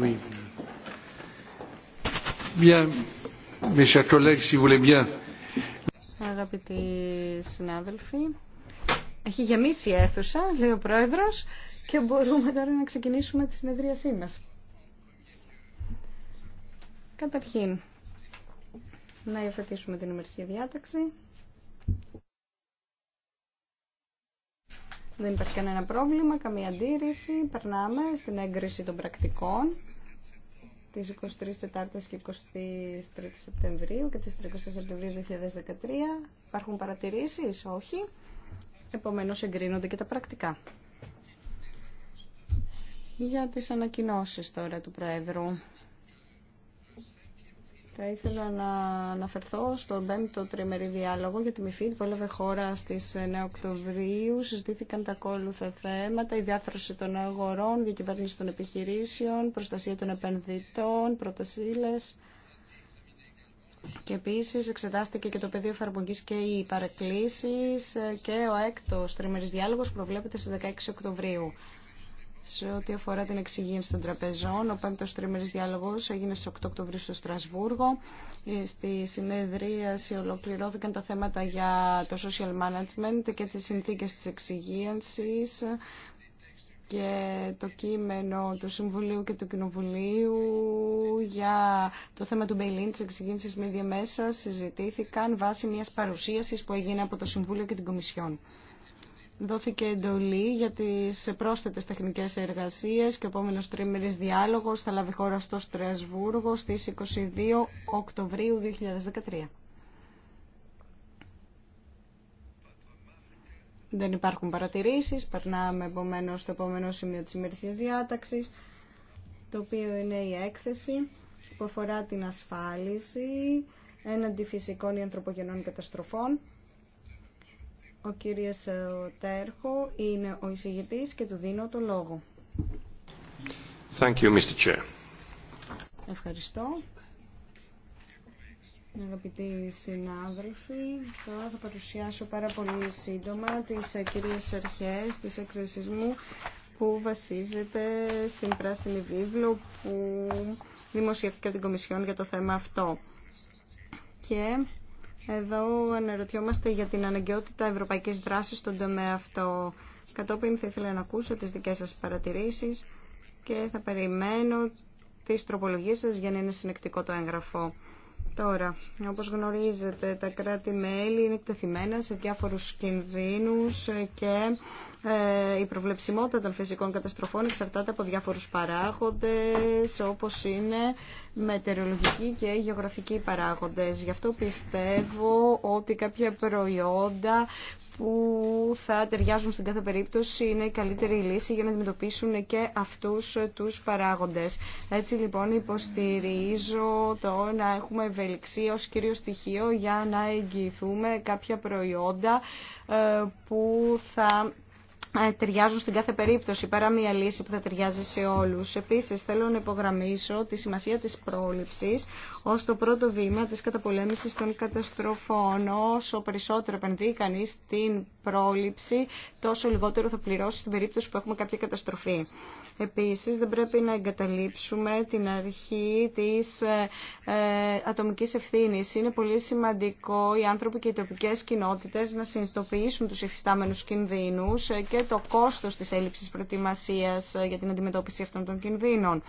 Oui. Αγαπητοί συνάδελφοι, έχει γεμίσει η αίθουσα, λέει ο Πρόεδρος, και μπορούμε τώρα να ξεκινήσουμε τη συνεδρίασή μας. Καταρχήν, να υιοθετήσουμε την ημερησία διάταξη. Δεν υπάρχει κανένα πρόβλημα, καμία αντίρρηση. Περνάμε στην έγκριση των πρακτικών Της 23 τετάρτη και 23 Σεπτεμβρίου και της 30 Σεπτεμβρίου 2013. Υπάρχουν παρατηρήσεις, όχι. Επομένως εγκρίνονται και τα πρακτικά. Για τις ανακοινώσεις τώρα του Πρόεδρου. Θα ήθελα να αναφερθώ στον πέμπτο τριμερή διάλογο για τη ΜΥΦΙΤ που έλαβε χώρα στι 9 Οκτωβρίου. Συζητήθηκαν τα ακόλουθα θέματα, η διάθρωση των αγορών, διακυβέρνηση των επιχειρήσεων, προστασία των επενδυτών, πρωτοσύλλες. Και επίση εξετάστηκε και το πεδίο εφαρμογή και οι παρεκκλήσει ε, και ο έκτο τριμερή διάλογο προβλέπεται στι 16 Οκτωβρίου σε ό,τι αφορά την εξυγίανση των τραπεζών. Ο πέμπτο τριμερή διάλογος έγινε στις 8 Οκτωβρίου στο Στρασβούργο. Ε, στη συνεδρίαση ολοκληρώθηκαν τα θέματα για το social management και τις συνθήκες τη εξυγίανση και το κείμενο του Συμβουλίου και του Κοινοβουλίου για το θέμα του Μπεϊλίν τη εξυγίνησης με μέσα συζητήθηκαν βάσει μιας παρουσίαση που έγινε από το Συμβούλιο και την Κομισιόν δόθηκε εντολή για τις πρόσθετες τεχνικές εργασίες και ο επόμενος τρίμερης διάλογος θα λάβει χώρα στο Στρασβούργο στις 22 Οκτωβρίου 2013. Δεν υπάρχουν παρατηρήσεις. Περνάμε επομένως στο επόμενο σημείο της ημερησίας διάταξης, το οποίο είναι η έκθεση που αφορά την ασφάλιση έναντι φυσικών ή ανθρωπογενών καταστροφών. Ο κύριος ε, Τέρχο είναι ο εισηγητής και του δίνω το λόγο. Thank you, Mr. Chair. Ευχαριστώ. Αγαπητοί συνάδελφοι, τώρα θα παρουσιάσω πάρα πολύ σύντομα τις ε, κυρίες αρχές της έκθεσης που βασίζεται στην πράσινη βίβλο που δημοσιεύτηκε την Κομισιόν για το θέμα αυτό. Και εδώ αναρωτιόμαστε για την αναγκαιότητα ευρωπαϊκής δράσης στον τομέα αυτό. Κατόπιν θα ήθελα να ακούσω τις δικές σας παρατηρήσεις και θα περιμένω τις τροπολογίες σας για να είναι συνεκτικό το έγγραφο. Τώρα, όπως γνωρίζετε, τα κράτη-μέλη είναι εκτεθειμένα σε διάφορους κινδύνους και ε, η προβλεψιμότητα των φυσικών καταστροφών εξαρτάται από διάφορους παράγοντες όπως είναι μετεωρολογικοί και γεωγραφικοί παράγοντες. Γι' αυτό πιστεύω ότι κάποια προϊόντα που θα ταιριάζουν στην κάθε περίπτωση είναι η καλύτερη λύση για να αντιμετωπίσουν και αυτούς τους παράγοντες. Έτσι λοιπόν υποστηρίζω το να έχουμε ευελιξία ως κύριο στοιχείο για να εγγυηθούμε κάποια προϊόντα ε, που θα ε, ταιριάζουν στην κάθε περίπτωση παρά μια λύση που θα ταιριάζει σε όλους. Επίσης θέλω να υπογραμμίσω τη σημασία της πρόληψης ως το πρώτο βήμα της καταπολέμησης των καταστροφών. Όσο περισσότερο επενδύει κανείς στην πρόληψη, τόσο λιγότερο θα πληρώσει στην περίπτωση που έχουμε κάποια καταστροφή. Επίσης δεν πρέπει να εγκαταλείψουμε την αρχή της ε, ε ατομικής ευθύνης. Είναι πολύ σημαντικό οι άνθρωποι και οι τοπικές κοινότητες να συνειδητοποιήσουν τους υφιστάμενους κινδύνους ε, και το κόστος της έλλειψης προετοιμασίας ε, για την αντιμετώπιση αυτών των κινδύνων.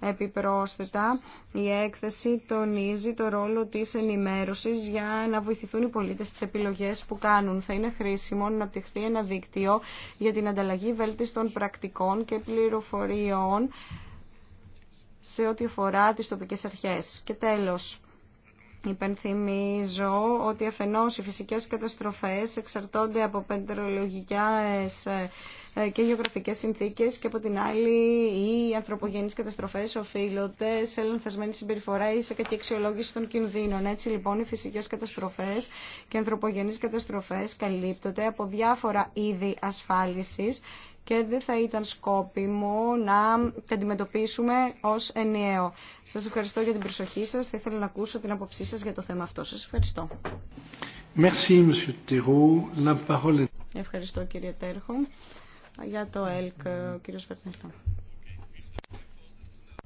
Επιπρόσθετα, η έκθεση τονίζει το ρόλο της ενημέρωσης για να βοηθηθούν οι πολίτες στις επιλογές που κάνουν. Θα είναι χρήσιμο να απτυχθεί ένα δίκτυο για την ανταλλαγή βέλτιστων πρακτικών και πληροφοριών σε ό,τι αφορά τις τοπικές αρχές. Και τέλος, Υπενθυμίζω ότι αφενός οι φυσικές καταστροφές εξαρτώνται από πεντερολογικές ε, και γεωγραφικές συνθήκες και από την άλλη οι ανθρωπογενείς καταστροφές οφείλονται σε λανθασμένη συμπεριφορά ή σε κακή αξιολόγηση των κινδύνων. Έτσι λοιπόν οι φυσικές καταστροφές και οι ανθρωπογενείς καταστροφές καλύπτονται από διάφορα είδη ασφάλισης και δεν θα ήταν σκόπιμο να τα αντιμετωπίσουμε ως ενιαίο. Σας ευχαριστώ για την προσοχή σας. Θα ήθελα να ακούσω την άποψή σας για το θέμα αυτό. Σας ευχαριστώ. Merci, La parole... Ευχαριστώ κύριε Τέρχο. Για το ΕΛΚ, ο κύριος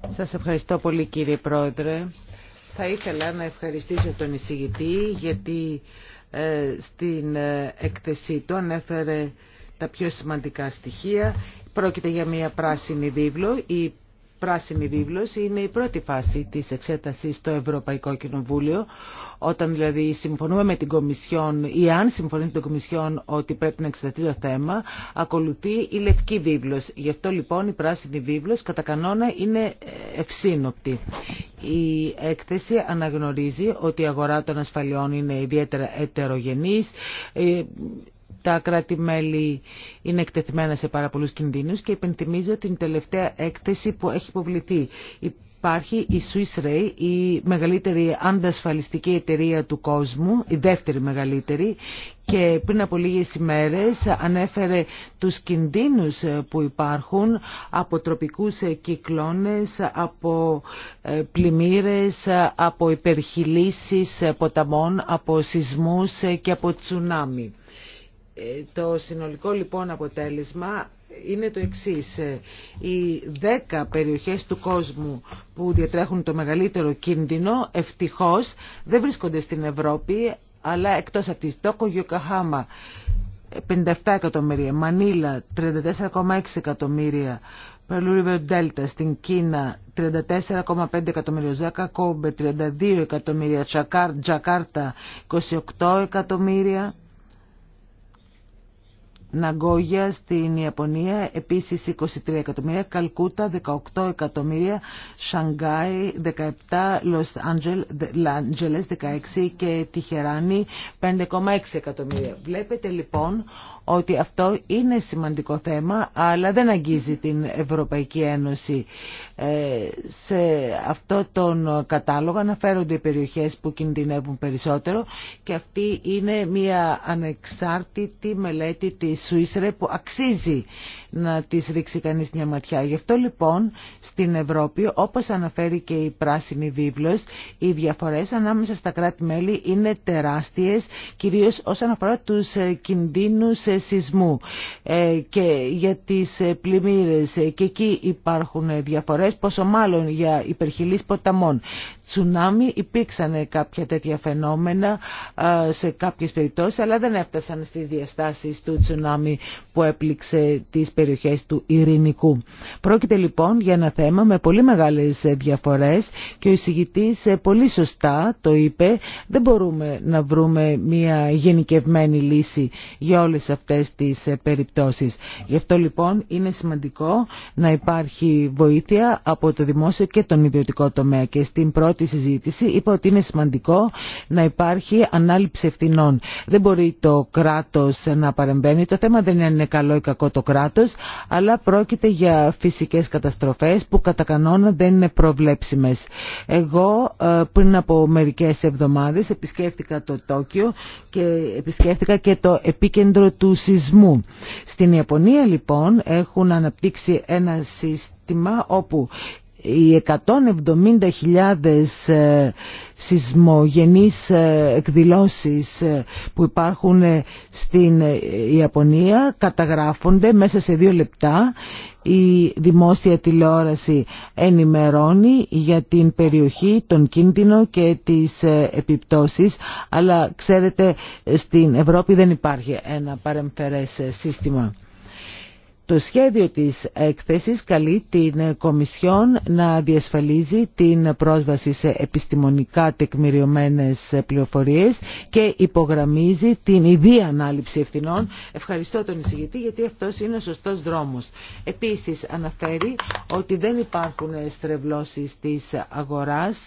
Σας ευχαριστώ πολύ κύριε Πρόεδρε. Θα ήθελα να ευχαριστήσω τον εισηγητή γιατί ε, στην εκθεσή του ανέφερε τα πιο σημαντικά στοιχεία. Πρόκειται για μια πράσινη βίβλο. Η πράσινη βίβλος είναι η πρώτη φάση της εξέτασης στο Ευρωπαϊκό Κοινοβούλιο, όταν δηλαδή συμφωνούμε με την Κομισιόν ή αν συμφωνεί με την Κομισιόν ότι πρέπει να εξεταθεί το θέμα, ακολουθεί η λευκή βίβλος. Γι' αυτό λοιπόν η πράσινη βίβλος κατά κανόνα είναι ευσύνοπτη. Η έκθεση αναγνωρίζει ότι η αγορά των ασφαλιών είναι ιδιαίτερα ετερογενής, ε, τα κράτη-μέλη είναι εκτεθειμένα σε πάρα πολλούς κινδύνους και υπενθυμίζω την τελευταία έκθεση που έχει υποβληθεί. Υπάρχει η Swiss Ray, η μεγαλύτερη αντασφαλιστική εταιρεία του κόσμου, η δεύτερη μεγαλύτερη και πριν από λίγες ημέρες ανέφερε τους κινδύνους που υπάρχουν από τροπικούς κυκλώνες, από ε, πλημμύρες, από υπερχιλήσεις ποταμών, από σεισμούς και από τσουνάμι. Το συνολικό λοιπόν αποτέλεσμα είναι το εξής. Οι 10 περιοχές του κόσμου που διατρέχουν το μεγαλύτερο κίνδυνο ευτυχώς δεν βρίσκονται στην Ευρώπη αλλά εκτός από τη Τόκο Γιοκαχάμα 57 εκατομμύρια, Μανίλα 34,6 εκατομμύρια, Pearl Δέλτα. στην Κίνα 34,5 εκατομμύρια, Ζάκα Κόμπε 32 εκατομμύρια, Τζακάρτα 28 εκατομμύρια. Ναγκόγια στην Ιαπωνία επίσης 23 εκατομμύρια, Καλκούτα 18 εκατομμύρια, Σανγκάι 17, Λος 16 και Τιχεράνη 5,6 εκατομμύρια. Βλέπετε λοιπόν ότι αυτό είναι σημαντικό θέμα αλλά δεν αγγίζει την Ευρωπαϊκή Ένωση. Ε, σε αυτό τον κατάλογο αναφέρονται οι περιοχές που κινδυνεύουν περισσότερο και αυτή είναι μια ανεξάρτητη μελέτη της Σουίσρε που αξίζει να της ρίξει κανείς μια ματιά. Γι' αυτό λοιπόν στην Ευρώπη όπως αναφέρει και η Πράσινη Βίβλος οι διαφορές ανάμεσα στα κράτη-μέλη είναι τεράστιες κυρίως όσον αφορά τους ε, κινδύνους ε, σεισμού ε, και για τις ε, πλημμύρες ε, και εκεί υπάρχουν διαφορές, πόσο μάλλον για υπερχιλής ποταμών. Τσουνάμι υπήρξαν κάποια τέτοια φαινόμενα σε κάποιες περιπτώσεις, αλλά δεν έφτασαν στις διαστάσεις του τσουνάμι που έπληξε τις περιοχές του Ειρηνικού. Πρόκειται λοιπόν για ένα θέμα με πολύ μεγάλες διαφορές και ο εισηγητής πολύ σωστά το είπε, δεν μπορούμε να βρούμε μια γενικευμένη λύση για όλες αυτές αυτές τις ε, περιπτώσεις. Γι' αυτό λοιπόν είναι σημαντικό να υπάρχει βοήθεια από το δημόσιο και τον ιδιωτικό τομέα. Και στην πρώτη συζήτηση είπα ότι είναι σημαντικό να υπάρχει ανάληψη ευθυνών. Δεν μπορεί το κράτος να παρεμβαίνει. Το θέμα δεν είναι καλό ή κακό το κράτος, αλλά πρόκειται για φυσικές καταστροφές που κατά κανόνα δεν είναι προβλέψιμες. Εγώ ε, πριν από μερικές εβδομάδες επισκέφτηκα το Τόκιο και επισκέφτηκα και το επίκεντρο του του σεισμού. Στην Ιαπωνία λοιπόν έχουν αναπτύξει ένα σύστημα όπου οι 170.000 ε, σεισμογενείς ε, εκδηλώσεις ε, που υπάρχουν στην Ιαπωνία καταγράφονται μέσα σε δύο λεπτά. Η δημόσια τηλεόραση ενημερώνει για την περιοχή, τον κίνδυνο και τις επιπτώσεις, αλλά ξέρετε στην Ευρώπη δεν υπάρχει ένα παρεμφερές σύστημα. Το σχέδιο της έκθεσης καλεί την Κομισιόν να διασφαλίζει την πρόσβαση σε επιστημονικά τεκμηριωμένες πληροφορίες και υπογραμμίζει την ιδία ανάληψη ευθυνών. Ευχαριστώ τον εισηγητή γιατί αυτός είναι ο σωστός δρόμος. Επίσης αναφέρει ότι δεν υπάρχουν στρεβλώσεις της αγοράς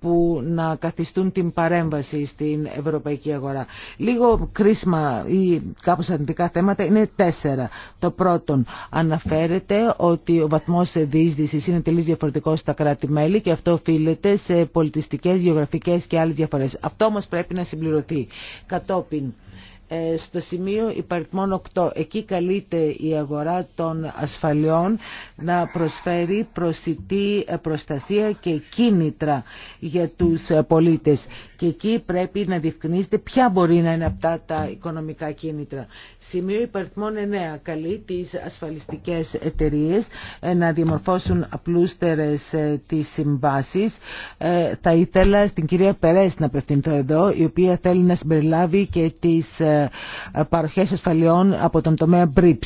που να καθιστούν την παρέμβαση στην ευρωπαϊκή αγορά. Λίγο κρίσμα ή κάπως αρνητικά θέματα είναι τέσσερα. Το πρώτον, αναφέρεται ότι ο βαθμός διείσδησης είναι τελείως διαφορετικός στα κράτη-μέλη και αυτό οφείλεται σε πολιτιστικές, γεωγραφικές και άλλες διαφορές. Αυτό όμως πρέπει να συμπληρωθεί. Κατόπιν, ε, στο σημείο υπαριθμών 8. Εκεί καλείται η αγορά των ασφαλιών να προσφέρει προσιτή ε, προστασία και κίνητρα για τους ε, πολίτες και εκεί πρέπει να διευκρινίζεται ποια μπορεί να είναι αυτά τα οικονομικά κίνητρα. Σημείο υπαριθμών 9. Καλεί τις ασφαλιστικές εταιρείες ε, να διαμορφώσουν απλούστερες ε, τις συμβάσεις. Ε, θα ήθελα στην κυρία Περές να απευθυνθώ εδώ, η οποία θέλει να συμπεριλάβει και τις παροχές ασφαλιών από τον τομέα BRIPS.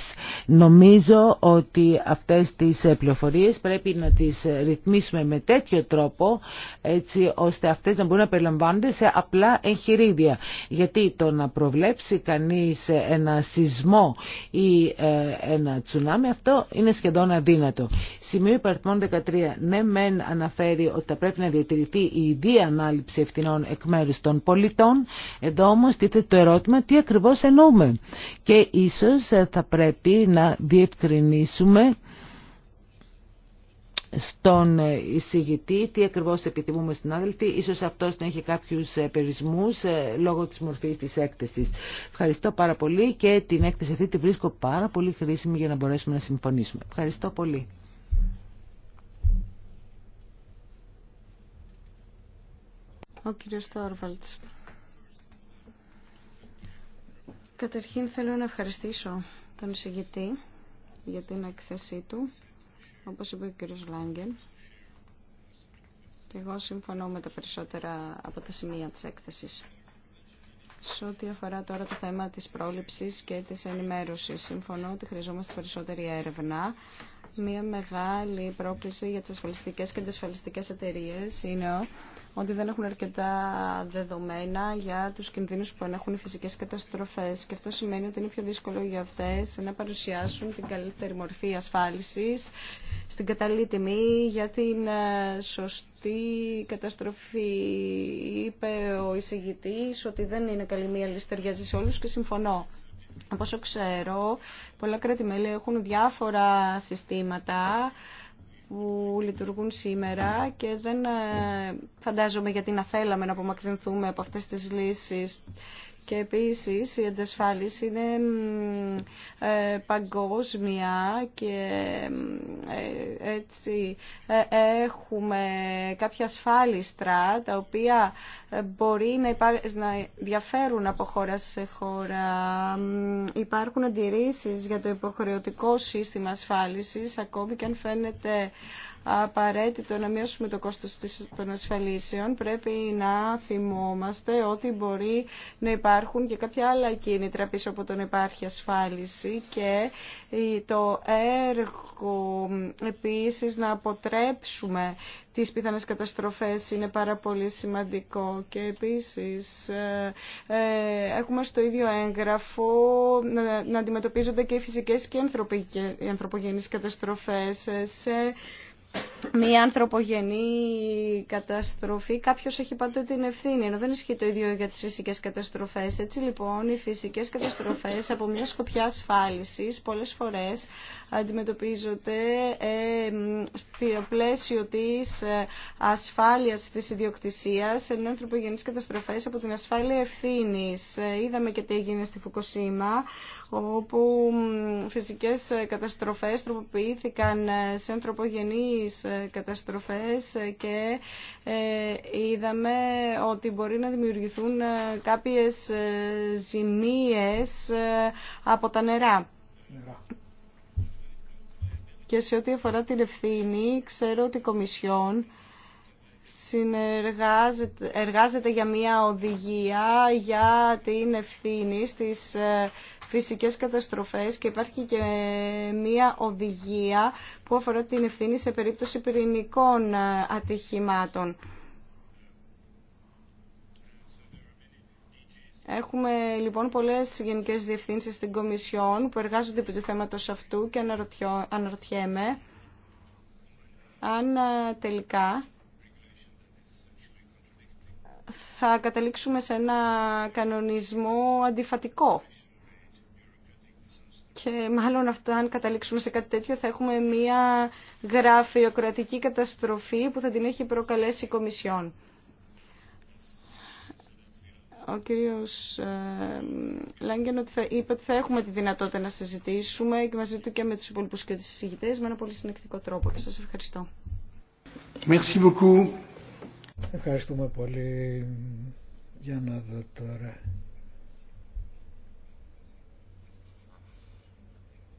Νομίζω ότι αυτές τις πληροφορίες πρέπει να τις ρυθμίσουμε με τέτοιο τρόπο, έτσι ώστε αυτές να μπορούν να περιλαμβάνονται σε απλά εγχειρίδια. Γιατί το να προβλέψει κανείς ένα σεισμό ή ε, ένα τσουνάμι αυτό είναι σχεδόν αδύνατο. Σημείο υπαρθμών 13. Ναι μεν αναφέρει ότι θα πρέπει να διατηρηθεί η ιδία ανάληψη ευθυνών εκ μέρους των πολιτών. Εδώ όμως τίθεται το ερώτημα τι ακριβώς εννοούμε. Και ίσως θα πρέπει να διευκρινίσουμε στον εισηγητή τι ακριβώς επιθυμούμε στην άδελφη. Ίσως αυτός να έχει κάποιους ε, περισμούς ε, λόγω της μορφής της έκθεσης. Ευχαριστώ πάρα πολύ και την έκθεση αυτή τη βρίσκω πάρα πολύ χρήσιμη για να μπορέσουμε να συμφωνήσουμε. Ευχαριστώ πολύ. Ο κύριος Τόρβαλτς. Καταρχήν θέλω να ευχαριστήσω τον εισηγητή για την έκθεσή του όπως είπε ο κύριος Λάγκεν, και εγώ συμφωνώ με τα περισσότερα από τα σημεία της έκθεσης. Σε ό,τι αφορά τώρα το θέμα της πρόληψης και της ενημέρωσης, συμφωνώ ότι χρειαζόμαστε περισσότερη έρευνα. Μία μεγάλη πρόκληση για τις ασφαλιστικές και τις ασφαλιστικές εταιρείες είναι ότι δεν έχουν αρκετά δεδομένα για τους κινδύνους που έχουν οι φυσικές καταστροφές και αυτό σημαίνει ότι είναι πιο δύσκολο για αυτές να παρουσιάσουν την καλύτερη μορφή ασφάλισης στην κατάλληλη τιμή για την ε, σωστή καταστροφή. Είπε ο εισηγητής ότι δεν είναι καλή μία ταιριάζει σε όλους και συμφωνώ. Από όσο ξέρω, πολλά κράτη-μέλη έχουν διάφορα συστήματα που λειτουργούν σήμερα και δεν ε, φαντάζομαι γιατί να θέλαμε να απομακρυνθούμε από αυτές τις λύσεις. Και επίσης η αντασφάλιση είναι ε, παγκόσμια και ε, έτσι ε, έχουμε κάποια ασφάλιστρα τα οποία μπορεί να, διαφέρουν από χώρα σε χώρα. Υπάρχουν αντιρρήσεις για το υποχρεωτικό σύστημα ασφάλισης ακόμη και αν φαίνεται απαραίτητο να μειώσουμε το κόστος των ασφαλίσεων, πρέπει να θυμόμαστε ότι μπορεί να υπάρχουν και κάποια άλλα κίνητρα πίσω από τον υπάρχει ασφάλιση και ε, το έργο επίσης να αποτρέψουμε τις πιθανές καταστροφές είναι πάρα πολύ σημαντικό και επίσης ε, ε, έχουμε στο ίδιο έγγραφο να, αντιμετωπίζονται και οι φυσικές και οι ανθρωπογενείς καταστροφές σε μια ανθρωπογενή καταστροφή, κάποιο έχει πάντοτε την ευθύνη, ενώ δεν ισχύει το ίδιο για τι φυσικέ καταστροφέ. Έτσι λοιπόν, οι φυσικέ καταστροφέ από μια σκοπιά ασφάλιση πολλέ φορέ αντιμετωπίζονται ε, στο πλαίσιο τη ε, ασφάλεια τη ιδιοκτησία, ενώ ανθρωπογενεί καταστροφέ από την ασφάλεια ευθύνη. Ε, είδαμε και τι έγινε στη Φουκοσίμα, όπου φυσικέ καταστροφέ τροποποιήθηκαν ε, σε ανθρωπογενή τις ε, καταστροφές ε, και ε, είδαμε ότι μπορεί να δημιουργηθούν κάποιες ζημίες από τα νερά. Και σε ό,τι αφορά την ευθύνη, ξέρω ότι η Κομισιόν εργάζεται για μια οδηγία για την ευθύνη στις φυσικές καταστροφές και υπάρχει και μία οδηγία που αφορά την ευθύνη σε περίπτωση πυρηνικών ε, ατυχημάτων. Έχουμε λοιπόν πολλές γενικές διευθύνσεις στην Κομισιόν που εργάζονται επί του θέματος αυτού και αναρωτιέμαι αν ε, τελικά θα καταλήξουμε σε ένα κανονισμό αντιφατικό και ε, μάλλον αυτό αν καταλήξουμε σε κάτι τέτοιο θα έχουμε μια γραφειοκρατική καταστροφή που θα την έχει προκαλέσει η Κομισιόν. Ο κύριος ε, Λάγκεν ότι είπε ότι θα έχουμε τη δυνατότητα να συζητήσουμε και μαζί του και με τους υπόλοιπους και τις συζητητές με ένα πολύ συνεκτικό τρόπο. Και σας ευχαριστώ. Merci beaucoup. Ευχαριστούμε πολύ. Για να δω τώρα.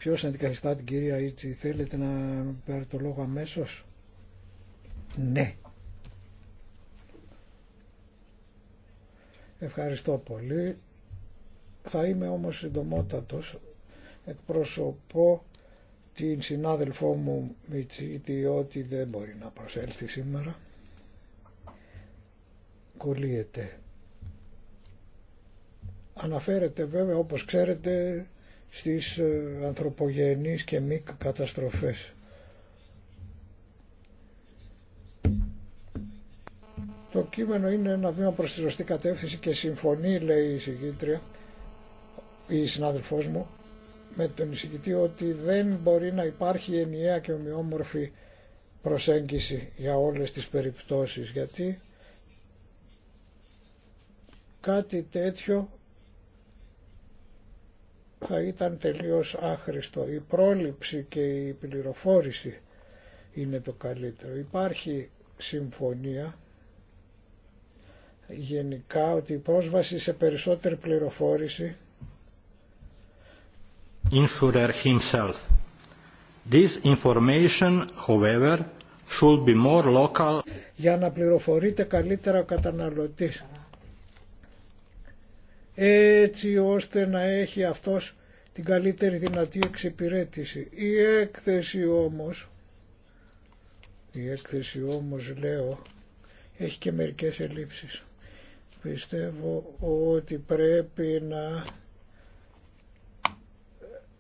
Ποιος αντικαθιστά την κυρία Ίτσι, θέλετε να πάρει το λόγο αμέσως. Ναι. Ευχαριστώ πολύ. Θα είμαι όμως συντομότατος. Εκπροσωπώ την συνάδελφό μου Μιτσίτη ότι δεν μπορεί να προσέλθει σήμερα. Κολλείεται. Αναφέρεται βέβαια όπως ξέρετε στις ε, ανθρωπογενείς και μη καταστροφές. Το κείμενο είναι ένα βήμα προς τη σωστή κατεύθυνση και συμφωνεί, λέει η συγκήτρια, η συνάδελφός μου, με τον εισηγητή ότι δεν μπορεί να υπάρχει ενιαία και ομοιόμορφη προσέγγιση για όλες τις περιπτώσεις, γιατί κάτι τέτοιο θα ήταν τελείως άχρηστο. Η πρόληψη και η πληροφόρηση είναι το καλύτερο. Υπάρχει συμφωνία γενικά ότι η πρόσβαση σε περισσότερη πληροφόρηση This information, however, should Για να πληροφορείται καλύτερα ο καταναλωτής έτσι ώστε να έχει αυτός την καλύτερη δυνατή εξυπηρέτηση. Η έκθεση όμως, η έκθεση όμως λέω, έχει και μερικές ελλείψεις. Πιστεύω ότι πρέπει να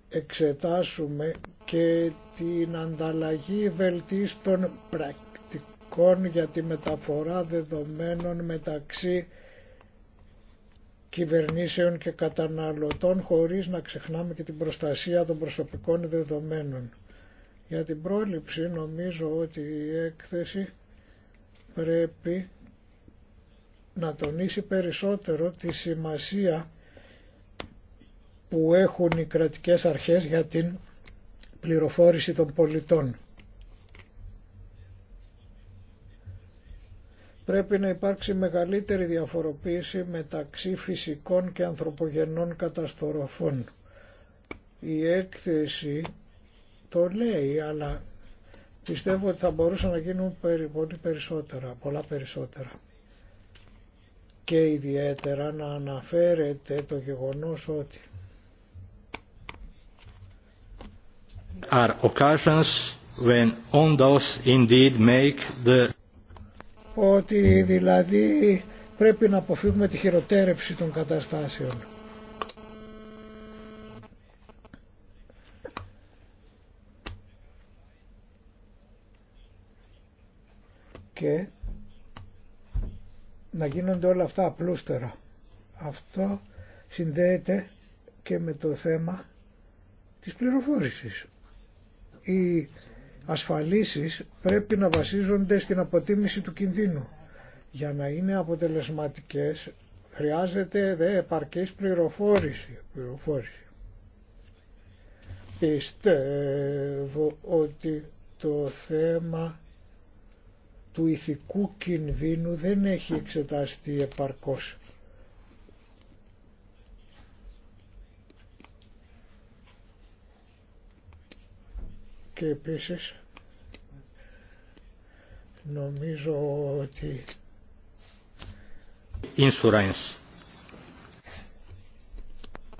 εξετάσουμε και την ανταλλαγή βελτίστων πρακτικών για τη μεταφορά δεδομένων μεταξύ κυβερνήσεων και καταναλωτών χωρίς να ξεχνάμε και την προστασία των προσωπικών δεδομένων. Για την πρόληψη νομίζω ότι η έκθεση πρέπει να τονίσει περισσότερο τη σημασία που έχουν οι κρατικές αρχές για την πληροφόρηση των πολιτών. Πρέπει να υπάρξει μεγαλύτερη διαφοροποίηση μεταξύ φυσικών και ανθρωπογενών καταστροφών. Η έκθεση το λέει, αλλά πιστεύω ότι θα μπορούσαν να γίνουν πολύ περισσότερα, πολλά περισσότερα. Και ιδιαίτερα να αναφέρεται το γεγονός ότι are occasions when on those indeed make ότι δηλαδή πρέπει να αποφύγουμε τη χειροτέρευση των καταστάσεων. Και να γίνονται όλα αυτά απλούστερα. Αυτό συνδέεται και με το θέμα της πληροφόρησης. Η ασφαλίσεις πρέπει να βασίζονται στην αποτίμηση του κινδύνου. Για να είναι αποτελεσματικές χρειάζεται δε επαρκής πληροφόρηση. πληροφόρηση. Πιστεύω ότι το θέμα του ηθικού κινδύνου δεν έχει εξεταστεί επαρκώς. και επίσης νομίζω ότι Insurance.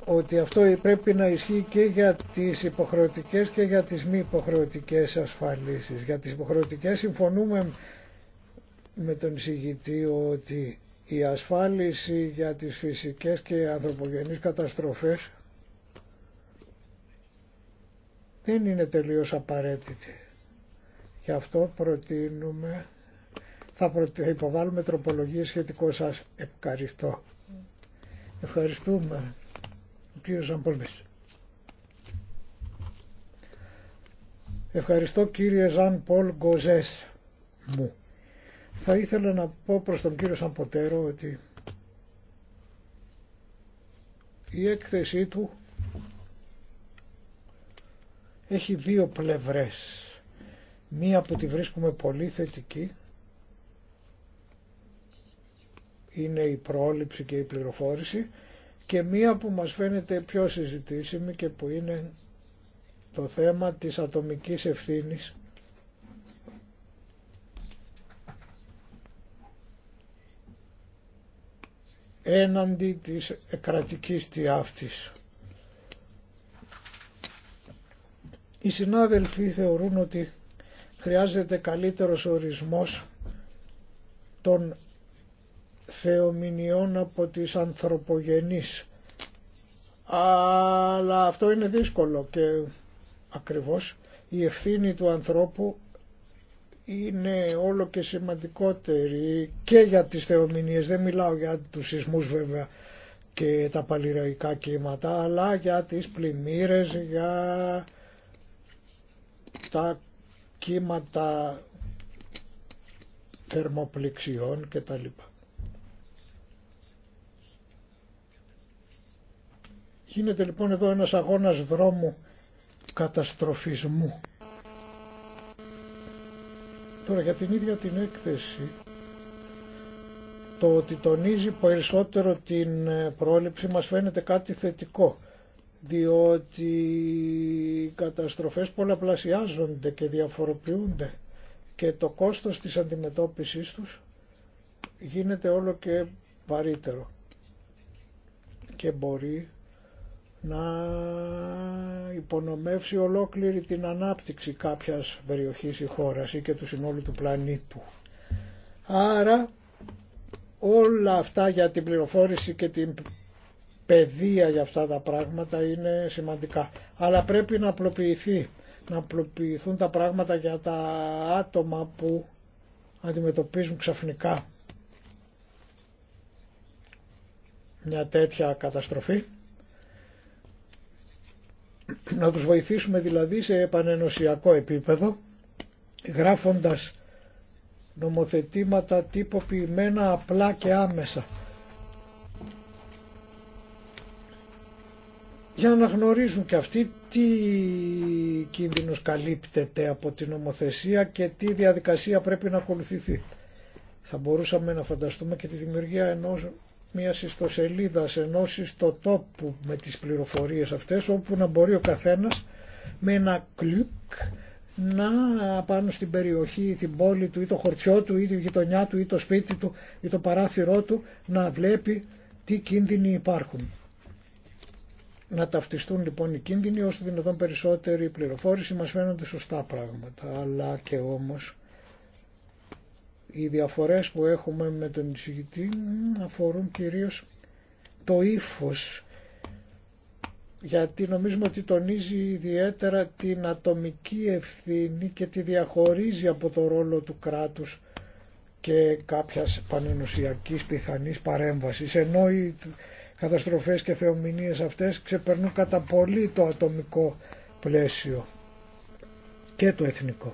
ότι αυτό πρέπει να ισχύει και για τις υποχρεωτικές και για τις μη υποχρεωτικές ασφαλίσεις. Για τις υποχρεωτικές συμφωνούμε με τον εισηγητή ότι η ασφάλιση για τις φυσικές και ανθρωπογενείς καταστροφές δεν είναι τελείως απαραίτητη. Γι' αυτό προτείνουμε, θα, θα υποβάλουμε τροπολογίες σχετικό σας ευχαριστώ. Ευχαριστούμε, ο κύριος Ζαμπολής. Ευχαριστώ κύριε Ζαν Πολ Γκοζές μου. Θα ήθελα να πω προς τον κύριο Σαμποτέρο ότι η έκθεσή του έχει δύο πλευρές. Μία που τη βρίσκουμε πολύ θετική είναι η πρόληψη και η πληροφόρηση και μία που μας φαίνεται πιο συζητήσιμη και που είναι το θέμα της ατομικής ευθύνης έναντι της κρατικής διάφτης. Οι συνάδελφοι θεωρούν ότι χρειάζεται καλύτερος ορισμός των θεομηνιών από τις ανθρωπογενείς. Αλλά αυτό είναι δύσκολο και ακριβώς η ευθύνη του ανθρώπου είναι όλο και σημαντικότερη και για τις θεομηνίες, δεν μιλάω για τους σεισμούς βέβαια και τα παλιραϊκά κύματα, αλλά για τις πλημμύρες, για τα κύματα θερμοπληξιών λοιπά. Γίνεται λοιπόν εδώ ένας αγώνας δρόμου καταστροφισμού. Τώρα για την ίδια την έκθεση το ότι τονίζει περισσότερο την ε, πρόληψη μας φαίνεται κάτι θετικό διότι οι καταστροφές πολλαπλασιάζονται και διαφοροποιούνται και το κόστος της αντιμετώπισης τους γίνεται όλο και βαρύτερο και μπορεί να υπονομεύσει ολόκληρη την ανάπτυξη κάποιας περιοχής ή χώρας ή και του συνόλου του πλανήτου. Άρα όλα αυτά για την πληροφόρηση και την παιδεία για αυτά τα πράγματα είναι σημαντικά. Αλλά πρέπει να απλοποιηθεί, να απλοποιηθούν τα πράγματα για τα άτομα που αντιμετωπίζουν ξαφνικά μια τέτοια καταστροφή. Να τους βοηθήσουμε δηλαδή σε επανενωσιακό επίπεδο γράφοντας νομοθετήματα τυποποιημένα απλά και άμεσα για να γνωρίζουν και αυτοί τι κίνδυνος καλύπτεται από την νομοθεσία και τι διαδικασία πρέπει να ακολουθηθεί. Θα μπορούσαμε να φανταστούμε και τη δημιουργία ενός μιας ιστοσελίδας, ενός ιστοτόπου με τις πληροφορίες αυτές, όπου να μπορεί ο καθένας με ένα κλικ να πάνω στην περιοχή ή την πόλη του ή το χωριό του ή τη γειτονιά του ή το σπίτι του ή το παράθυρό του να βλέπει τι κίνδυνοι υπάρχουν. Να ταυτιστούν λοιπόν οι κίνδυνοι ώστε δυνατόν περισσότερη πληροφόρηση μας φαίνονται σωστά πράγματα αλλά και όμως οι διαφορές που έχουμε με τον εισηγητή αφορούν κυρίως το ύφος γιατί νομίζουμε ότι τονίζει ιδιαίτερα την ατομική ευθύνη και τη διαχωρίζει από το ρόλο του κράτους και κάποιας πανενουσιακής πιθανής παρέμβασης ενώ η καταστροφές και θεομηνίες αυτές ξεπερνούν κατά πολύ το ατομικό πλαίσιο και το εθνικό.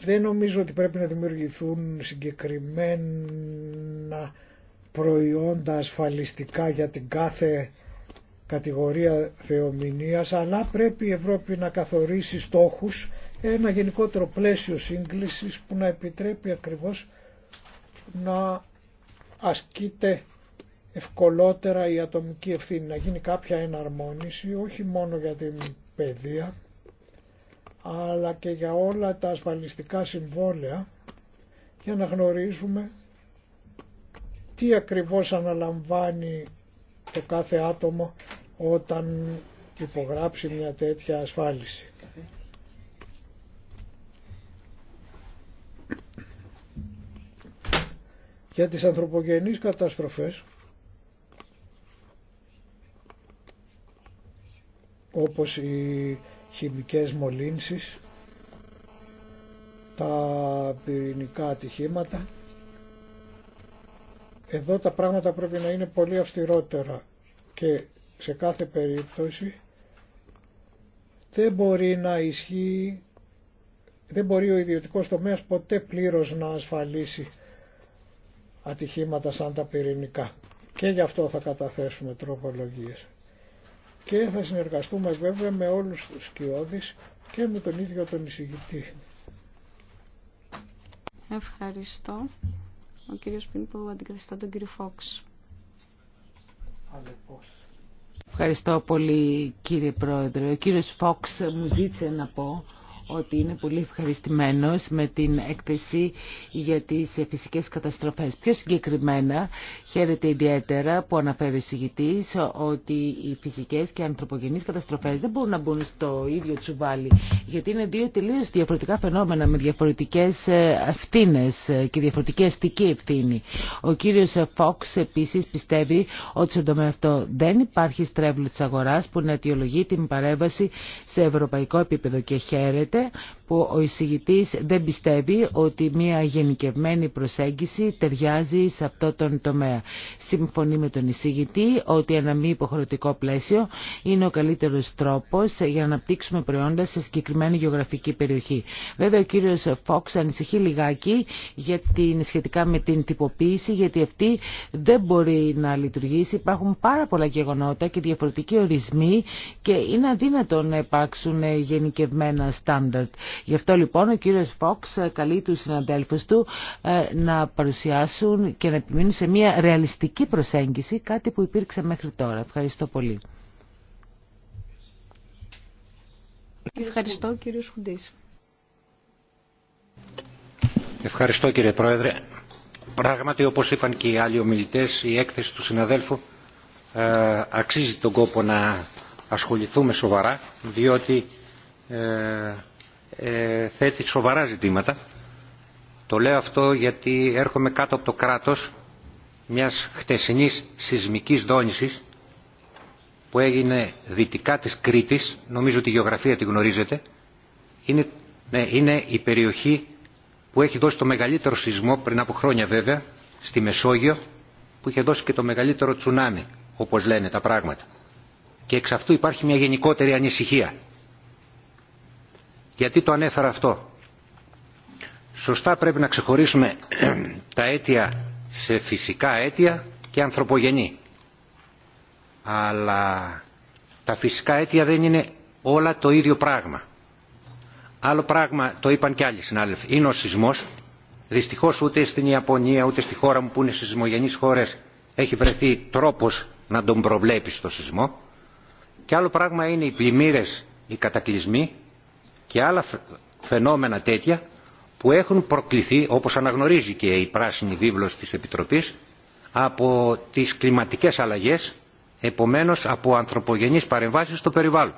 Δεν νομίζω ότι πρέπει να δημιουργηθούν συγκεκριμένα προϊόντα ασφαλιστικά για την κάθε κατηγορία θεομηνίας, αλλά πρέπει η Ευρώπη να καθορίσει στόχους ένα γενικότερο πλαίσιο σύγκλησης που να επιτρέπει ακριβώς να ασκείται ευκολότερα η ατομική ευθύνη, να γίνει κάποια εναρμόνιση όχι μόνο για την παιδεία αλλά και για όλα τα ασφαλιστικά συμβόλαια για να γνωρίζουμε τι ακριβώς αναλαμβάνει το κάθε άτομο όταν υπογράψει μια τέτοια ασφάλιση. Για τις ανθρωπογενείς καταστροφές, όπως οι χημικές μολύνσεις, τα πυρηνικά ατυχήματα, εδώ τα πράγματα πρέπει να είναι πολύ αυστηρότερα και σε κάθε περίπτωση δεν μπορεί να ισχύει, δεν μπορεί ο ιδιωτικός τομέας ποτέ πλήρως να ασφαλίσει ατυχήματα σαν τα πυρηνικά. Και γι' αυτό θα καταθέσουμε τροπολογίες. Και θα συνεργαστούμε βέβαια με όλους τους σκιώδεις και με τον ίδιο τον εισηγητή. Ευχαριστώ. Ο κύριος Πίνπο αντικαθιστά τον κύριο Φόξ. Ευχαριστώ πολύ κύριε Πρόεδρε. Ο κύριος Φόξ μου ζήτησε να πω ότι είναι πολύ ευχαριστημένος με την έκθεση για τις φυσικές καταστροφές. Πιο συγκεκριμένα χαίρεται ιδιαίτερα που αναφέρει ο συγητής ότι οι φυσικές και ανθρωπογενείς καταστροφές δεν μπορούν να μπουν στο ίδιο τσουβάλι γιατί είναι δύο τελείως διαφορετικά φαινόμενα με διαφορετικές ε, ευθύνε και διαφορετική αστική ευθύνη. Ο κύριος Φόξ επίσης πιστεύει ότι στον τομέα αυτό δεν υπάρχει στρέβλο της αγοράς που να αιτιολογεί την παρέμβαση σε ευρωπαϊκό επίπεδο και χαίρεται που ο εισηγητής δεν πιστεύει ότι μια γενικευμένη προσέγγιση ταιριάζει σε αυτό τον τομέα. Συμφωνεί με τον εισηγητή ότι ένα μη υποχρεωτικό πλαίσιο είναι ο καλύτερος τρόπος για να αναπτύξουμε προϊόντα σε συγκεκριμένη γεωγραφική περιοχή. Βέβαια ο κύριος Φόξ ανησυχεί λιγάκι σχετικά με την τυποποίηση γιατί αυτή δεν μπορεί να λειτουργήσει. Υπάρχουν πάρα πολλά γεγονότα και διαφορετικοί ορισμοί και είναι αδύνατο να υπάρξουν γενικευμένα στάν Γι' αυτό λοιπόν ο κύριος Φόξ καλεί τους συναντέλφους του ε, να παρουσιάσουν και να επιμείνουν σε μια ρεαλιστική προσέγγιση, κάτι που υπήρξε μέχρι τώρα. Ευχαριστώ πολύ. Ευχαριστώ κύριε Χουντής. Ευχαριστώ κύριε Πρόεδρε. Πράγματι όπως είπαν και οι άλλοι ομιλητές η έκθεση του συναδέλφου ε, αξίζει τον κόπο να ασχοληθούμε σοβαρά διότι ε, ε, θέτει σοβαρά ζητήματα. Το λέω αυτό γιατί έρχομαι κάτω από το κράτος μιας χτεσινής σεισμικής δόνησης που έγινε δυτικά της Κρήτης, νομίζω ότι η γεωγραφία τη γνωρίζετε, είναι, ναι, είναι η περιοχή που έχει δώσει το μεγαλύτερο σεισμό πριν από χρόνια βέβαια, στη Μεσόγειο, που είχε δώσει και το μεγαλύτερο τσουνάμι, όπως λένε τα πράγματα. Και εξ αυτού υπάρχει μια γενικότερη ανησυχία γιατί το ανέφερα αυτό. Σωστά πρέπει να ξεχωρίσουμε τα αίτια σε φυσικά αίτια και ανθρωπογενή. Αλλά τα φυσικά αίτια δεν είναι όλα το ίδιο πράγμα. Άλλο πράγμα, το είπαν και άλλοι συνάδελφοι, είναι ο σεισμός. Δυστυχώς ούτε στην Ιαπωνία ούτε στη χώρα μου που είναι σεισμογενείς χώρες έχει βρεθεί τρόπος να τον προβλέπει στο σεισμό. Και άλλο πράγμα είναι οι πλημμύρες, οι κατακλυσμοί και άλλα φαινόμενα τέτοια που έχουν προκληθεί όπως αναγνωρίζει και η πράσινη βίβλος της Επιτροπής από τις κλιματικές αλλαγές επομένως από ανθρωπογενείς παρεμβάσεις στο περιβάλλον.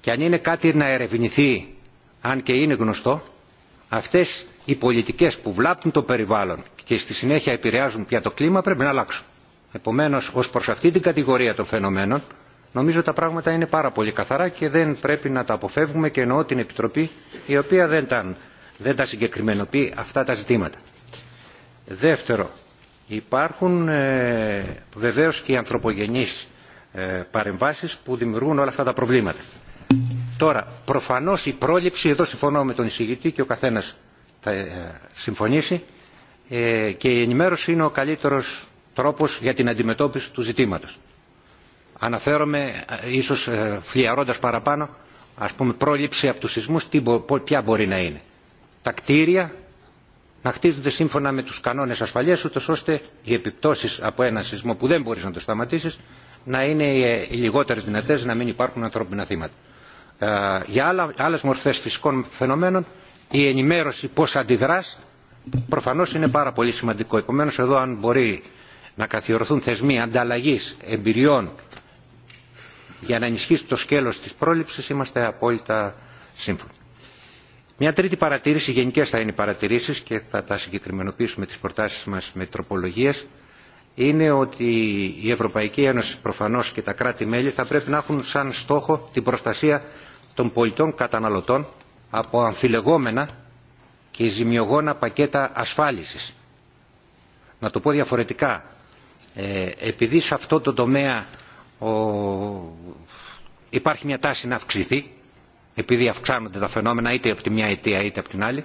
Και αν είναι κάτι να ερευνηθεί αν και είναι γνωστό αυτές οι πολιτικές που βλάπτουν το περιβάλλον και στη συνέχεια επηρεάζουν πια το κλίμα πρέπει να αλλάξουν. Επομένως ως προς αυτή την κατηγορία των φαινομένων Νομίζω τα πράγματα είναι πάρα πολύ καθαρά και δεν πρέπει να τα αποφεύγουμε και εννοώ την Επιτροπή η οποία δεν τα, δεν τα συγκεκριμενοποιεί αυτά τα ζητήματα. Δεύτερο, υπάρχουν ε, βεβαίως και οι ανθρωπογενείς ε, παρεμβάσεις που δημιουργούν όλα αυτά τα προβλήματα. Τώρα, προφανώς η πρόληψη, εδώ συμφωνώ με τον εισηγητή και ο καθένας θα ε, συμφωνήσει, ε, και η ενημέρωση είναι ο καλύτερος τρόπος για την αντιμετώπιση του ζητήματος. Αναφέρομαι ε, ίσως φλιαρώντας ε, παραπάνω, ας πούμε πρόληψη από τους σεισμούς, τι, ποια μπορεί να είναι. Τα κτίρια να χτίζονται σύμφωνα με τους κανόνες ασφαλείας, ούτως ώστε οι επιπτώσεις από ένα σεισμό που δεν μπορείς να το σταματήσεις, να είναι ε, οι λιγότερες δυνατές, να μην υπάρχουν ανθρώπινα θύματα. Για άλλες μορφές φυσικών φαινομένων, η ενημέρωση πώς αντιδράς, προφανώς είναι πάρα πολύ σημαντικό. Επομένως εδώ αν μπορεί να καθιερωθούν θεσμοί ανταλλαγής εμπειριών για να ενισχύσει το σκέλος της πρόληψης είμαστε απόλυτα σύμφωνοι. Μια τρίτη παρατήρηση, γενικές θα είναι οι παρατηρήσεις και θα τα συγκεκριμενοποιήσουμε τις προτάσεις μας με τροπολογίες, είναι ότι η Ευρωπαϊκή Ένωση προφανώς και τα κράτη-μέλη θα πρέπει να έχουν σαν στόχο την προστασία των πολιτών καταναλωτών από αμφιλεγόμενα και ζημιογόνα πακέτα ασφάλισης. Να το πω διαφορετικά, ε, επειδή σε αυτό το τομέα υπάρχει μια τάση να αυξηθεί επειδή αυξάνονται τα φαινόμενα είτε από τη μια αιτία είτε από την άλλη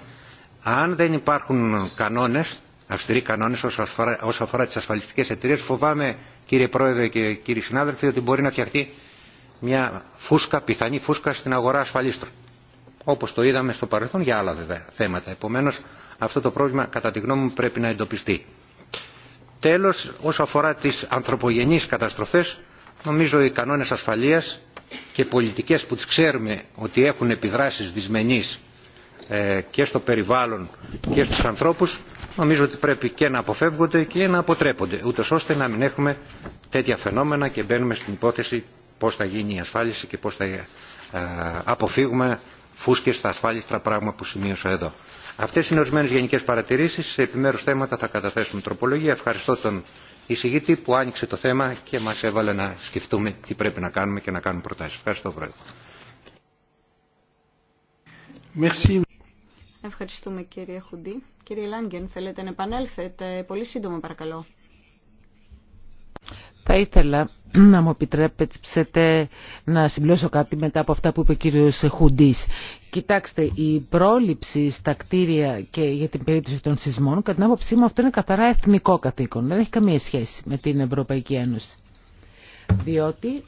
αν δεν υπάρχουν κανόνες αυστηροί κανόνες όσον αφορά, όσο αφορά τις ασφαλιστικές εταιρείες φοβάμαι κύριε Πρόεδρε και κύριοι συνάδελφοι ότι μπορεί να φτιαχτεί μια φούσκα, πιθανή φούσκα στην αγορά ασφαλίστρων όπως το είδαμε στο παρελθόν για άλλα βέβαια θέματα. Επομένως αυτό το πρόβλημα κατά τη γνώμη μου πρέπει να εντοπιστεί. Τέλος, όσο αφορά τις ανθρωπογενείς καταστροφές, νομίζω οι κανόνες ασφαλείας και οι πολιτικές που τις ξέρουμε ότι έχουν επιδράσεις δυσμενείς ε, και στο περιβάλλον και στους ανθρώπους νομίζω ότι πρέπει και να αποφεύγονται και να αποτρέπονται ούτως ώστε να μην έχουμε τέτοια φαινόμενα και μπαίνουμε στην υπόθεση πώς θα γίνει η ασφάλιση και πώς θα ε, αποφύγουμε φούσκες στα ασφάλιστρα πράγμα που σημείωσα εδώ. Αυτές είναι ορισμένες γενικές παρατηρήσεις. Σε επιμέρους θέματα θα καταθέσουμε τροπολογία. Ευχαριστώ τον εισηγητή που άνοιξε το θέμα και μας έβαλε να σκεφτούμε τι πρέπει να κάνουμε και να κάνουμε προτάσεις. Ευχαριστώ Πρόεδρε. Ευχαριστούμε κύριε Χουντή. Κύριε Λάγκεν, θέλετε να επανέλθετε. Πολύ σύντομα παρακαλώ. Θα ήθελα να μου επιτρέπετε να συμπλώσω κάτι μετά από αυτά που είπε ο κύριος Χουντής. Κοιτάξτε, η πρόληψη στα κτίρια και για την περίπτωση των σεισμών, κατά την άποψή μου αυτό είναι καθαρά εθνικό καθήκον. Δεν έχει καμία σχέση με την Ευρωπαϊκή Ένωση. Διότι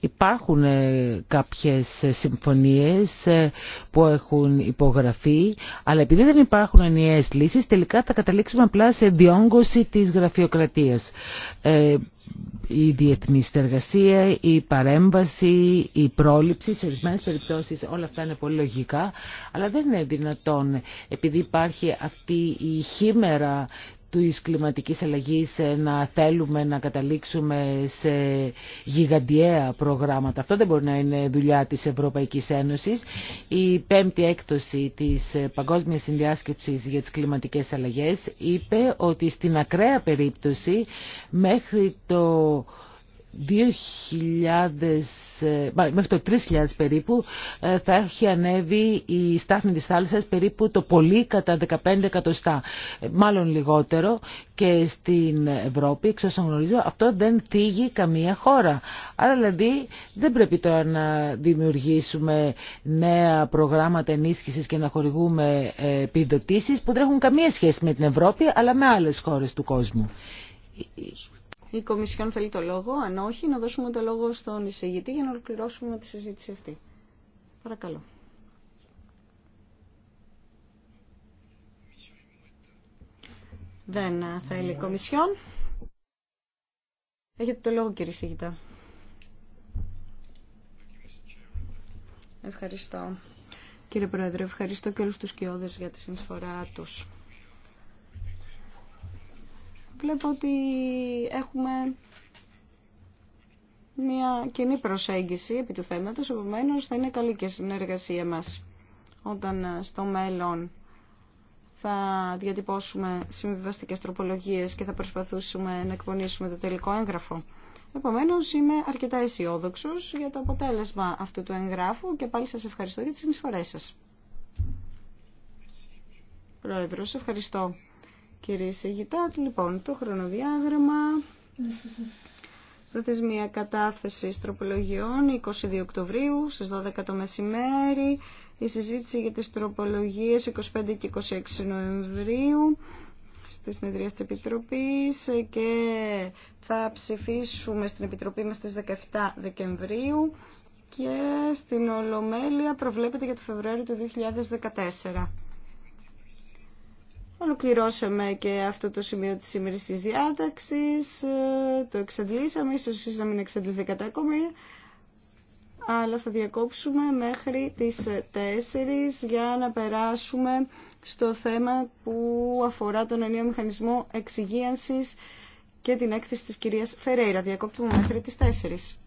Υπάρχουν ε, κάποιες ε, συμφωνίες ε, που έχουν υπογραφεί, αλλά επειδή δεν υπάρχουν ενιαίες λύσεις, τελικά θα καταλήξουμε απλά σε διόγκωση της γραφειοκρατίας. Η διεθνή συνεργασία, η παρέμβαση, η πρόληψη, σε ορισμένες περιπτώσεις όλα αυτά είναι πολύ λογικά, αλλά δεν είναι δυνατόν επειδή υπάρχει αυτή η χήμερα του κλιματικής αλλαγής ε, να θέλουμε να καταλήξουμε σε γιγαντιαία προγράμματα. Αυτό δεν μπορεί να είναι δουλειά της Ευρωπαϊκής Ένωσης. Η πέμπτη έκδοση της ε, Παγκόσμιας Συνδιάσκεψης για τις κλιματικές αλλαγές είπε ότι στην ακραία περίπτωση μέχρι το 2000, ε, μέχρι το 3.000 περίπου ε, θα έχει ανέβει η στάθμη της θάλασσας περίπου το πολύ κατά 15 εκατοστά ε, μάλλον λιγότερο και στην Ευρώπη εξ όσων γνωρίζω αυτό δεν θίγει καμία χώρα άρα δηλαδή δεν πρέπει τώρα να δημιουργήσουμε νέα προγράμματα ενίσχυσης και να χορηγούμε επιδοτήσεις που δεν έχουν καμία σχέση με την Ευρώπη αλλά με άλλες χώρες του κόσμου η Κομισιόν θέλει το λόγο, αν όχι, να δώσουμε το λόγο στον εισηγητή για να ολοκληρώσουμε τη συζήτηση αυτή. Παρακαλώ. Δεν θέλει η Κομισιόν. Έχετε το λόγο κύριε εισηγητά. Ευχαριστώ. Κύριε Πρόεδρε, ευχαριστώ και όλους τους κοιόδες για τη συνεισφορά τους βλέπω ότι έχουμε μια κοινή προσέγγιση επί του θέματος, επομένως θα είναι καλή και συνεργασία μας όταν ε, στο μέλλον θα διατυπώσουμε συμβιβαστικές τροπολογίες και θα προσπαθήσουμε να εκπονήσουμε το τελικό έγγραφο. Επομένως είμαι αρκετά αισιόδοξο για το αποτέλεσμα αυτού του εγγράφου και πάλι σας ευχαριστώ για τις συνεισφορές σας. Πρόεδρος, ευχαριστώ κύριε Σιγητά. Λοιπόν, το χρονοδιάγραμμα. μια κατάθεση τροπολογιών 22 Οκτωβρίου στις 12 το μεσημέρι. Η συζήτηση για τις τροπολογίες 25 και 26 Νοεμβρίου στη συνεδρία της Επιτροπής και θα ψηφίσουμε στην Επιτροπή μας στις 17 Δεκεμβρίου και στην Ολομέλεια προβλέπεται για το Φεβρουάριο του 2014. Ολοκληρώσαμε και αυτό το σημείο της της διάταξης, ε, το εξαντλήσαμε, ίσως εσείς να μην εξαντληθήκατε αλλά θα διακόψουμε μέχρι τις 4 για να περάσουμε στο θέμα που αφορά τον ενίο μηχανισμό εξυγίανσης και την έκθεση της κυρίας Φερέιρα. Διακόπτουμε μέχρι τις 4.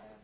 I know,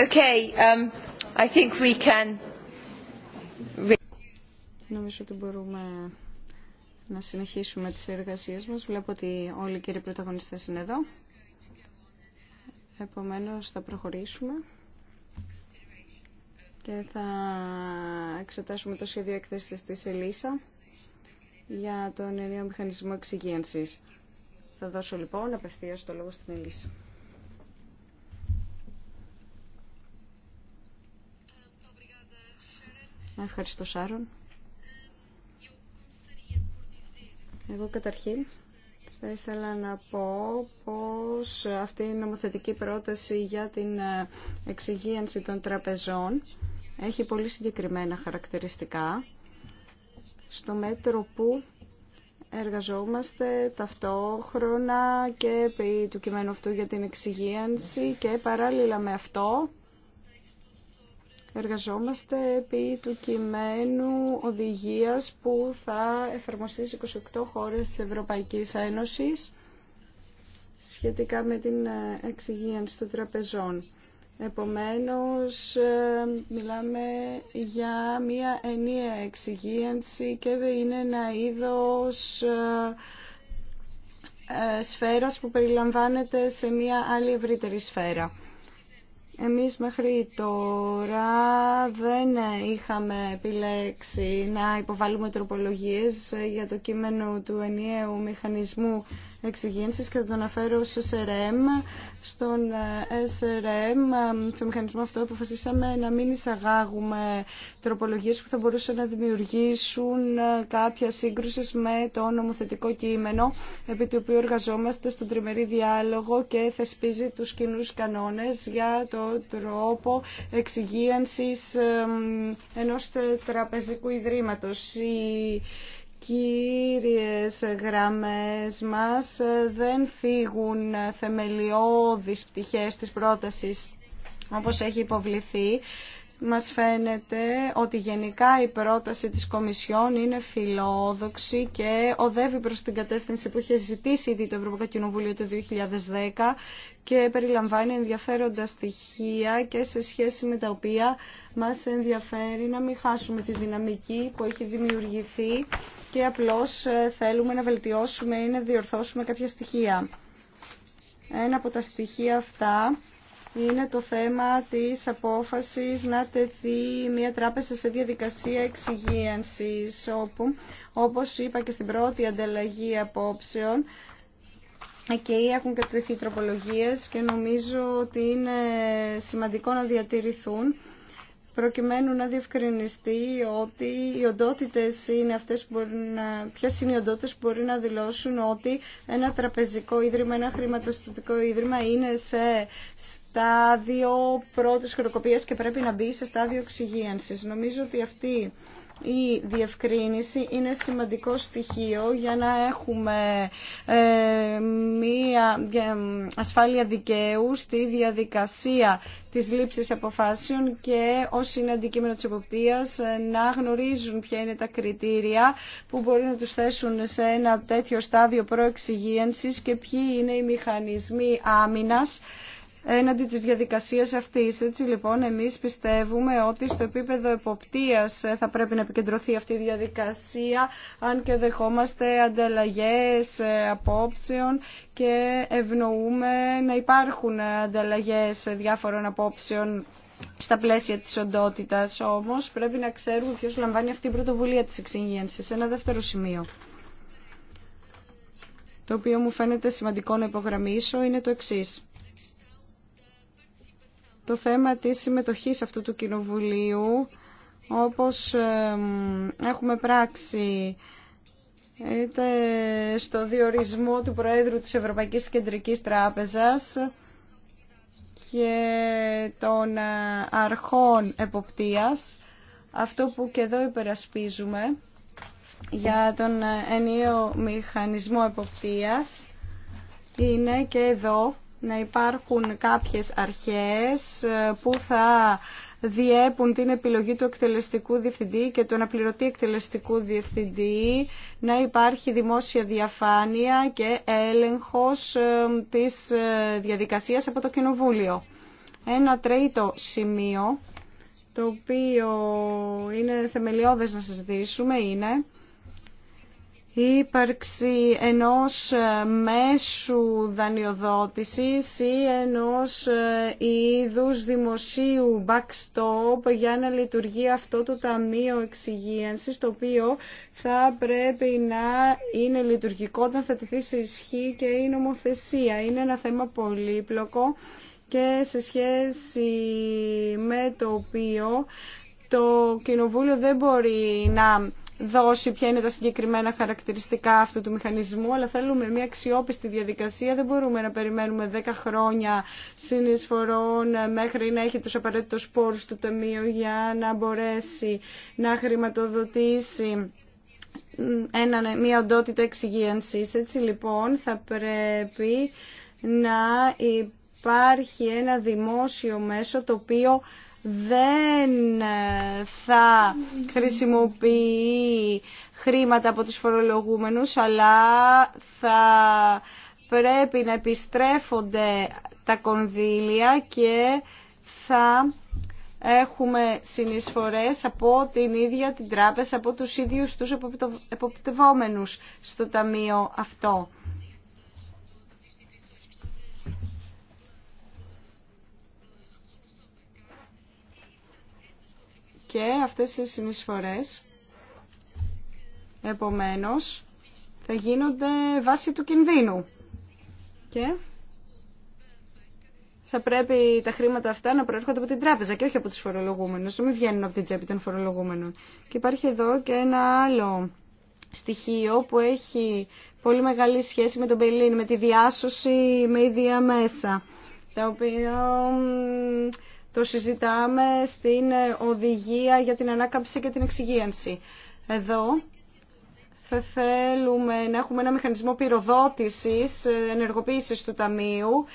Um, Νομίζω ότι μπορούμε να συνεχίσουμε τις εργασίες μας. Βλέπω ότι όλοι οι κύριοι πρωταγωνιστές είναι εδώ. Επομένως θα προχωρήσουμε και θα εξετάσουμε το σχέδιο έκθεσης της Ελίσσα για τον ενιαίο μηχανισμό εξυγίανσης. Θα δώσω λοιπόν απευθείας το λόγο στην Ελίσσα. Ευχαριστώ Σάρων. Εγώ καταρχήν θα ήθελα να πω πως αυτή η νομοθετική πρόταση για την ε, εξυγίανση των τραπεζών έχει πολύ συγκεκριμένα χαρακτηριστικά στο μέτρο που εργαζόμαστε ταυτόχρονα και επί του κειμένου αυτού για την εξυγίανση και παράλληλα με αυτό Εργαζόμαστε επί του κειμένου οδηγίας που θα εφαρμοστεί στις 28 χώρες της Ευρωπαϊκής Ένωσης σχετικά με την ε, εξυγίανση των τραπεζών. Επομένως, ε, μιλάμε για μία ενιαία εξυγίανση και δεν είναι ένα είδος ε, σφαίρας που περιλαμβάνεται σε μία άλλη ευρύτερη σφαίρα. Εμείς μέχρι τώρα δεν είχαμε επιλέξει να υποβάλουμε τροπολογίες για το κείμενο του ενιαίου μηχανισμού και θα το αναφέρω στο SRM. Στον ε, SRM, ε, στο μηχανισμό αυτό, αποφασίσαμε να μην εισαγάγουμε τροπολογίες που θα μπορούσαν να δημιουργήσουν ε, κάποια σύγκρουση με το νομοθετικό κείμενο, επί του οποίου εργαζόμαστε στον τριμερή διάλογο και θεσπίζει τους κοινού κανόνες για το τρόπο εξυγίανσης ενός τραπεζικού ιδρύματος. Η κύριες γραμμές μας δεν φύγουν θεμελιώδεις πτυχές της πρότασης όπως έχει υποβληθεί. Μας φαίνεται ότι γενικά η πρόταση της Κομισιόν είναι φιλόδοξη και οδεύει προς την κατεύθυνση που είχε ζητήσει ήδη το Ευρωπαϊκό Κοινοβούλιο το 2010 και περιλαμβάνει ενδιαφέροντα στοιχεία και σε σχέση με τα οποία μας ενδιαφέρει να μην χάσουμε τη δυναμική που έχει δημιουργηθεί και απλώς ε, θέλουμε να βελτιώσουμε ή να διορθώσουμε κάποια στοιχεία. Ένα από τα στοιχεία αυτά είναι το θέμα της απόφασης να τεθεί μια τράπεζα σε διαδικασία εξυγίανσης, όπου, όπως είπα και στην πρώτη ανταλλαγή απόψεων, και έχουν κατευθυνθεί τροπολογίες και νομίζω ότι είναι σημαντικό να διατηρηθούν προκειμένου να διευκρινιστεί ότι οι οντότητες είναι αυτές που μπορεί να, είναι οι οντότητες που μπορεί να δηλώσουν ότι ένα τραπεζικό ίδρυμα, ένα χρηματοστατικό ίδρυμα είναι σε στάδιο πρώτης χρονοκοπίας και πρέπει να μπει σε στάδιο εξυγίανσης. Νομίζω ότι αυτή η διευκρίνηση είναι σημαντικό στοιχείο για να έχουμε ε, μία ε, ασφάλεια δικαίου στη διαδικασία της λήψης αποφάσεων και όσοι είναι αντικείμενο της εποπτείας ε, να γνωρίζουν ποια είναι τα κριτήρια που μπορεί να τους θέσουν σε ένα τέτοιο στάδιο προεξυγίανσης και ποιοι είναι οι μηχανισμοί άμυνας έναντι της διαδικασίας αυτής. Έτσι λοιπόν εμείς πιστεύουμε ότι στο επίπεδο εποπτείας θα πρέπει να επικεντρωθεί αυτή η διαδικασία αν και δεχόμαστε ανταλλαγές ε, απόψεων και ευνοούμε να υπάρχουν ανταλλαγές διάφορων απόψεων στα πλαίσια της οντότητας. Όμως πρέπει να ξέρουμε ποιος λαμβάνει αυτή η πρωτοβουλία της σε Ένα δεύτερο σημείο το οποίο μου φαίνεται σημαντικό να υπογραμμίσω είναι το εξής το θέμα της συμμετοχής αυτού του Κοινοβουλίου, όπως έχουμε πράξει είτε στο διορισμό του Προέδρου της Ευρωπαϊκής Κεντρικής Τράπεζας και των ε, αρχών εποπτείας, αυτό που και εδώ υπερασπίζουμε για τον ενίο μηχανισμό εποπτείας είναι και εδώ να υπάρχουν κάποιες αρχές ε, που θα διέπουν την επιλογή του εκτελεστικού διευθυντή και του αναπληρωτή εκτελεστικού διευθυντή, να υπάρχει δημόσια διαφάνεια και έλεγχος ε, της ε, διαδικασίας από το Κοινοβούλιο. Ένα τρίτο σημείο, το οποίο είναι θεμελιώδες να συζητήσουμε, είναι ύπαρξη ενός ε, μέσου δανειοδότησης ή ενός ε, είδους δημοσίου backstop για να λειτουργεί αυτό το Ταμείο Εξυγίανσης, το οποίο θα πρέπει να είναι λειτουργικό όταν θα τεθεί σε ισχύ και η νομοθεσία. Είναι ένα θέμα πολύπλοκο και σε σχέση με το οποίο το Κοινοβούλιο δεν μπορεί να δώσει ποια είναι τα συγκεκριμένα χαρακτηριστικά αυτού του μηχανισμού, αλλά θέλουμε μια αξιόπιστη διαδικασία. Δεν μπορούμε να περιμένουμε 10 χρόνια συνεισφορών μέχρι να έχει τους απαραίτητους πόρους του Ταμείου για να μπορέσει να χρηματοδοτήσει ένα, μια οντότητα εξυγίανσης. Έτσι λοιπόν θα πρέπει να υπάρχει ένα δημόσιο μέσο το οποίο δεν ε, θα χρησιμοποιεί χρήματα από τους φορολογούμενους, αλλά θα πρέπει να επιστρέφονται τα κονδύλια και θα έχουμε συνεισφορές από την ίδια την τράπεζα, από τους ίδιους τους εποπτευόμενους στο ταμείο αυτό. και αυτές οι συνεισφορές επομένως θα γίνονται βάση του κινδύνου και θα πρέπει τα χρήματα αυτά να προέρχονται από την τράπεζα και όχι από τους φορολογούμενους, να μην βγαίνουν από την τσέπη των φορολογούμενων. Και υπάρχει εδώ και ένα άλλο στοιχείο που έχει πολύ μεγάλη σχέση με τον Μπελίν, με τη διάσωση με ίδια μέσα, τα οποία το συζητάμε στην οδηγία για την ανάκαμψη και την εξυγίανση. Εδώ θα θέλουμε να έχουμε ένα μηχανισμό πυροδότησης, ενεργοποίησης του Ταμείου,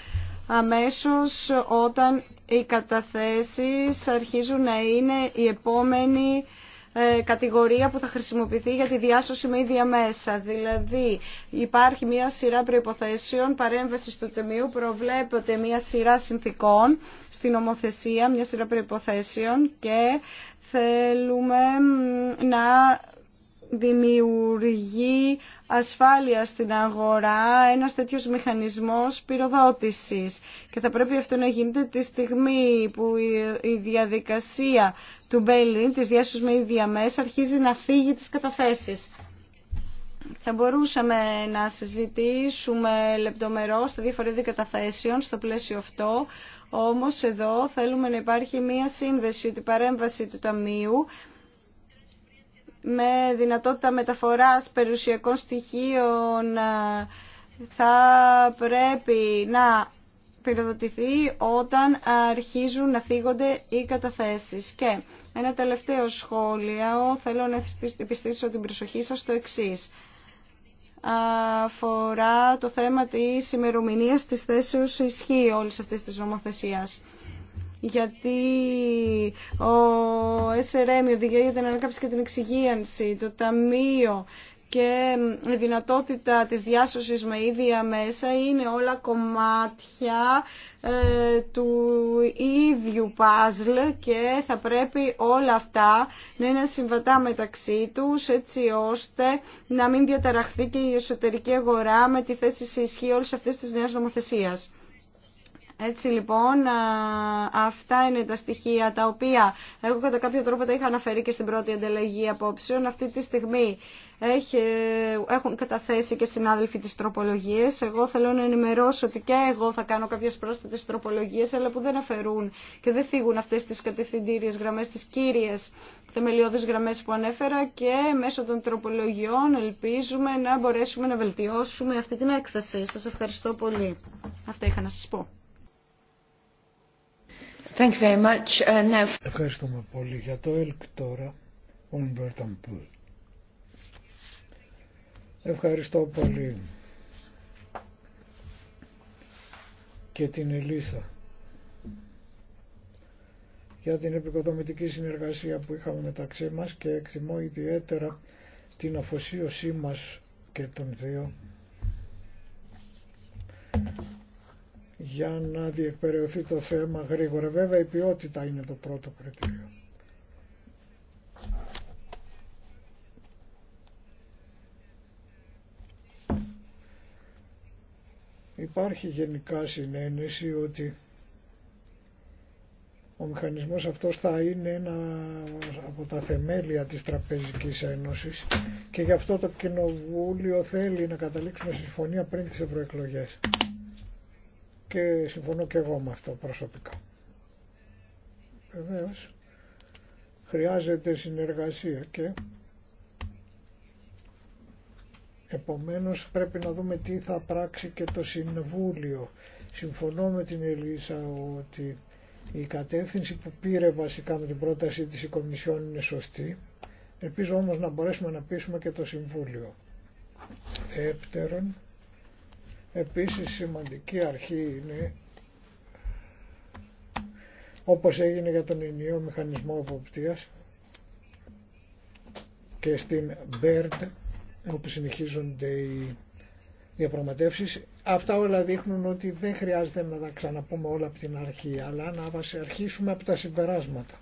αμέσως όταν οι καταθέσεις αρχίζουν να είναι η επόμενη ε, κατηγορία που θα χρησιμοποιηθεί για τη διάσωση με ίδια μέσα. Δηλαδή υπάρχει μια σειρά προϋποθέσεων παρέμβασης του τεμείου, προβλέπεται μια σειρά συνθήκων στην νομοθεσία, μια σειρά προϋποθέσεων και θέλουμε να δημιουργεί ασφάλεια στην αγορά, ένα τέτοιο μηχανισμός πυροδότηση. Και θα πρέπει αυτό να γίνεται τη στιγμή που η διαδικασία του Μπέιλιν, της διάσωση με ίδια μέσα, αρχίζει να φύγει τις καταθέσει. Θα μπορούσαμε να συζητήσουμε λεπτομερώς τα διαφορετικά καταθέσεων στο πλαίσιο αυτό, όμως εδώ θέλουμε να υπάρχει μία σύνδεση ότι η παρέμβαση του Ταμείου με δυνατότητα μεταφοράς περιουσιακών στοιχείων ε, θα πρέπει να πυροδοτηθεί όταν αρχίζουν να θίγονται οι καταθέσεις. Και ένα τελευταίο σχόλιο, θέλω να επιστήσω την προσοχή σας στο εξής. Αφορά το θέμα της ημερομηνία της θέσεως ισχύει όλης αυτής της νομοθεσίας γιατί ο SRM, η για την ανάκαμψη και την εξυγίανση, το Ταμείο και η δυνατότητα της διάσωσης με ίδια μέσα είναι όλα κομμάτια ε, του ίδιου παζλ και θα πρέπει όλα αυτά να είναι συμβατά μεταξύ τους έτσι ώστε να μην διαταραχθεί και η εσωτερική αγορά με τη θέση σε ισχύ όλες αυτές της νέας νομοθεσίας. Έτσι λοιπόν, αυτά είναι τα στοιχεία τα οποία εγώ κατά κάποιο τρόπο τα είχα αναφέρει και στην πρώτη ανταλλαγή απόψεων. Αυτή τη στιγμή έχει, έχουν καταθέσει και συνάδελφοι τις τροπολογίες. Εγώ θέλω να ενημερώσω ότι και εγώ θα κάνω κάποιες πρόσθετες τροπολογίες, αλλά που δεν αφαιρούν και δεν φύγουν αυτές τις κατευθυντήριες γραμμές, τις κύριες θεμελιώδεις γραμμές που ανέφερα και μέσω των τροπολογιών ελπίζουμε να μπορέσουμε να βελτιώσουμε αυτή την έκθεση. Σας ευχαριστώ πολύ. Αυτά είχα να σας πω. Uh, Ευχαριστούμε πολύ για το ΕΛΚ τώρα. Ευχαριστώ πολύ και την Ελίσσα για την επικοδομητική συνεργασία που είχαμε μεταξύ μας και εκτιμώ ιδιαίτερα την αφοσίωσή μας και των δύο για να διεκπαιρεωθεί το θέμα γρήγορα. Βέβαια η ποιότητα είναι το πρώτο κριτήριο. Υπάρχει γενικά συνένεση ότι ο μηχανισμός αυτός θα είναι ένα από τα θεμέλια της Τραπεζικής Ένωσης και γι' αυτό το Κοινοβούλιο θέλει να καταλήξουμε συμφωνία πριν τις ευρωεκλογές και συμφωνώ και εγώ με αυτό προσωπικά. Βεβαίω χρειάζεται συνεργασία και επομένως πρέπει να δούμε τι θα πράξει και το Συμβούλιο. Συμφωνώ με την Ελίσσα ότι η κατεύθυνση που πήρε βασικά με την πρόταση της Κομισιόν είναι σωστή. Ελπίζω όμως να μπορέσουμε να πείσουμε και το Συμβούλιο. Δεύτερον, Επίσης σημαντική αρχή είναι όπως έγινε για τον ενιαίο μηχανισμό εποπτείας και στην BERT, όπου συνεχίζονται οι διαπραγματεύσει. Αυτά όλα δείχνουν ότι δεν χρειάζεται να τα ξαναπούμε όλα από την αρχή, αλλά να αρχίσουμε από τα συμπεράσματα.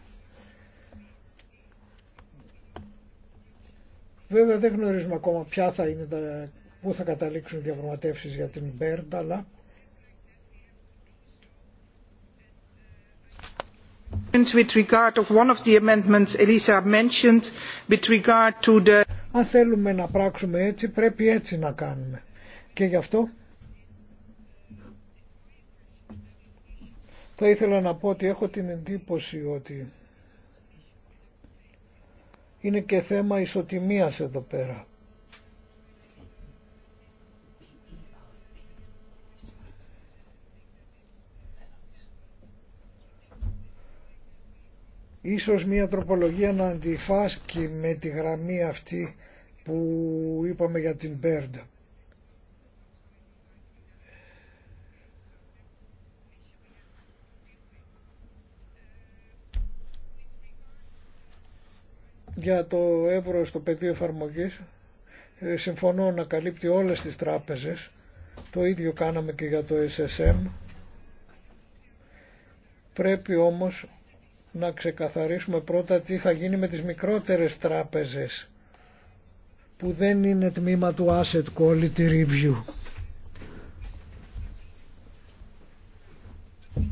Βέβαια δεν γνωρίζουμε ακόμα ποια θα είναι τα πού θα καταλήξουν οι διαπραγματεύσεις για την Μπέρντα, αλλά αν θέλουμε να πράξουμε έτσι πρέπει έτσι να κάνουμε και γι' αυτό θα ήθελα να πω ότι έχω την εντύπωση ότι είναι και θέμα ισοτιμίας εδώ πέρα Ίσως μια τροπολογία να αντιφάσκει με τη γραμμή αυτή που είπαμε για την Bird Για το ευρώ στο πεδίο εφαρμογή ε, συμφωνώ να καλύπτει όλες τις τράπεζες. Το ίδιο κάναμε και για το SSM. Πρέπει όμως να ξεκαθαρίσουμε πρώτα τι θα γίνει με τις μικρότερες τράπεζες που δεν είναι τμήμα του Asset Quality Review.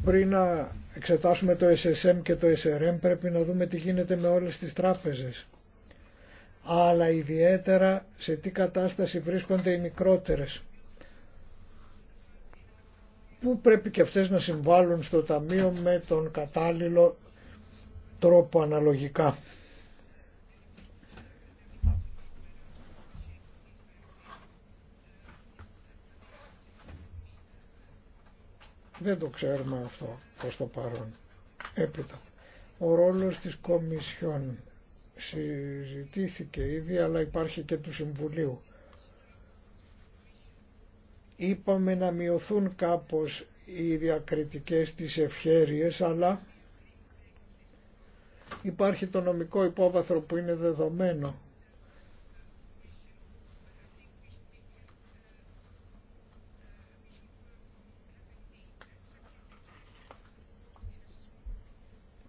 Πριν να εξετάσουμε το SSM και το SRM πρέπει να δούμε τι γίνεται με όλες τις τράπεζες. Αλλά ιδιαίτερα σε τι κατάσταση βρίσκονται οι μικρότερες. Πού πρέπει και αυτές να συμβάλλουν στο Ταμείο με τον κατάλληλο τρόπο αναλογικά. Δεν το ξέρουμε αυτό προς το παρόν. Έπειτα, ο ρόλος της Κομισιόν συζητήθηκε ήδη, αλλά υπάρχει και του Συμβουλίου. Είπαμε να μειωθούν κάπως οι διακριτικές της ευχέρειες, αλλά Υπάρχει το νομικό υπόβαθρο που είναι δεδομένο.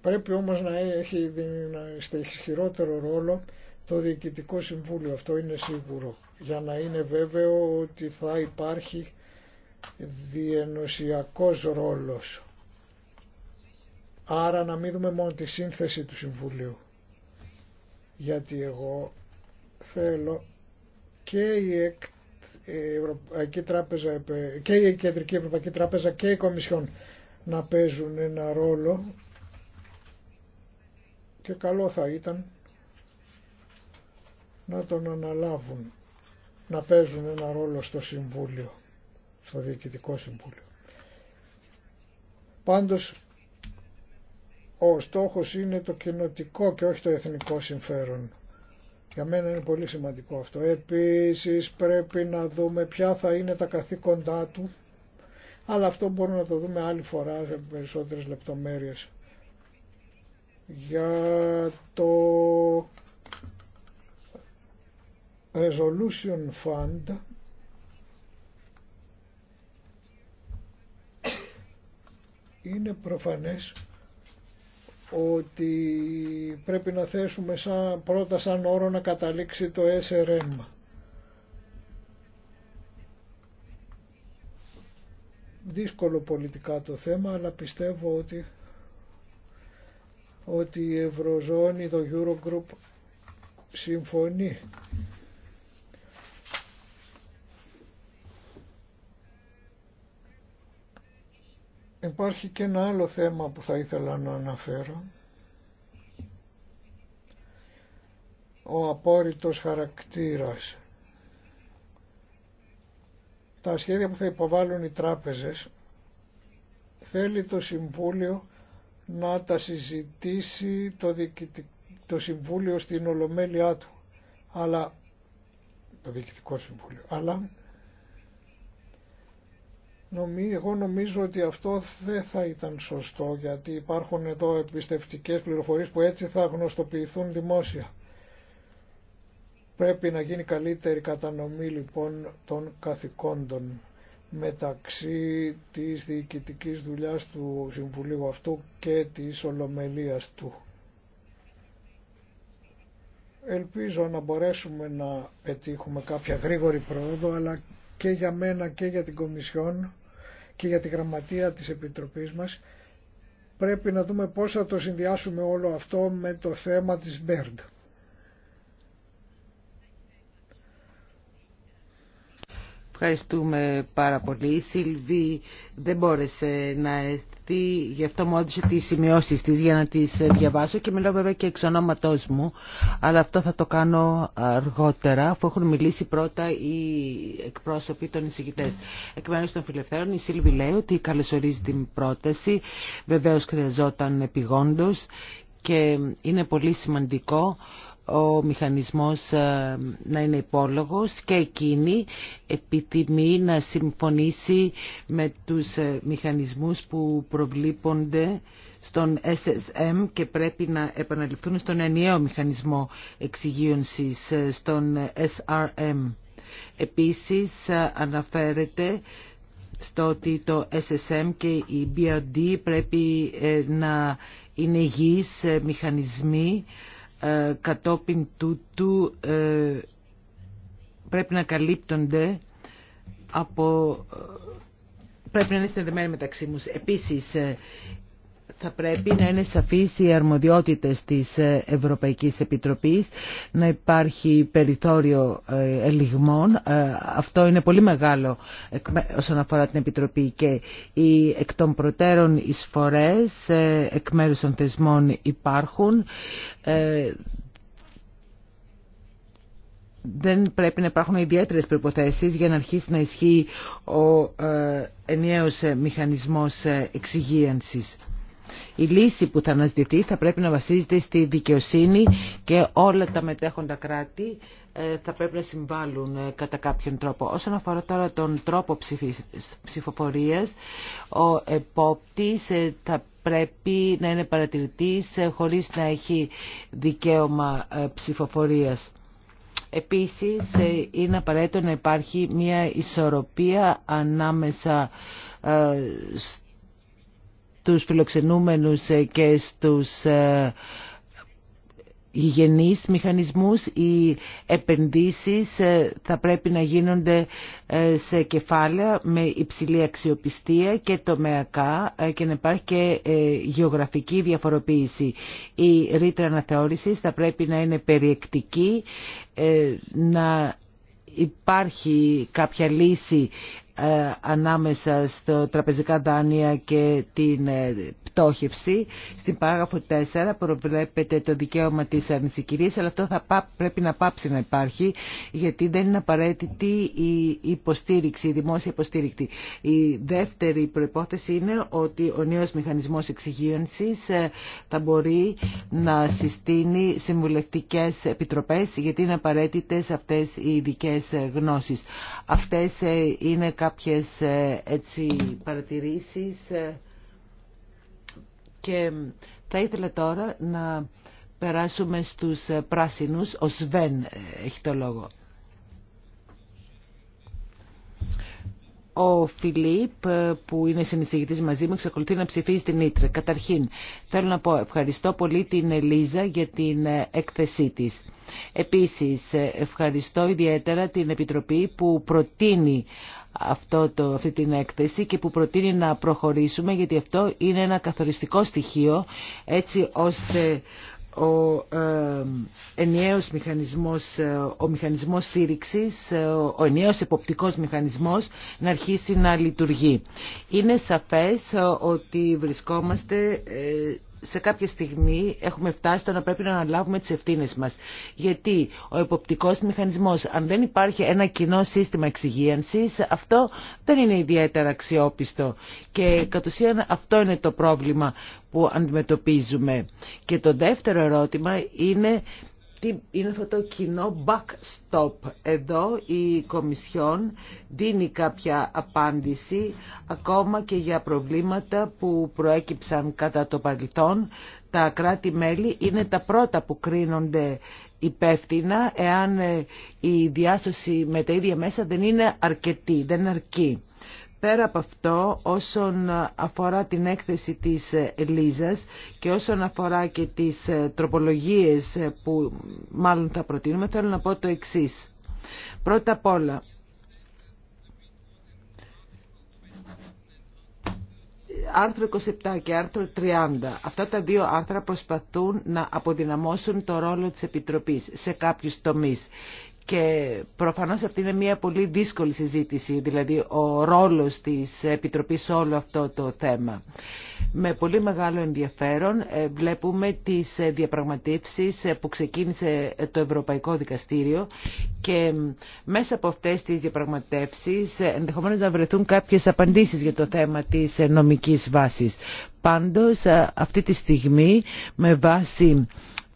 Πρέπει όμως να έχει, να ισχυρότερο ρόλο το Διοικητικό Συμβούλιο, αυτό είναι σίγουρο, για να είναι βέβαιο ότι θα υπάρχει διενοσιακός ρόλος. Άρα να μην δούμε μόνο τη σύνθεση του Συμβουλίου. Γιατί εγώ θέλω και η, Ευρωπαϊκή Τράπεζα, και η Κεντρική Ευρωπαϊκή Τράπεζα και η Κομισιόν να παίζουν ένα ρόλο και καλό θα ήταν να τον αναλάβουν, να παίζουν ένα ρόλο στο Συμβούλιο, στο Διοικητικό Συμβούλιο. Πάντως ο στόχος είναι το κοινοτικό και όχι το εθνικό συμφέρον. Για μένα είναι πολύ σημαντικό αυτό. Επίσης πρέπει να δούμε ποια θα είναι τα καθήκοντά του, αλλά αυτό μπορούμε να το δούμε άλλη φορά σε περισσότερες λεπτομέρειες. Για το Resolution Fund, είναι προφανές ότι πρέπει να θέσουμε σαν, πρώτα σαν όρο να καταλήξει το SRM. Δύσκολο πολιτικά το θέμα, αλλά πιστεύω ότι, ότι η Ευρωζώνη, το Eurogroup συμφωνεί Υπάρχει και ένα άλλο θέμα που θα ήθελα να αναφέρω. Ο απόρριτος χαρακτήρας. Τα σχέδια που θα υποβάλουν οι τράπεζες θέλει το Συμβούλιο να τα συζητήσει το, το Συμβούλιο στην Ολομέλειά του. Αλλά το Διοικητικό Συμβούλιο. Αλλά εγώ νομίζω ότι αυτό δεν θα ήταν σωστό γιατί υπάρχουν εδώ επιστευτικές πληροφορίες που έτσι θα γνωστοποιηθούν δημόσια. Πρέπει να γίνει καλύτερη κατανομή λοιπόν των καθηκόντων μεταξύ της διοικητικής δουλειάς του Συμβουλίου αυτού και της Ολομελίας του. Ελπίζω να μπορέσουμε να πετύχουμε κάποια γρήγορη πρόοδο αλλά και για μένα και για την Κομισιόν και για τη γραμματεία της Επιτροπής μας πρέπει να δούμε πώς θα το συνδυάσουμε όλο αυτό με το θέμα της Μπέρντ. Ευχαριστούμε πάρα πολύ. Η Σίλβη δεν μπόρεσε να γιατί γι' αυτό μου έδωσε τι σημειώσει της για να τις ε, διαβάσω και μιλώ βέβαια και εξ ονόματός μου, αλλά αυτό θα το κάνω αργότερα, αφού έχουν μιλήσει πρώτα οι εκπρόσωποι των εισηγητές. Εκ μέρους των φιλελευθέρων η Σίλβη λέει ότι καλωσορίζει την πρόταση, βεβαίως χρειαζόταν επιγόντως και είναι πολύ σημαντικό ο μηχανισμός ε, να είναι υπόλογος και εκείνη επιθυμεί να συμφωνήσει με τους ε, μηχανισμούς που προβλήπονται στον SSM και πρέπει να επαναληφθούν στον ενιαίο μηχανισμό εξυγίωνσης, ε, στον SRM. Επίσης αναφέρεται στο ότι το SSM και η BRD πρέπει να είναι υγιείς μηχανισμοί ε, κατόπιν τούτου ε, πρέπει να καλύπτονται από... Ε, πρέπει να είναι συνδεδεμένοι μεταξύ μου. Επίσης, ε, θα πρέπει να είναι σαφείς οι αρμοδιότητες της ε, Ευρωπαϊκής Επιτροπής, να υπάρχει περιθώριο ε, ελιγμών. Ε, αυτό είναι πολύ μεγάλο όσον αφορά την Επιτροπή και οι εκ των προτέρων εισφορές εκ μέρους των θεσμών υπάρχουν. Δεν πρέπει να υπάρχουν ιδιαίτερες προϋποθέσεις για να αρχίσει να ισχύει ο ενιαίος μηχανισμός εξυγίανσης. Η λύση που θα αναζητηθεί θα πρέπει να βασίζεται στη δικαιοσύνη και όλα τα μετέχοντα κράτη ε, θα πρέπει να συμβάλλουν ε, κατά κάποιον τρόπο. Όσον αφορά τώρα τον τρόπο ψηφοφορίας, ο επόπτης ε, θα πρέπει να είναι παρατηρητής χωρίς να έχει δικαίωμα ψηφοφορίας. Επίσης είναι απαραίτητο να υπάρχει μια ισορροπία ανάμεσα στους φιλοξενούμενους ε, και στους ε, γηγενείς μηχανισμούς, οι επενδύσεις ε, θα πρέπει να γίνονται σε κεφάλαια με υψηλή αξιοπιστία και τομεακά και να υπάρχει και γεωγραφική διαφοροποίηση. Η ρήτρα αναθεώρησης θα πρέπει να είναι περιεκτική, να υπάρχει κάποια λύση ε, ανάμεσα στο τραπεζικά δάνεια και την ε, πτώχευση. Στην παράγραφο 4 προβλέπεται το δικαίωμα της αρνησικυρίας, αλλά αυτό θα πρέπει να πάψει να υπάρχει, γιατί δεν είναι απαραίτητη η υποστήριξη, η δημόσια υποστήριξη. Η δεύτερη προϋπόθεση είναι ότι ο νέος μηχανισμός εξυγίανσης ε, θα μπορεί να συστήνει συμβουλευτικές επιτροπές, γιατί είναι απαραίτητες αυτές οι ειδικέ γνώσεις. Αυτές είναι κάποιες κάποιες ε, έτσι παρατηρήσεις ε, και θα ήθελα τώρα να περάσουμε στους ε, πράσινους. Ο Σβέν έχει το λόγο. Ο Φιλίπ που είναι συνεισηγητής μαζί μου εξακολουθεί να ψηφίζει την Ήτρε. Καταρχήν θέλω να πω ευχαριστώ πολύ την Ελίζα για την έκθεσή της. Επίσης ευχαριστώ ιδιαίτερα την Επιτροπή που προτείνει αυτό το, αυτή την έκθεση και που προτείνει να προχωρήσουμε γιατί αυτό είναι ένα καθοριστικό στοιχείο έτσι ώστε ο ε, ενιαίος μηχανισμός, ε, ο μηχανισμός στήριξης, ε, ο ενιαίος εποπτικός μηχανισμός να αρχίσει να λειτουργεί. Είναι σαφές ε, ότι βρισκόμαστε σε κάποια στιγμή έχουμε φτάσει στο να πρέπει να αναλάβουμε τις ευθύνες μας. Γιατί ο εποπτικός μηχανισμός, αν δεν υπάρχει ένα κοινό σύστημα εξυγίανσης, αυτό δεν είναι ιδιαίτερα αξιόπιστο. Και κατ' ουσίαν αυτό είναι το πρόβλημα που αντιμετωπίζουμε. Και το δεύτερο ερώτημα είναι είναι αυτό το κοινό backstop. Εδώ η Κομισιόν δίνει κάποια απάντηση ακόμα και για προβλήματα που προέκυψαν κατά το παρελθόν. Τα κράτη-μέλη είναι τα πρώτα που κρίνονται υπεύθυνα εάν ε, η διάσωση με τα ίδια μέσα δεν είναι αρκετή, δεν αρκεί. Πέρα από αυτό, όσον αφορά την έκθεση της Ελίζας και όσον αφορά και τις ε, τροπολογίες ε, που μάλλον θα προτείνουμε, θέλω να πω το εξής. Πρώτα απ' όλα, άρθρο 27 και άρθρο 30. Αυτά τα δύο άρθρα προσπαθούν να αποδυναμώσουν το ρόλο της Επιτροπής σε κάποιους τομείς. Και προφανώς αυτή είναι μια πολύ δύσκολη συζήτηση, δηλαδή ο ρόλος της Επιτροπής σε όλο αυτό το θέμα. Με πολύ μεγάλο ενδιαφέρον ε, βλέπουμε τις ε, διαπραγματεύσεις ε, που ξεκίνησε το Ευρωπαϊκό Δικαστήριο και μέσα από αυτές τις διαπραγματεύσεις ενδεχομένως να βρεθούν κάποιες απαντήσεις για το θέμα της νομικής βάσης. Πάντως αυτή τη στιγμή με βάση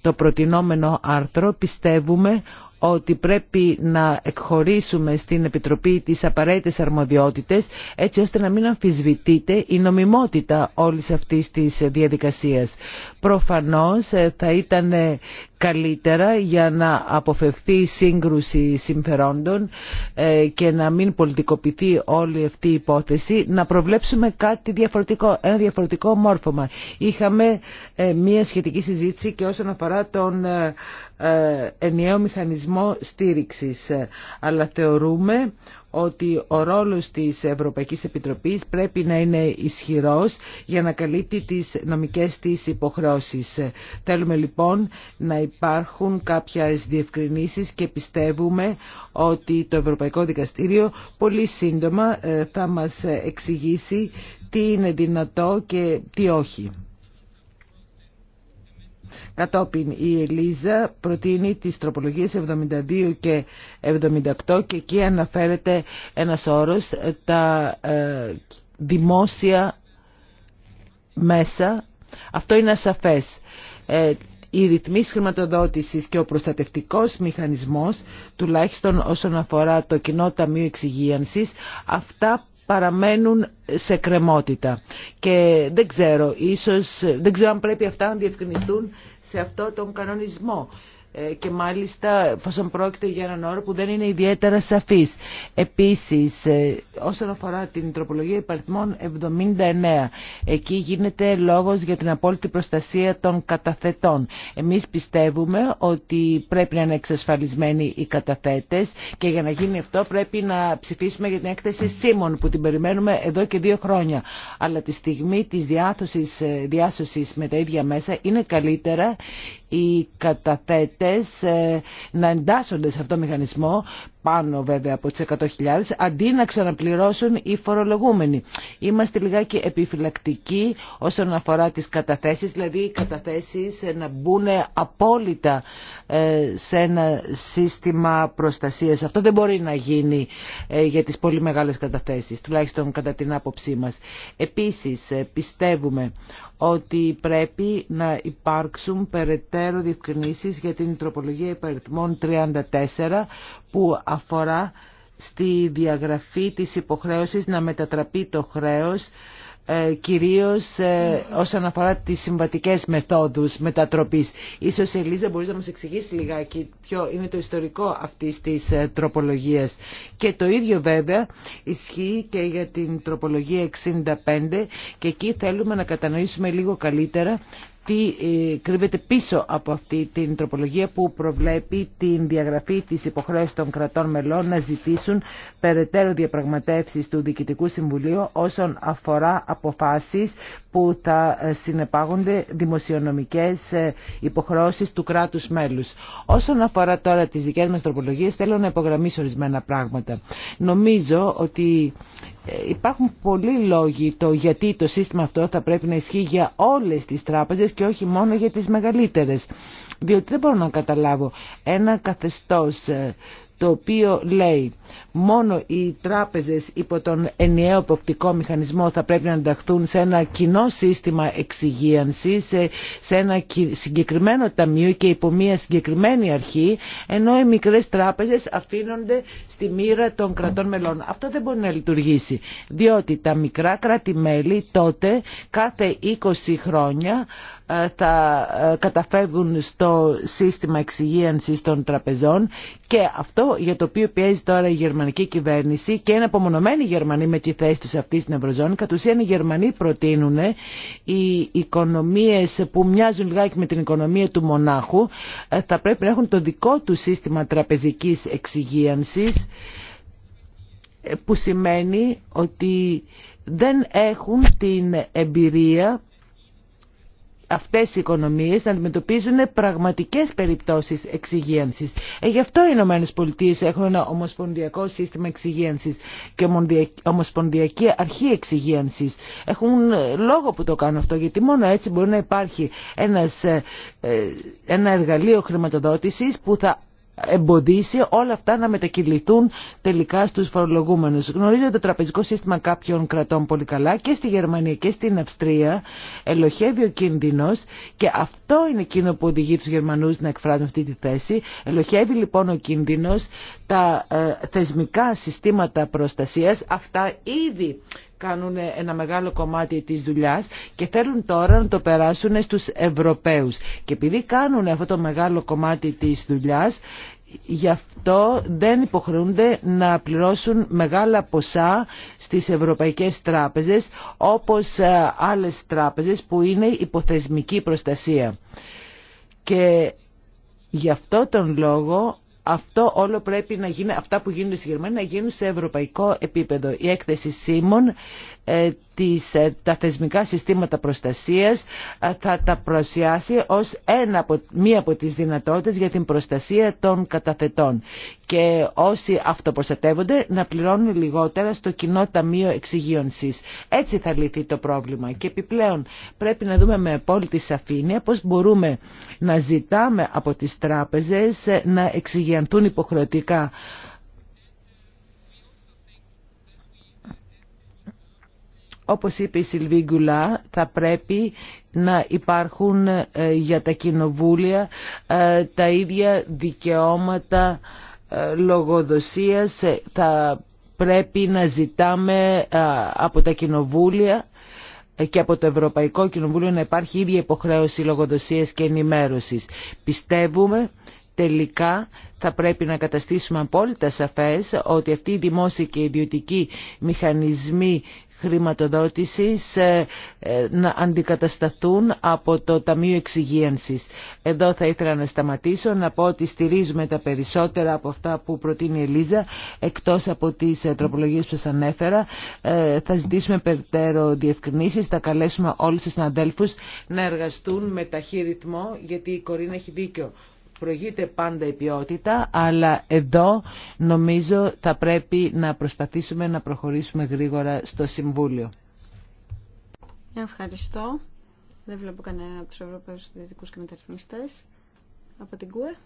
το προτινόμενο άρθρο πιστεύουμε ότι πρέπει να εκχωρήσουμε στην Επιτροπή τις απαραίτητες αρμοδιότητες έτσι ώστε να μην αμφισβητείται η νομιμότητα όλης αυτής της διαδικασίας. Προφανώς ε, θα ήταν ε, καλύτερα για να αποφευθεί η σύγκρουση συμφερόντων ε, και να μην πολιτικοποιηθεί όλη αυτή η υπόθεση, να προβλέψουμε κάτι διαφορετικό, ένα διαφορετικό μόρφωμα. Είχαμε ε, μία σχετική συζήτηση και όσον αφορά τον ε, ενιαίο μηχανισμό στήριξης, αλλά θεωρούμε ότι ο ρόλος της Ευρωπαϊκής Επιτροπής πρέπει να είναι ισχυρός για να καλύπτει τις νομικές της υποχρεώσεις. Θέλουμε λοιπόν να υπάρχουν κάποιες διευκρινήσεις και πιστεύουμε ότι το Ευρωπαϊκό Δικαστήριο πολύ σύντομα ε, θα μας εξηγήσει τι είναι δυνατό και τι όχι. Κατόπιν η Ελίζα προτείνει τις τροπολογίες 72 και 78 και εκεί αναφέρεται ένας όρος τα ε, δημόσια μέσα. Αυτό είναι ασαφές. Ε, οι ρυθμίσεις χρηματοδότησης και ο προστατευτικός μηχανισμός, τουλάχιστον όσον αφορά το κοινό ταμείο εξυγίανσης, αυτά παραμένουν σε κρεμότητα. Και δεν ξέρω, ίσως, δεν ξέρω αν πρέπει αυτά να διευκρινιστούν σε αυτό τον κανονισμό. Ε, και μάλιστα φόσον πρόκειται για έναν όρο που δεν είναι ιδιαίτερα σαφής. Επίσης, ε, όσον αφορά την τροπολογία υπαριθμών 79, εκεί γίνεται λόγος για την απόλυτη προστασία των καταθετών. Εμείς πιστεύουμε ότι πρέπει να είναι εξασφαλισμένοι οι καταθέτες και για να γίνει αυτό πρέπει να ψηφίσουμε για την έκθεση Σίμων που την περιμένουμε εδώ και δύο χρόνια. Αλλά τη στιγμή της ε, διάσωσης με τα ίδια μέσα είναι καλύτερα οι καταθέτες ε, να εντάσσονται σε αυτό το μηχανισμό πάνω βέβαια από τις 100.000 αντί να ξαναπληρώσουν οι φορολογούμενοι. Είμαστε λιγάκι επιφυλακτικοί όσον αφορά τις καταθέσεις, δηλαδή οι καταθέσεις ε, να μπουν απόλυτα ε, σε ένα σύστημα προστασίας. Αυτό δεν μπορεί να γίνει ε, για τις πολύ μεγάλες καταθέσεις, τουλάχιστον κατά την άποψή μας. Επίσης πιστεύουμε ότι πρέπει να υπάρξουν περαιτέρω διευκρινήσεις για την τροπολογία υπεριθμών 34 που αφορά στη διαγραφή της υποχρέωσης να μετατραπεί το χρέος ε, κυρίως ε, όσον αφορά τις συμβατικές μεθόδους μετατροπής. Ίσως Ελίζα μπορείς να μας εξηγήσει λιγάκι ποιο είναι το ιστορικό αυτής της ε, τροπολογίας. Και το ίδιο βέβαια ισχύει και για την τροπολογία 65 και εκεί θέλουμε να κατανοήσουμε λίγο καλύτερα τι ε, κρύβεται πίσω από αυτή την τροπολογία που προβλέπει την διαγραφή της υποχρέωσης των κρατών μελών να ζητήσουν περαιτέρω διαπραγματεύσεις του Διοικητικού Συμβουλίου όσον αφορά αποφάσει που θα ε, συνεπάγονται δημοσιονομικές ε, υποχρεώσεις του κράτους μέλους. Όσον αφορά τώρα τις δικές μας τροπολογίες θέλω να υπογραμμίσω ορισμένα πράγματα. Νομίζω ότι ε, υπάρχουν πολλοί λόγοι το γιατί το σύστημα αυτό θα πρέπει να ισχύει για όλες τις τράπεζες και όχι μόνο για τις μεγαλύτερες. Διότι δεν μπορώ να καταλάβω ένα καθεστώς ε, το οποίο λέει μόνο οι τράπεζες υπό τον ενιαίο ποπτικό μηχανισμό θα πρέπει να ενταχθούν σε ένα κοινό σύστημα εξυγίανσης, σε, ένα συγκεκριμένο ταμείο και υπό μια συγκεκριμένη αρχή, ενώ οι μικρές τράπεζες αφήνονται στη μοίρα των κρατών μελών. Αυτό δεν μπορεί να λειτουργήσει, διότι τα μικρά κράτη-μέλη τότε κάθε 20 χρόνια ε, θα ε, καταφεύγουν στο σύστημα εξυγίανσης των τραπεζών και αυτό για το οποίο πιέζει τώρα η γερμανική κυβέρνηση και είναι απομονωμένοι οι Γερμανοί με τη θέση τους αυτή στην Ευρωζώνη. Κατ' ουσίαν οι Γερμανοί προτείνουν οι οικονομίες που μοιάζουν λιγάκι με την οικονομία του μονάχου ε, θα πρέπει να έχουν το δικό του σύστημα τραπεζικής εξυγίανσης που σημαίνει ότι δεν έχουν την εμπειρία αυτές οι οικονομίες να αντιμετωπίζουν πραγματικές περιπτώσεις εξυγίανσης. Ε, γι' αυτό οι Ηνωμένες έχουν ένα ομοσπονδιακό σύστημα εξυγίανσης και ομοσπονδιακή αρχή εξυγίανσης. Έχουν ε, λόγο που το κάνουν αυτό γιατί μόνο έτσι μπορεί να υπάρχει ε, ε, ένα εργαλείο χρηματοδότησης που θα εμποδίσει όλα αυτά να μετακυληθούν τελικά στους φορολογούμενους. ότι το τραπεζικό σύστημα κάποιων κρατών πολύ καλά και στη Γερμανία και στην Αυστρία ελοχεύει ο κίνδυνος και αυτό είναι εκείνο που οδηγεί τους Γερμανούς να εκφράζουν αυτή τη θέση. Ελοχεύει λοιπόν ο κίνδυνος τα ε, θεσμικά συστήματα προστασίας αυτά ήδη κάνουν ένα μεγάλο κομμάτι της δουλειάς και θέλουν τώρα να το περάσουν στους Ευρωπαίους. Και επειδή κάνουν αυτό το μεγάλο κομμάτι της δουλειάς, γι' αυτό δεν υποχρεούνται να πληρώσουν μεγάλα ποσά στις ευρωπαϊκές τράπεζες, όπως ε, άλλες τράπεζες που είναι υποθεσμική προστασία. Και γι' αυτό τον λόγο αυτό όλο πρέπει να γίνει, αυτά που γίνονται στη Γερμανία να γίνουν σε ευρωπαϊκό επίπεδο. Η έκθεση Σίμων ε, ε, τα θεσμικά συστήματα προστασίας ε, θα τα προσιάσει ως ένα, μία από τις δυνατότητες για την προστασία των καταθετών και όσοι αυτοπροστατεύονται να πληρώνουν λιγότερα στο κοινό ταμείο εξυγίωνσης. Έτσι θα λυθεί το πρόβλημα και επιπλέον πρέπει να δούμε με απόλυτη σαφήνεια πώς μπορούμε να ζητάμε από τις τράπεζες να εξυγιανθούν υποχρεωτικά Όπως είπε η Σιλβί θα πρέπει να υπάρχουν ε, για τα κοινοβούλια ε, τα ίδια δικαιώματα ε, λογοδοσίας. Θα πρέπει να ζητάμε από τα κοινοβούλια και από το Ευρωπαϊκό Κοινοβούλιο να υπάρχει ίδια υποχρέωση λογοδοσίας και ενημέρωσης. Πιστεύουμε τελικά θα πρέπει να καταστήσουμε απόλυτα σαφές ότι αυτοί οι δημόσιοι και ιδιωτικοί μηχανισμοί χρηματοδότησης ε, ε, να αντικατασταθούν από το Ταμείο Εξυγίανσης. Εδώ θα ήθελα να σταματήσω, να πω ότι στηρίζουμε τα περισσότερα από αυτά που προτείνει η Ελίζα, εκτός από τις ε, τροπολογίες που σας ανέφερα. Θα ζητήσουμε περαιτέρω διευκρινήσεις, θα καλέσουμε όλους τους συναδέλφους να εργαστούν με ταχύ ρυθμό, γιατί η Κορίνα έχει δίκιο προηγείται πάντα η ποιότητα, αλλά εδώ νομίζω θα πρέπει να προσπαθήσουμε να προχωρήσουμε γρήγορα στο Συμβούλιο. Ευχαριστώ. Δεν βλέπω κανένα από τους Ευρωπαίους και Μεταρρυθμιστές. Από την ΚΟΕ.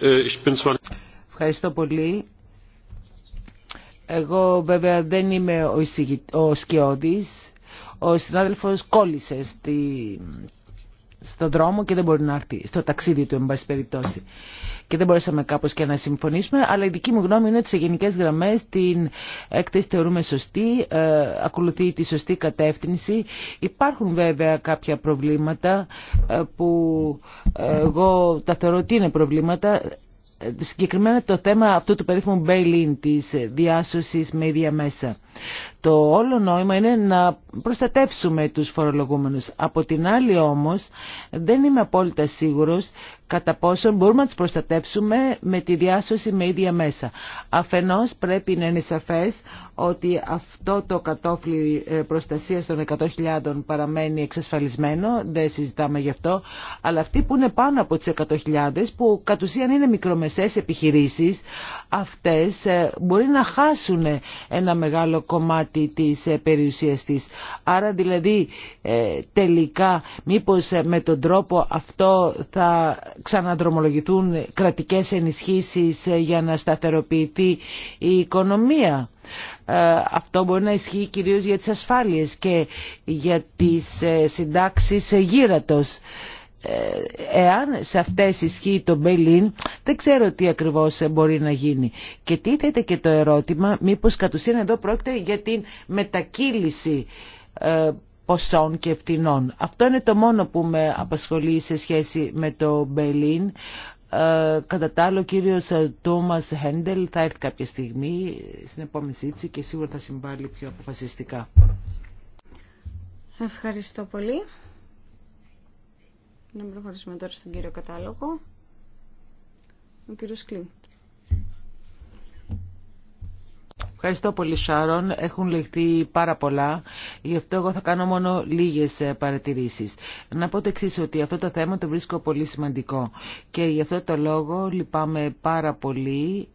Ε, Ευχαριστώ πολύ. Εγώ βέβαια δεν είμαι ο, ο ο συνάδελφος κόλλησε στη, στον δρόμο και δεν μπορεί να έρθει στο ταξίδι του, εν πάση περιπτώσει. Και δεν μπορέσαμε κάπως και να συμφωνήσουμε, αλλά η δική μου γνώμη είναι ότι σε γενικές γραμμές την έκθεση θεωρούμε σωστή, ε, ακολουθεί τη σωστή κατεύθυνση. Υπάρχουν βέβαια κάποια προβλήματα ε, που ε, εγώ τα θεωρώ ότι είναι προβλήματα, συγκεκριμένα το θέμα αυτού του περίφημου bail-in της διάσωσης με ίδια μέσα. Το όλο νόημα είναι να προστατεύσουμε τους φορολογούμενους. Από την άλλη όμως δεν είμαι απόλυτα σίγουρος κατά πόσο μπορούμε να τους προστατεύσουμε με τη διάσωση με ίδια μέσα. Αφενός πρέπει να είναι σαφές ότι αυτό το κατόφλι ε, προστασίας των 100.000 παραμένει εξασφαλισμένο, δεν συζητάμε γι' αυτό, αλλά αυτοί που είναι πάνω από τις 100.000 που κατ' ουσίαν είναι μικρομεσαίες επιχειρήσεις, αυτές ε, μπορεί να χάσουν ένα μεγάλο κομμάτι κομμάτι της ε, περιουσίας της. Άρα δηλαδή ε, τελικά μήπως ε, με τον τρόπο αυτό θα ξαναδρομολογηθούν κρατικές ενισχύσεις για να σταθεροποιηθεί η οικονομία. Αυτό μπορεί να ισχύει κυρίως για τις ασφάλειες και για τις συντάξεις γύρατος. Ε, εάν σε αυτές ισχύει το Μπελίν, δεν ξέρω τι ακριβώς μπορεί να γίνει. Και τίθεται και το ερώτημα, μήπως κατ' ουσίαν εδώ πρόκειται για την μετακύληση ε, ποσών και ευθυνών. Αυτό είναι το μόνο που με απασχολεί σε σχέση με το Μπελίν. Ε, κατά τα άλλα, ο κύριος Τόμας Χέντελ θα έρθει κάποια στιγμή στην επόμενη σύντηση και σίγουρα θα συμβάλλει πιο αποφασιστικά. Ευχαριστώ πολύ. Να προχωρήσουμε τώρα στον κύριο κατάλογο. Ο κύριο Κλίν. Ευχαριστώ πολύ Σάρων. Έχουν λεχθεί πάρα πολλά. Γι' αυτό εγώ θα κάνω μόνο λίγες ε, παρατηρήσεις. Να πω το εξή ότι αυτό το θέμα το βρίσκω πολύ σημαντικό. Και γι' αυτό το λόγο λυπάμαι πάρα πολύ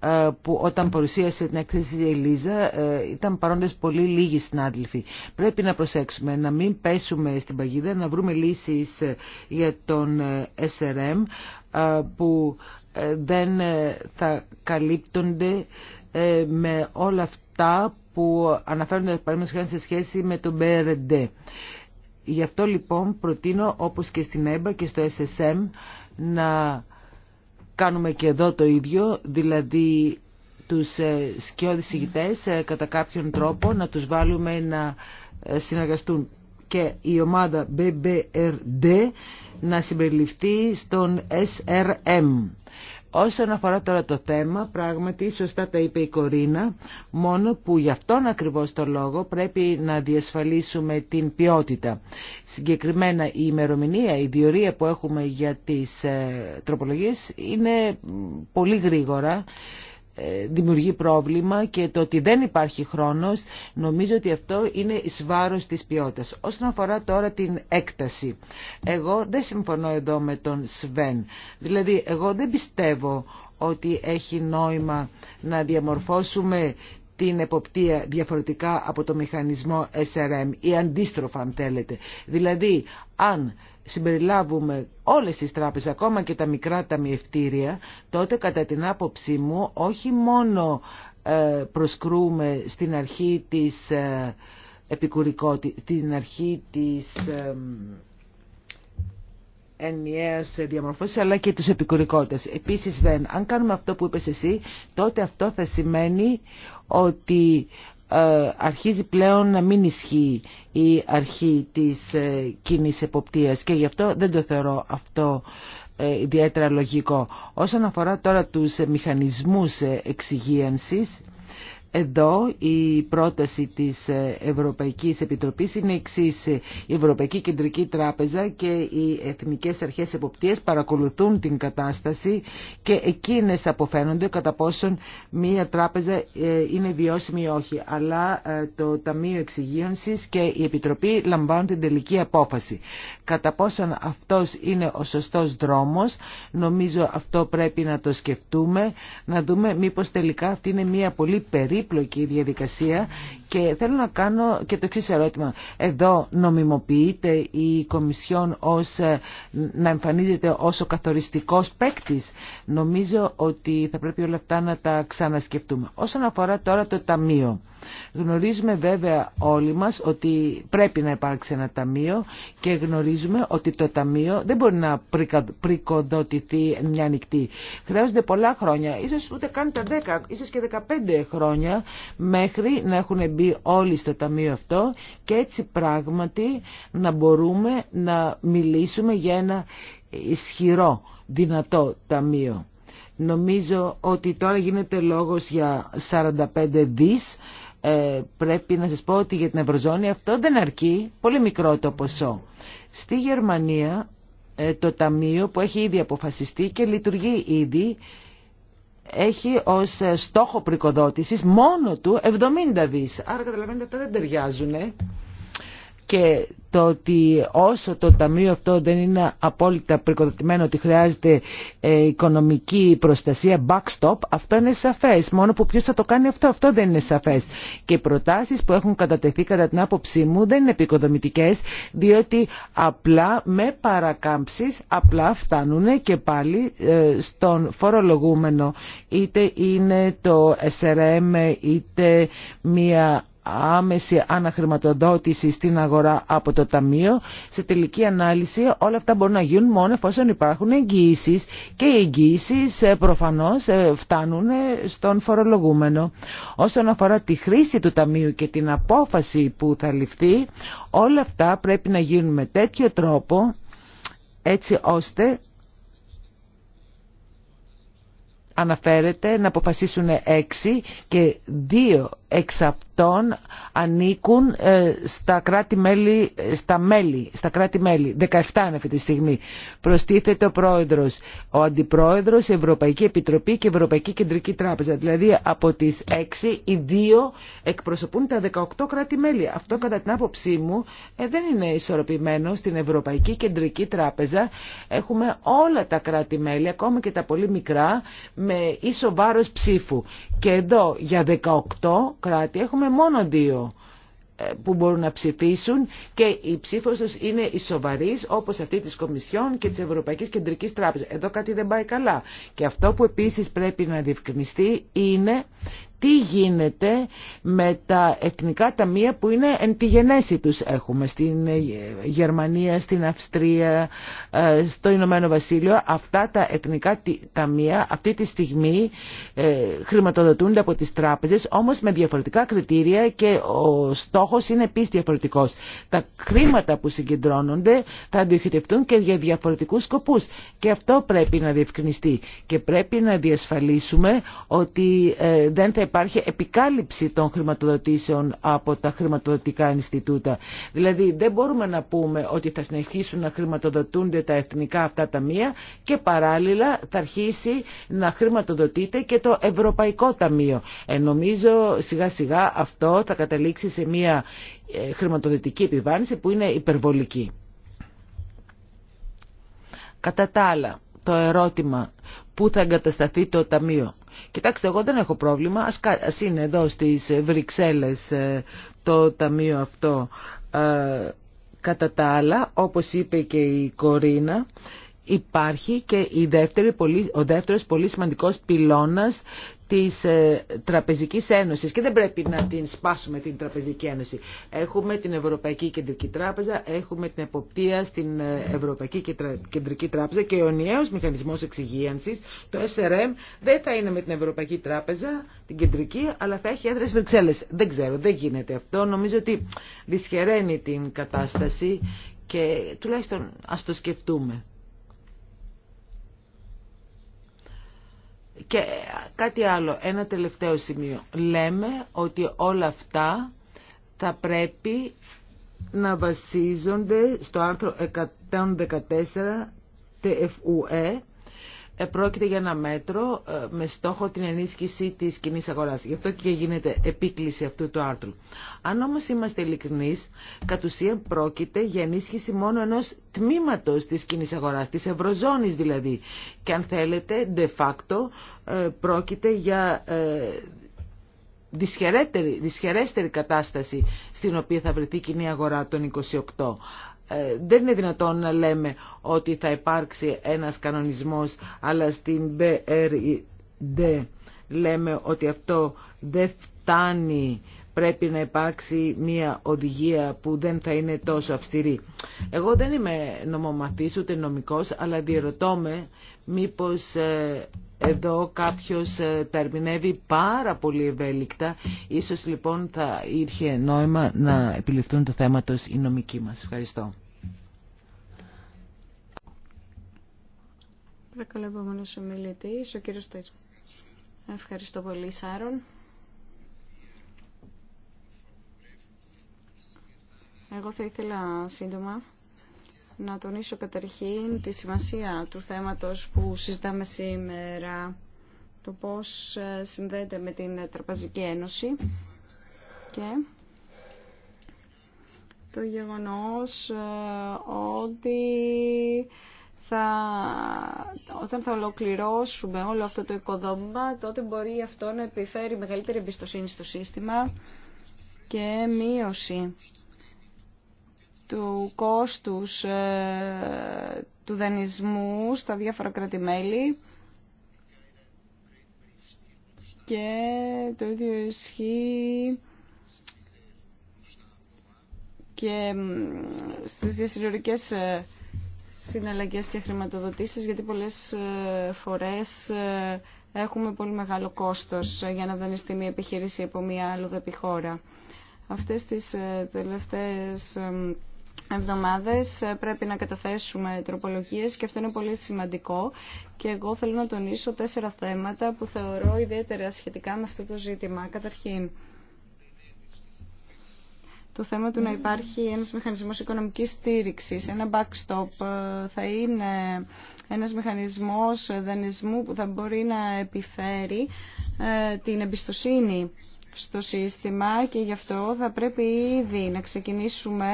ε, που όταν παρουσίασε την έκθεση η Ελίζα ε, ήταν παρόντες πολύ λίγοι συνάδελφοι. Πρέπει να προσέξουμε να μην πέσουμε στην παγίδα, να βρούμε λύσεις ε, για τον SRM που δεν θα καλύπτονται με όλα αυτά που αναφέρονται παραδείγματος σε σχέση με τον BRD. Γι' αυτό λοιπόν προτείνω όπως και στην ΕΜΠΑ και στο SSM να Κάνουμε και εδώ το ίδιο, δηλαδή τους ε, σκιώδης ηγητές ε, κατά κάποιον τρόπο να τους βάλουμε να ε, συνεργαστούν και η ομάδα BBRD να συμπεριληφθεί στον SRM. Όσον αφορά τώρα το θέμα, πράγματι σωστά τα είπε η Κορίνα, μόνο που γι' αυτόν ακριβώς το λόγο πρέπει να διασφαλίσουμε την ποιότητα. Συγκεκριμένα η ημερομηνία, η διορία που έχουμε για τις ε, τροπολογίες είναι πολύ γρήγορα ε, δημιουργεί πρόβλημα και το ότι δεν υπάρχει χρόνος νομίζω ότι αυτό είναι εις βάρος της ποιότητας. Όσον αφορά τώρα την έκταση, εγώ δεν συμφωνώ εδώ με τον Σβέν. Δηλαδή εγώ δεν πιστεύω ότι έχει νόημα να διαμορφώσουμε την εποπτεία διαφορετικά από το μηχανισμό SRM ή αντίστροφα αν θέλετε. Δηλαδή αν συμπεριλάβουμε όλες τις τράπεζες, ακόμα και τα μικρά ταμιευτήρια, τότε κατά την άποψή μου όχι μόνο ε, προσκρούμε στην αρχή της ε, επικουρικότητας, στην αρχή της ε, ενιαίας διαμορφώσης αλλά και της επικουρικότητας. Επίσης, Βεν, αν κάνουμε αυτό που είπες εσύ, τότε αυτό θα σημαίνει ότι ε, αρχίζει πλέον να μην ισχύει η αρχή της ε, κοινή εποπτείας και γι' αυτό δεν το θεωρώ αυτό ε, ιδιαίτερα λογικό. Όσον αφορά τώρα τους μηχανισμούς εξυγίανσης εδώ η πρόταση της Ευρωπαϊκής Επιτροπής είναι εξή. Η Ευρωπαϊκή Κεντρική Τράπεζα και οι Εθνικές Αρχές Εποπτείας παρακολουθούν την κατάσταση και εκείνες αποφαίνονται κατά πόσον μία τράπεζα ε, είναι βιώσιμη ή όχι. Αλλά ε, το Ταμείο Εξυγείωσης και η Επιτροπή λαμβάνουν την τελική απόφαση. Κατά πόσον αυτός είναι ο σωστός δρόμος, νομίζω αυτό πρέπει να το σκεφτούμε, να δούμε μήπως τελικά αυτή είναι μία πολύ περίπτωση περίπλοκη διαδικασία και θέλω να κάνω και το εξή ερώτημα. Εδώ νομιμοποιείται η Κομισιόν ως, ε, να εμφανίζεται ως ο καθοριστικός παίκτη. Νομίζω ότι θα πρέπει όλα αυτά να τα ξανασκεφτούμε. Όσον αφορά τώρα το Ταμείο. Γνωρίζουμε βέβαια όλοι μας ότι πρέπει να υπάρξει ένα ταμείο και γνωρίζουμε ότι το ταμείο δεν μπορεί να πρικοδοτηθεί μια νυχτή. Χρειάζονται πολλά χρόνια, ίσως ούτε καν τα 10, ίσως και 15 χρόνια μέχρι να έχουν μπει όλοι στο ταμείο αυτό και έτσι πράγματι να μπορούμε να μιλήσουμε για ένα ισχυρό, δυνατό ταμείο. Νομίζω ότι τώρα γίνεται λόγος για 45 δις ε, πρέπει να σας πω ότι για την Ευρωζώνη αυτό δεν αρκεί, πολύ μικρό το ποσό. Στη Γερμανία ε, το ταμείο που έχει ήδη αποφασιστεί και λειτουργεί ήδη έχει ως ε, στόχο πρικοδότησης μόνο του 70 δις. Άρα καταλαβαίνετε ότι δεν ταιριάζουν και το ότι όσο το Ταμείο αυτό δεν είναι απόλυτα πρικοδοτημένο ότι χρειάζεται ε, οικονομική προστασία, backstop, αυτό είναι σαφές. Μόνο που ποιος θα το κάνει αυτό, αυτό δεν είναι σαφές. Και οι προτάσεις που έχουν κατατεθεί κατά την άποψή μου δεν είναι επικοδομητικές, διότι απλά με παρακάμψεις απλά φτάνουν και πάλι ε, στον φορολογούμενο. Είτε είναι το SRM, είτε μια άμεση αναχρηματοδότηση στην αγορά από το Ταμείο. Σε τελική ανάλυση όλα αυτά μπορούν να γίνουν μόνο εφόσον υπάρχουν εγγύησεις και οι εγγύησεις ε, προφανώς ε, φτάνουν ε, στον φορολογούμενο. Όσον αφορά τη χρήση του Ταμείου και την απόφαση που θα ληφθεί, όλα αυτά πρέπει να γίνουν με τέτοιο τρόπο έτσι ώστε αναφέρεται να αποφασίσουν έξι και δύο εξ αυτών ανήκουν ε, στα κράτη-μέλη, στα μέλη, στα κράτη-μέλη. 17 είναι αυτή τη στιγμή. Προστίθεται ο πρόεδρος, ο αντιπρόεδρος, η Ευρωπαϊκή Επιτροπή και η Ευρωπαϊκή Κεντρική Τράπεζα. Δηλαδή από τις 6 οι 2 εκπροσωπούν τα 18 κράτη-μέλη. Αυτό κατά την άποψή μου ε, δεν είναι ισορροπημένο στην Ευρωπαϊκή Κεντρική Τράπεζα. Έχουμε όλα τα κράτη-μέλη, ακόμα και τα πολύ μικρά, με ίσο βάρος ψήφου. Και εδώ για 18 κράτη έχουμε μόνο δύο ε, που μπορούν να ψηφίσουν και η ψήφος τους είναι η όπως αυτή της Κομισιόν και της Ευρωπαϊκής Κεντρικής Τράπεζας. Εδώ κάτι δεν πάει καλά. Και αυτό που επίσης πρέπει να διευκρινιστεί είναι τι γίνεται με τα εθνικά ταμεία που είναι εν τη γενέση τους έχουμε στην ε, Γερμανία, στην Αυστρία, ε, στο Ηνωμένο Βασίλειο. Αυτά τα εθνικά ταμεία αυτή τη στιγμή ε, χρηματοδοτούνται από τις τράπεζες όμως με διαφορετικά κριτήρια και ο στόχος είναι επίσης διαφορετικός. Τα χρήματα που συγκεντρώνονται θα αντιοχητευτούν και για διαφορετικούς σκοπούς και αυτό πρέπει να διευκρινιστεί και πρέπει να διασφαλίσουμε ότι δεν υπάρχει επικάλυψη των χρηματοδοτήσεων από τα χρηματοδοτικά Ινστιτούτα. Δηλαδή δεν μπορούμε να πούμε ότι θα συνεχίσουν να χρηματοδοτούνται τα εθνικά αυτά ταμεία και παράλληλα θα αρχίσει να χρηματοδοτείται και το Ευρωπαϊκό Ταμείο. Ε, νομίζω σιγά σιγά αυτό θα καταλήξει σε μια ε, χρηματοδοτική επιβάρυνση που είναι υπερβολική. Κατά τα άλλα, το ερώτημα πού θα εγκατασταθεί το Ταμείο. Κοιτάξτε, εγώ δεν έχω πρόβλημα. Ας είναι εδώ στις Βρυξέλλες ε, το ταμείο αυτό. Ε, κατά τα άλλα, όπως είπε και η Κορίνα, υπάρχει και η δεύτερη, ο δεύτερος πολύ σημαντικός πυλώνας της ε, Τραπεζικής Ένωσης και δεν πρέπει να την σπάσουμε την Τραπεζική Ένωση. Έχουμε την Ευρωπαϊκή Κεντρική Τράπεζα, έχουμε την εποπτεία στην ε, Ευρωπαϊκή Κεντρική Τράπεζα και ο νέος μηχανισμός εξυγίανσης, το SRM, δεν θα είναι με την Ευρωπαϊκή Τράπεζα, την Κεντρική, αλλά θα έχει έδρες Βρυξέλλες. Δεν ξέρω, δεν γίνεται αυτό. Νομίζω ότι δυσχεραίνει την κατάσταση και τουλάχιστον ας το σκεφτούμε. Και κάτι άλλο, ένα τελευταίο σημείο. Λέμε ότι όλα αυτά θα πρέπει να βασίζονται στο άρθρο 114 TFUE πρόκειται για ένα μέτρο ε, με στόχο την ενίσχυση της κοινή αγοράς. Γι' αυτό και γίνεται επίκληση αυτού του άρθρου. Αν όμως είμαστε ειλικρινείς, κατ' ουσίαν πρόκειται για ενίσχυση μόνο ενός τμήματος της κοινή αγοράς, της ευρωζώνης δηλαδή. Και αν θέλετε, de facto, ε, πρόκειται για ε, δυσχερέστερη κατάσταση στην οποία θα βρεθεί η κοινή αγορά των 28. Ε, δεν είναι δυνατόν να λέμε ότι θα υπάρξει ένας κανονισμός, αλλά στην BRD λέμε ότι αυτό δεν φτάνει πρέπει να υπάρξει μια οδηγία που δεν θα είναι τόσο αυστηρή. Εγώ δεν είμαι νομομαθής ούτε νομικός, αλλά διερωτώ με μήπως ε, εδώ κάποιος ε, τα ερμηνεύει πάρα πολύ ευέλικτα. Ίσως λοιπόν θα ήρθε νόημα να επιληφθούν το θέματος οι νομικοί μας. Ευχαριστώ. Ευχαριστώ πολύ, Σάρων. Εγώ θα ήθελα σύντομα να τονίσω καταρχήν τη σημασία του θέματος που συζητάμε σήμερα, το πώς ε, συνδέεται με την Τραπεζική Ένωση και το γεγονός ε, ότι θα, όταν θα ολοκληρώσουμε όλο αυτό το οικοδόμημα, τότε μπορεί αυτό να επιφέρει μεγαλύτερη εμπιστοσύνη στο σύστημα και μείωση του κόστους ε, του δανεισμού στα διάφορα και το ίδιο ισχύει και στις διασυλλογικές ε, συναλλαγές και χρηματοδοτήσεις γιατί πολλές ε, φορές έχουμε πολύ μεγάλο κόστος για να δανειστεί μια επιχείρηση από μια άλλο χώρα. Αυτές τις τελευταίες εβδομάδες ε, πρέπει να καταθέσουμε τροπολογίες και αυτό είναι πολύ σημαντικό και εγώ θέλω να τονίσω τέσσερα θέματα που θεωρώ ιδιαίτερα σχετικά με αυτό το ζήτημα. Καταρχήν, το θέμα του να υπάρχει ένας μηχανισμός οικονομικής στήριξης, ένα backstop ε, θα είναι ένας μηχανισμός δανεισμού που θα μπορεί να επιφέρει ε, την εμπιστοσύνη στο σύστημα και γι' αυτό θα πρέπει ήδη να ξεκινήσουμε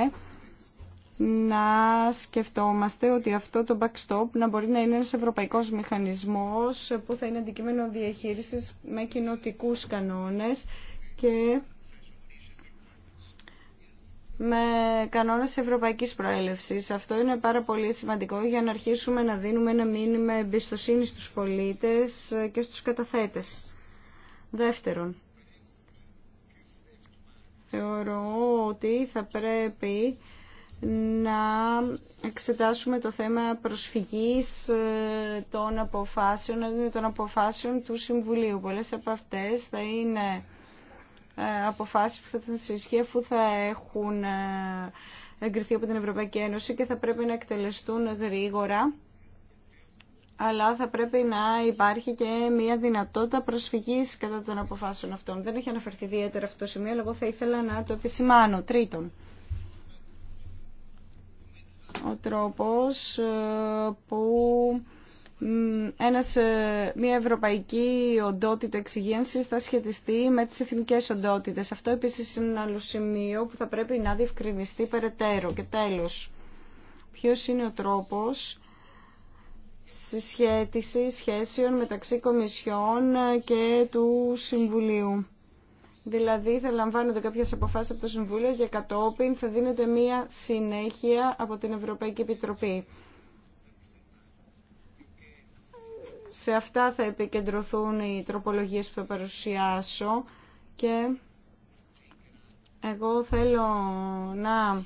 να σκεφτόμαστε ότι αυτό το backstop να μπορεί να είναι ένας ευρωπαϊκός μηχανισμός που θα είναι αντικείμενο διαχείρισης με κοινοτικού κανόνες και με κανόνες ευρωπαϊκής προέλευσης. Αυτό είναι πάρα πολύ σημαντικό για να αρχίσουμε να δίνουμε ένα μήνυμα εμπιστοσύνη στους πολίτες και στους καταθέτες. Δεύτερον, θεωρώ ότι θα πρέπει να εξετάσουμε το θέμα προσφυγής ε, των αποφάσεων, των αποφάσεων του Συμβουλίου. Πολλές από αυτές θα είναι ε, αποφάσεις που θα έχουν σε ισχύ αφού θα έχουν ε, εγκριθεί από την Ευρωπαϊκή Ένωση και θα πρέπει να εκτελεστούν γρήγορα αλλά θα πρέπει να υπάρχει και μια δυνατότητα προσφυγής κατά των αποφάσεων αυτών. Δεν έχει αναφερθεί ιδιαίτερα αυτό το σημείο, αλλά εγώ θα ήθελα να το επισημάνω. Τρίτον, ο τρόπος ε, που ένας, ε, μια ευρωπαϊκή οντότητα εξυγένσης θα σχετιστεί με τις εθνικές οντότητες. Αυτό επίσης είναι ένα άλλο σημείο που θα πρέπει να διευκρινιστεί περαιτέρω. Και τέλος, ποιος είναι ο τρόπος συσχέτιση σχέσεων μεταξύ Κομισιών και του Συμβουλίου. Δηλαδή θα λαμβάνονται κάποιες αποφάσεις από το Συμβούλιο και κατόπιν θα δίνεται μία συνέχεια από την Ευρωπαϊκή Επιτροπή. Σε αυτά θα επικεντρωθούν οι τροπολογίες που θα παρουσιάσω και εγώ θέλω να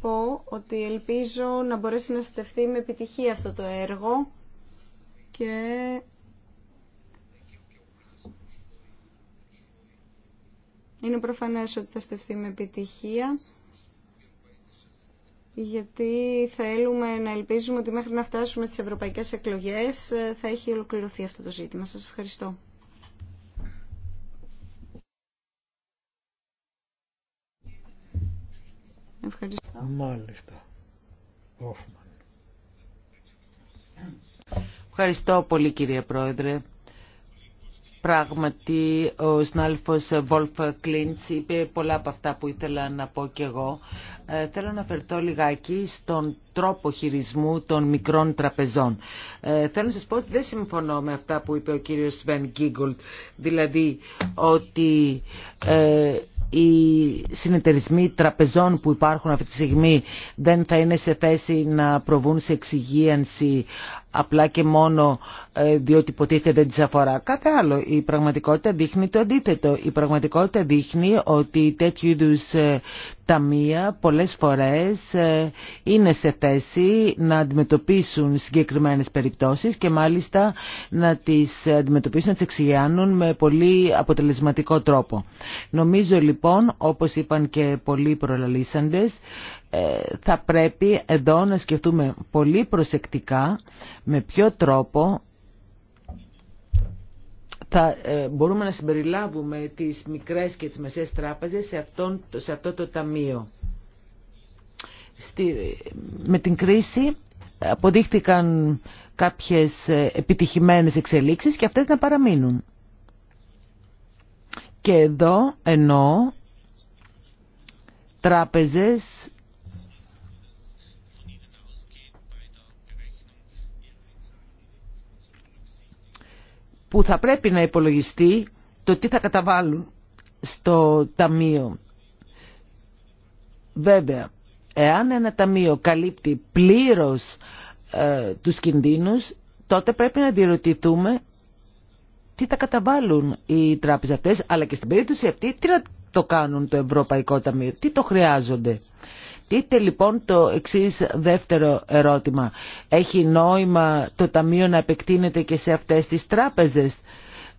πω ότι ελπίζω να μπορέσει να στεφθεί με επιτυχία αυτό το έργο και Είναι προφανές ότι θα στεφθεί με επιτυχία γιατί θέλουμε να ελπίζουμε ότι μέχρι να φτάσουμε στις ευρωπαϊκές εκλογές ε, θα έχει ολοκληρωθεί αυτό το ζήτημα. Σας ευχαριστώ. Ευχαριστώ. Μάλιστα. Ευχαριστώ πολύ κύριε Πρόεδρε. Πράγματι, ο συνάδελφος Βόλφ Κλίντς είπε πολλά από αυτά που ήθελα να πω και εγώ. Ε, θέλω να αφαιρθώ λιγάκι στον τρόπο χειρισμού των μικρών τραπεζών. Ε, θέλω να σας πω ότι δεν συμφωνώ με αυτά που είπε ο κύριος Σβεν Γκίγκολτ, δηλαδή ότι... Ε, οι συνεταιρισμοί τραπεζών που υπάρχουν αυτή τη στιγμή δεν θα είναι σε θέση να προβούν σε εξυγίανση απλά και μόνο ε, διότι υποτίθεται δεν τις αφορά. Κάθε άλλο, η πραγματικότητα δείχνει το αντίθετο. Η πραγματικότητα δείχνει ότι τέτοιου είδου ε, μία πολλές φορές ε, είναι σε θέση να αντιμετωπίσουν συγκεκριμένες περιπτώσεις και μάλιστα να τις αντιμετωπίσουν, να τις εξηγιάνουν με πολύ αποτελεσματικό τρόπο. Νομίζω λοιπόν, όπως είπαν και πολλοί προλαλήσαντες, ε, θα πρέπει εδώ να σκεφτούμε πολύ προσεκτικά με ποιο τρόπο θα ε, μπορούμε να συμπεριλάβουμε τις μικρές και τις μεσαίες τράπεζες σε, αυτόν, σε αυτό το ταμείο. Στη, με την κρίση αποδείχτηκαν κάποιες ε, επιτυχημένες εξελίξεις και αυτές να παραμείνουν. Και εδώ εννοώ τράπεζες που θα πρέπει να υπολογιστεί το τι θα καταβάλουν στο ταμείο. Βέβαια, εάν ένα ταμείο καλύπτει πλήρως ε, τους κινδύνους, τότε πρέπει να διερωτηθούμε τι θα καταβάλουν οι τράπεζες αυτές, αλλά και στην περίπτωση αυτή τι να το κάνουν το Ευρωπαϊκό Ταμείο, τι το χρειάζονται. Είτε λοιπόν το εξή δεύτερο ερώτημα. Έχει νόημα το Ταμείο να επεκτείνεται και σε αυτές τις τράπεζες.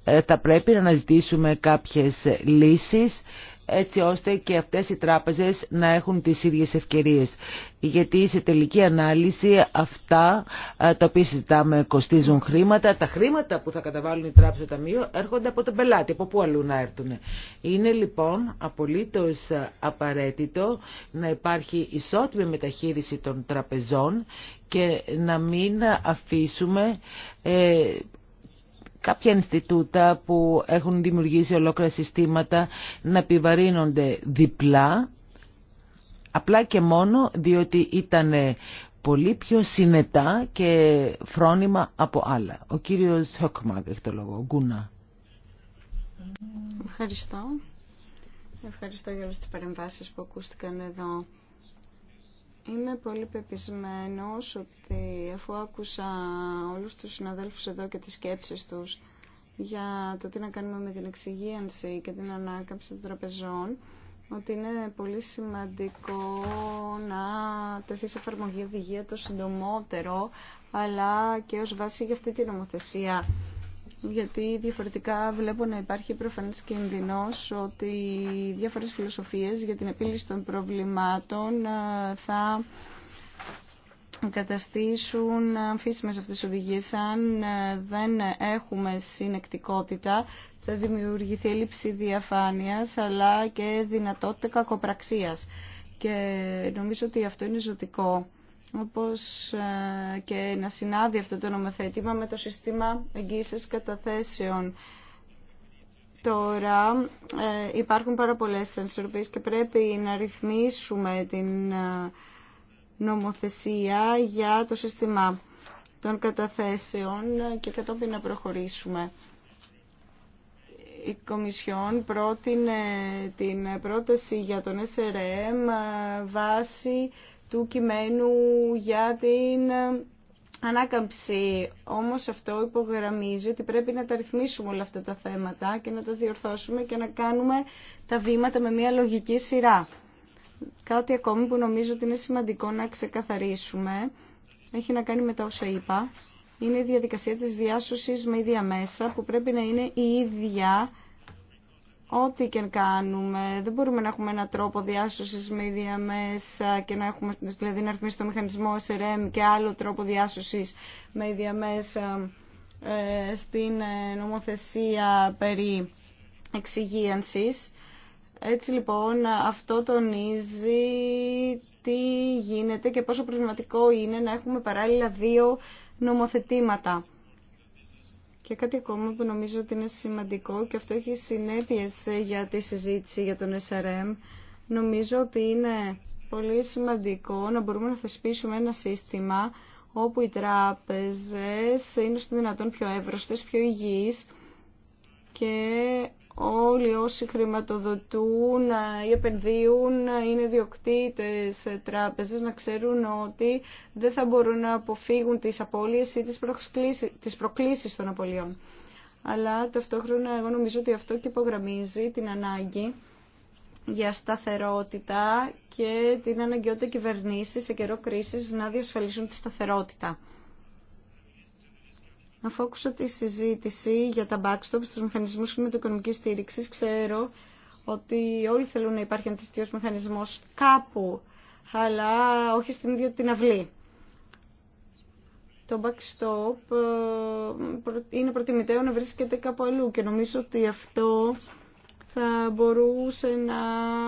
Ε, θα πρέπει να αναζητήσουμε κάποιες λύσεις έτσι ώστε και αυτές οι τράπεζες να έχουν τις ίδιες ευκαιρίες. Γιατί σε τελική ανάλυση αυτά ε, τα οποία συζητάμε κοστίζουν χρήματα. Τα χρήματα που θα καταβάλουν οι τράπεζες ταμείο έρχονται από τον πελάτη, από πού αλλού να έρθουν. Είναι λοιπόν απολύτως ε, απαραίτητο να υπάρχει ισότιμη μεταχείριση των τραπεζών και να μην αφήσουμε ε, κάποια Ινστιτούτα που έχουν δημιουργήσει ολόκληρα συστήματα να επιβαρύνονται διπλά, απλά και μόνο διότι ήταν πολύ πιο συνετά και φρόνημα από άλλα. Ο κύριος Χοκμάγκ έχει το λόγο, Γκούνα. Ευχαριστώ. Ευχαριστώ για όλες τις παρεμβάσεις που ακούστηκαν εδώ είναι πολύ πεπισμένος ότι αφού άκουσα όλους τους συναδέλφους εδώ και τις σκέψεις τους για το τι να κάνουμε με την εξυγίανση και την ανάκαμψη των τραπεζών, ότι είναι πολύ σημαντικό να τεθεί σε εφαρμογή οδηγία το συντομότερο, αλλά και ως βάση για αυτή την νομοθεσία γιατί διαφορετικά βλέπω να υπάρχει προφανής κινδυνός ότι οι διάφορες φιλοσοφίες για την επίλυση των προβλημάτων ε, θα καταστήσουν αμφίσιμες αυτές τις οδηγίες. Αν ε, δεν έχουμε συνεκτικότητα θα δημιουργηθεί έλλειψη διαφάνειας αλλά και δυνατότητα κακοπραξίας. Και νομίζω ότι αυτό είναι ζωτικό όπως ε, και να συνάδει αυτό το νομοθέτημα με το σύστημα εγγύησης καταθέσεων. Τώρα ε, υπάρχουν πάρα πολλές ενσορπίες και πρέπει να ρυθμίσουμε την ε, νομοθεσία για το σύστημα των καταθέσεων και κατόπιν να προχωρήσουμε. Η Κομισιόν πρότεινε την πρόταση για τον SRM βάσει του κειμένου για την ε, ανάκαμψη. Όμως αυτό υπογραμμίζει ότι πρέπει να τα ρυθμίσουμε όλα αυτά τα θέματα και να τα διορθώσουμε και να κάνουμε τα βήματα με μια λογική σειρά. Κάτι ακόμη που νομίζω ότι είναι σημαντικό να ξεκαθαρίσουμε έχει να κάνει με τα όσα είπα. Είναι η διαδικασία της διάσωσης με ίδια μέσα που πρέπει να είναι η ίδια Ό,τι και κάνουμε, δεν μπορούμε να έχουμε έναν τρόπο διάσωση με ίδια μέσα και να έχουμε, δηλαδή να ρυθμίσει το μηχανισμό SRM και άλλο τρόπο διάσωση με ίδια μέσα ε, ε, στην ε, νομοθεσία περί εξυγίανσης. Έτσι λοιπόν αυτό τονίζει τι γίνεται και πόσο προβληματικό είναι να έχουμε παράλληλα δύο νομοθετήματα. Και κάτι ακόμα που νομίζω ότι είναι σημαντικό και αυτό έχει συνέπειες ε, για τη συζήτηση για τον SRM. Νομίζω ότι είναι πολύ σημαντικό να μπορούμε να θεσπίσουμε ένα σύστημα όπου οι τράπεζες είναι στο δυνατόν πιο εύρωστες, πιο υγιείς και όλοι όσοι χρηματοδοτούν ή επενδύουν είναι διοκτήτες τράπεζες να ξέρουν ότι δεν θα μπορούν να αποφύγουν τις απώλειες ή τις προκλήσεις των απολειών. Αλλά ταυτόχρονα εγώ νομίζω ότι αυτό και υπογραμμίζει την ανάγκη για σταθερότητα και την αναγκαιότητα κυβερνήσεις σε καιρό κρίσης να διασφαλίσουν τη σταθερότητα να άκουσα τη συζήτηση για τα backstop στους μηχανισμούς χρηματοοικονομικής στήριξης. Ξέρω ότι όλοι θέλουν να υπάρχει αντιστοιχείος μηχανισμός κάπου, αλλά όχι στην ίδια την αυλή. Το backstop ε, είναι προτιμητέο να βρίσκεται κάπου αλλού και νομίζω ότι αυτό θα μπορούσε να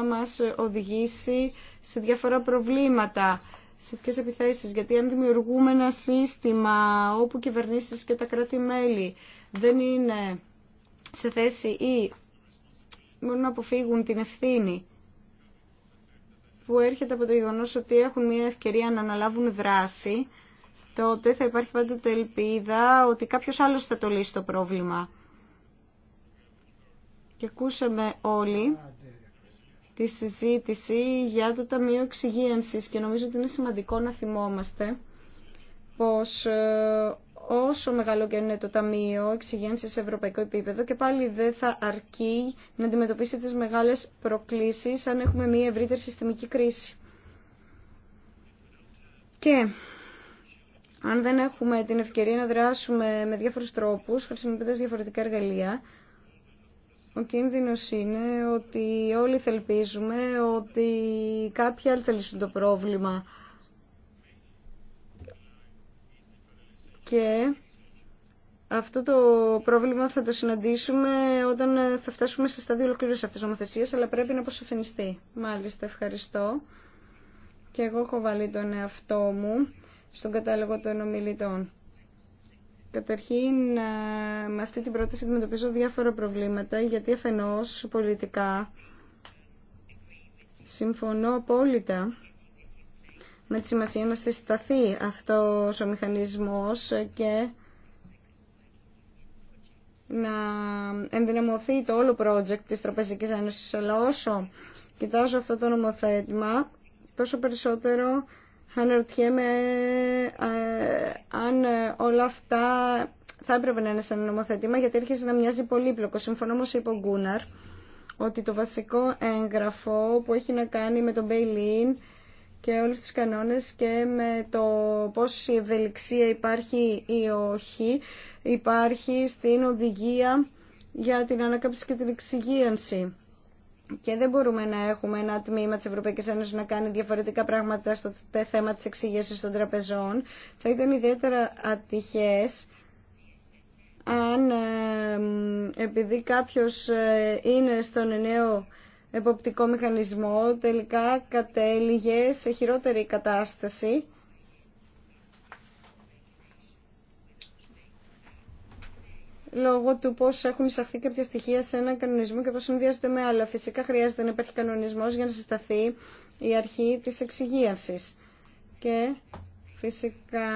μας οδηγήσει σε διάφορα προβλήματα σε ποιε επιθέσεις, γιατί αν δημιουργούμε ένα σύστημα όπου κυβερνήσει και τα κράτη-μέλη δεν είναι σε θέση ή μπορούν να αποφύγουν την ευθύνη που έρχεται από το γεγονό ότι έχουν μια ευκαιρία να αναλάβουν δράση, τότε θα υπάρχει πάντοτε ελπίδα ότι κάποιος άλλος θα το λύσει το πρόβλημα. Και ακούσαμε όλοι τη συζήτηση για το Ταμείο Εξυγίανσης και νομίζω ότι είναι σημαντικό να θυμόμαστε πως ε, όσο μεγάλο και είναι το Ταμείο Εξυγίανσης σε ευρωπαϊκό επίπεδο και πάλι δεν θα αρκεί να αντιμετωπίσει τις μεγάλες προκλήσεις αν έχουμε μια ευρύτερη συστημική κρίση. Και αν δεν έχουμε την ευκαιρία να δράσουμε με διάφορους τρόπους, χρησιμοποιώντας διαφορετικά εργαλεία, ο κίνδυνος είναι ότι όλοι θελπίζουμε ότι κάποιοι άλλοι θα λύσουν το πρόβλημα. Και αυτό το πρόβλημα θα το συναντήσουμε όταν θα φτάσουμε σε στάδιο ολοκλήρωση αυτής της νομοθεσίας, αλλά πρέπει να αποσαφινιστεί. Μάλιστα, ευχαριστώ. Και εγώ έχω βάλει τον εαυτό μου στον κατάλογο των ομιλητών. Καταρχήν, ε, με αυτή την πρόταση αντιμετωπίζω διάφορα προβλήματα, γιατί αφενός πολιτικά συμφωνώ απόλυτα με τη σημασία να συσταθεί αυτός ο μηχανισμός και να ενδυναμωθεί το όλο project της Τραπεζικής Ένωσης. Αλλά όσο κοιτάζω αυτό το νομοθέτημα, τόσο περισσότερο Αναρωτιέμαι ε, αν ε, όλα αυτά θα έπρεπε να είναι σαν νομοθετήμα γιατί έρχεσαι να μοιάζει πολύπλοκο. Συμφωνώ όμω, είπε ο Γκούναρ ότι το βασικό έγγραφο που έχει να κάνει με τον Μπέιλιν και όλου του κανόνες και με το η ευελιξία υπάρχει ή όχι υπάρχει στην οδηγία για την ανακάμψη και την εξυγίανση και δεν μπορούμε να έχουμε ένα τμήμα της Ευρωπαϊκής Ένωσης να κάνει διαφορετικά πράγματα στο θέμα της εξηγήσεως των τραπεζών. Θα ήταν ιδιαίτερα ατυχές αν επειδή κάποιος ε, είναι στον νέο εποπτικό μηχανισμό τελικά κατέληγε σε χειρότερη κατάσταση λόγω του πώ έχουν εισαχθεί κάποια στοιχεία σε έναν κανονισμό και πώ συνδυάζονται με άλλα. Φυσικά χρειάζεται να υπάρχει κανονισμό για να συσταθεί η αρχή τη εξυγίαση. Και φυσικά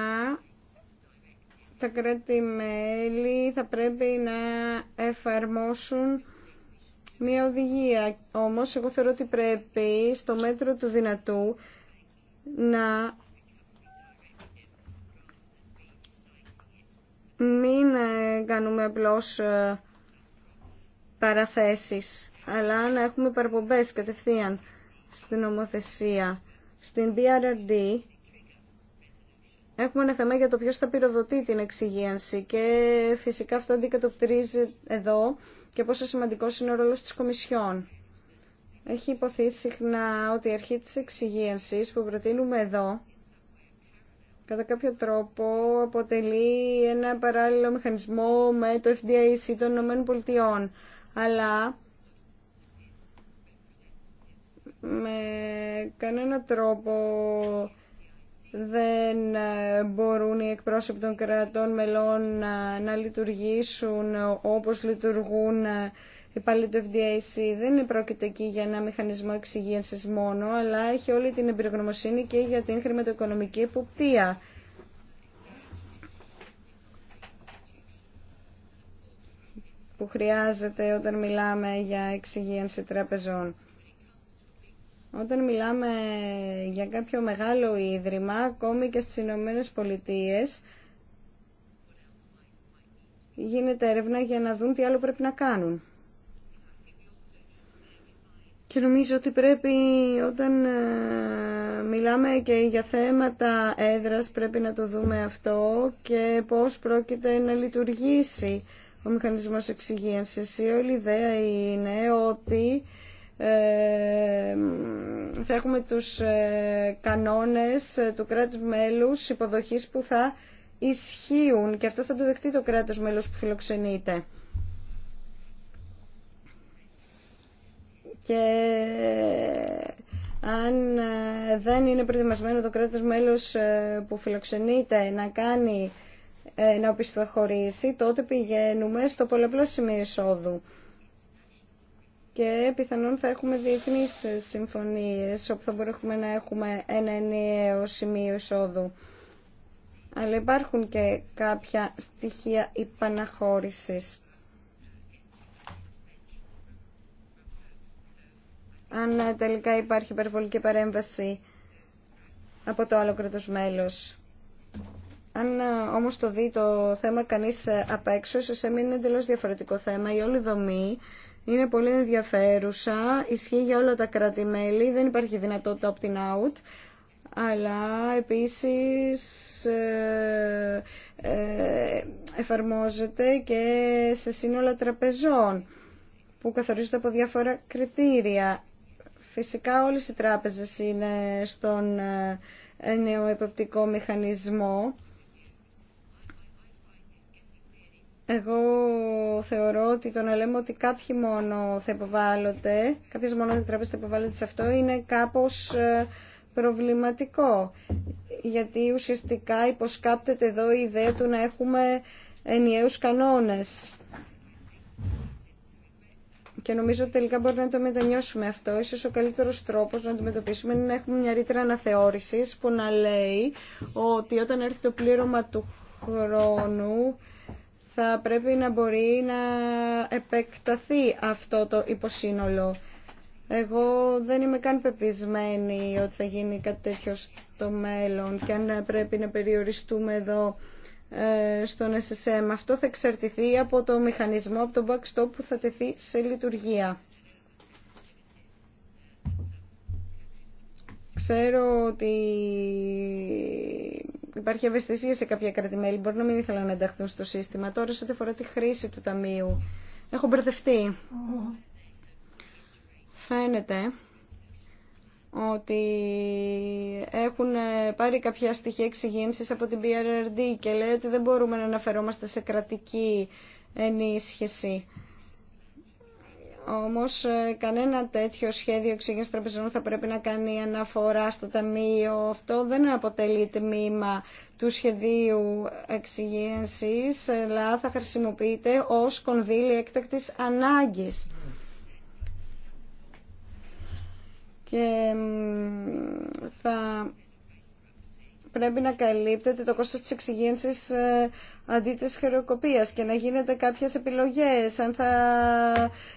τα κράτη-μέλη θα πρέπει να εφαρμόσουν μια οδηγία. Όμως, εγώ θεωρώ ότι πρέπει στο μέτρο του δυνατού να μην ε, κάνουμε απλώς ε, παραθέσεις, αλλά να έχουμε παραπομπές κατευθείαν στην ομοθέσια, Στην BRRD έχουμε ένα θέμα για το ποιος θα πυροδοτεί την εξυγίανση και φυσικά αυτό αντικατοπτρίζει εδώ και πόσο σημαντικός είναι ο ρόλος της Κομισιόν. Έχει υποθεί συχνά ότι η αρχή της εξυγίανσης που προτείνουμε εδώ κατά κάποιο τρόπο αποτελεί ένα παράλληλο μηχανισμό με το FDIC των Ηνωμένων Πολιτειών. Αλλά με κανένα τρόπο δεν μπορούν οι εκπρόσωποι των κρατών μελών να λειτουργήσουν όπως λειτουργούν η πάλι του FDIC δεν πρόκειται εκεί για ένα μηχανισμό εξυγίανση μόνο, αλλά έχει όλη την εμπειρογνωμοσύνη και για την χρηματοοικονομική εποπτεία. που χρειάζεται όταν μιλάμε για εξυγίανση τραπεζών. Όταν μιλάμε για κάποιο μεγάλο ίδρυμα, ακόμη και στις Ηνωμένε Πολιτείες, γίνεται έρευνα για να δουν τι άλλο πρέπει να κάνουν. Και νομίζω ότι πρέπει όταν ε, μιλάμε και για θέματα έδρας πρέπει να το δούμε αυτό και πώς πρόκειται να λειτουργήσει ο μηχανισμός εξυγίανσης. Η όλη ιδέα είναι ότι ε, θα έχουμε τους ε, κανόνες του κράτους μέλους υποδοχής που θα ισχύουν και αυτό θα το δεχτεί το κράτος μέλος που φιλοξενείται. και ε, αν ε, δεν είναι προετοιμασμένο το κράτος μέλος ε, που φιλοξενείται να κάνει να οπισθοχωρήσει, τότε πηγαίνουμε στο πολλαπλό σημείο εισόδου. Και πιθανόν θα έχουμε διεθνείς συμφωνίες, όπου θα μπορούμε να έχουμε ένα ενιαίο σημείο εισόδου. Αλλά υπάρχουν και κάποια στοιχεία υπαναχώρησης. αν τελικά υπάρχει υπερβολική παρέμβαση από το άλλο κράτος μέλος. Αν όμως το δει το θέμα κανείς απ' έξω, εμένα είναι εντελώς διαφορετικό θέμα. Η όλη δομή είναι πολύ ενδιαφέρουσα, ισχύει για όλα τα κράτη-μέλη, δεν υπάρχει δυνατότητα opt-in-out, αλλά επίσης ε, ε, εφαρμόζεται και σε σύνολα τραπεζών που καθορίζονται από διάφορα κριτήρια. Φυσικά όλες οι τράπεζες είναι στον ε, νέο μηχανισμό. Εγώ θεωρώ ότι το να λέμε ότι κάποιοι μόνο θα υποβάλλονται, κάποιες μόνο τράπεζες θα υποβάλλονται σε αυτό, είναι κάπως ε, προβληματικό. Γιατί ουσιαστικά υποσκάπτεται εδώ η ιδέα του να έχουμε ενιαίους κανόνες. Και νομίζω ότι τελικά μπορεί να το μετανιώσουμε αυτό. Ίσως ο καλύτερος τρόπος να το μετωπίσουμε είναι να έχουμε μια ρήτρα αναθεώρηση που να λέει ότι όταν έρθει το πλήρωμα του χρόνου θα πρέπει να μπορεί να επεκταθεί αυτό το υποσύνολο. Εγώ δεν είμαι καν πεπισμένη ότι θα γίνει κάτι τέτοιο στο μέλλον και αν πρέπει να περιοριστούμε εδώ ε, στον SSM. Αυτό θα εξαρτηθεί από το μηχανισμό, από τον backstop που θα τεθεί σε λειτουργία. Ξέρω ότι υπάρχει ευαισθησία σε κάποια κρατημέλη. Μπορεί να μην ήθελαν να ενταχθούν στο σύστημα. Τώρα, σε ό,τι αφορά τη χρήση του ταμείου, έχω μπερδευτεί. Φαίνεται ότι έχουν πάρει κάποια στοιχεία εξυγίνησης από την BRRD και λέει ότι δεν μπορούμε να αναφερόμαστε σε κρατική ενίσχυση. Όμως ε, κανένα τέτοιο σχέδιο εξήγησης τραπεζών θα πρέπει να κάνει αναφορά στο ταμείο. Αυτό δεν αποτελεί τμήμα του σχεδίου εξηγήσης, αλλά θα χρησιμοποιείται ως κονδύλι έκτακτης ανάγκης. και θα πρέπει να καλύπτεται το κόστος της εξυγένσης ε, αντί της χρεοκοπίας και να γίνεται κάποιες επιλογές αν θα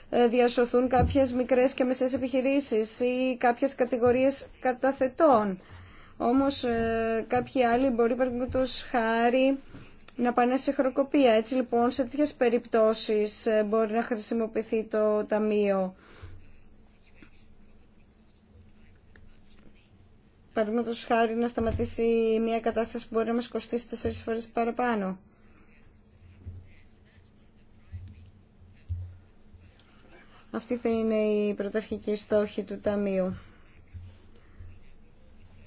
ε, διασωθούν κάποιες μικρές και μεσές επιχειρήσεις ή κάποιες κατηγορίες καταθετών. Όμως ε, κάποιοι άλλοι μπορεί τους χάρη να πάνε σε χρεοκοπία. Έτσι λοιπόν σε τέτοιες περιπτώσεις μπορεί να χρησιμοποιηθεί το ταμείο. παραδείγματο χάρη να σταματήσει μια κατάσταση που μπορεί να μα κοστίσει τέσσερις φορές παραπάνω. Αυτή θα είναι η πρωταρχική στόχη του Ταμείου.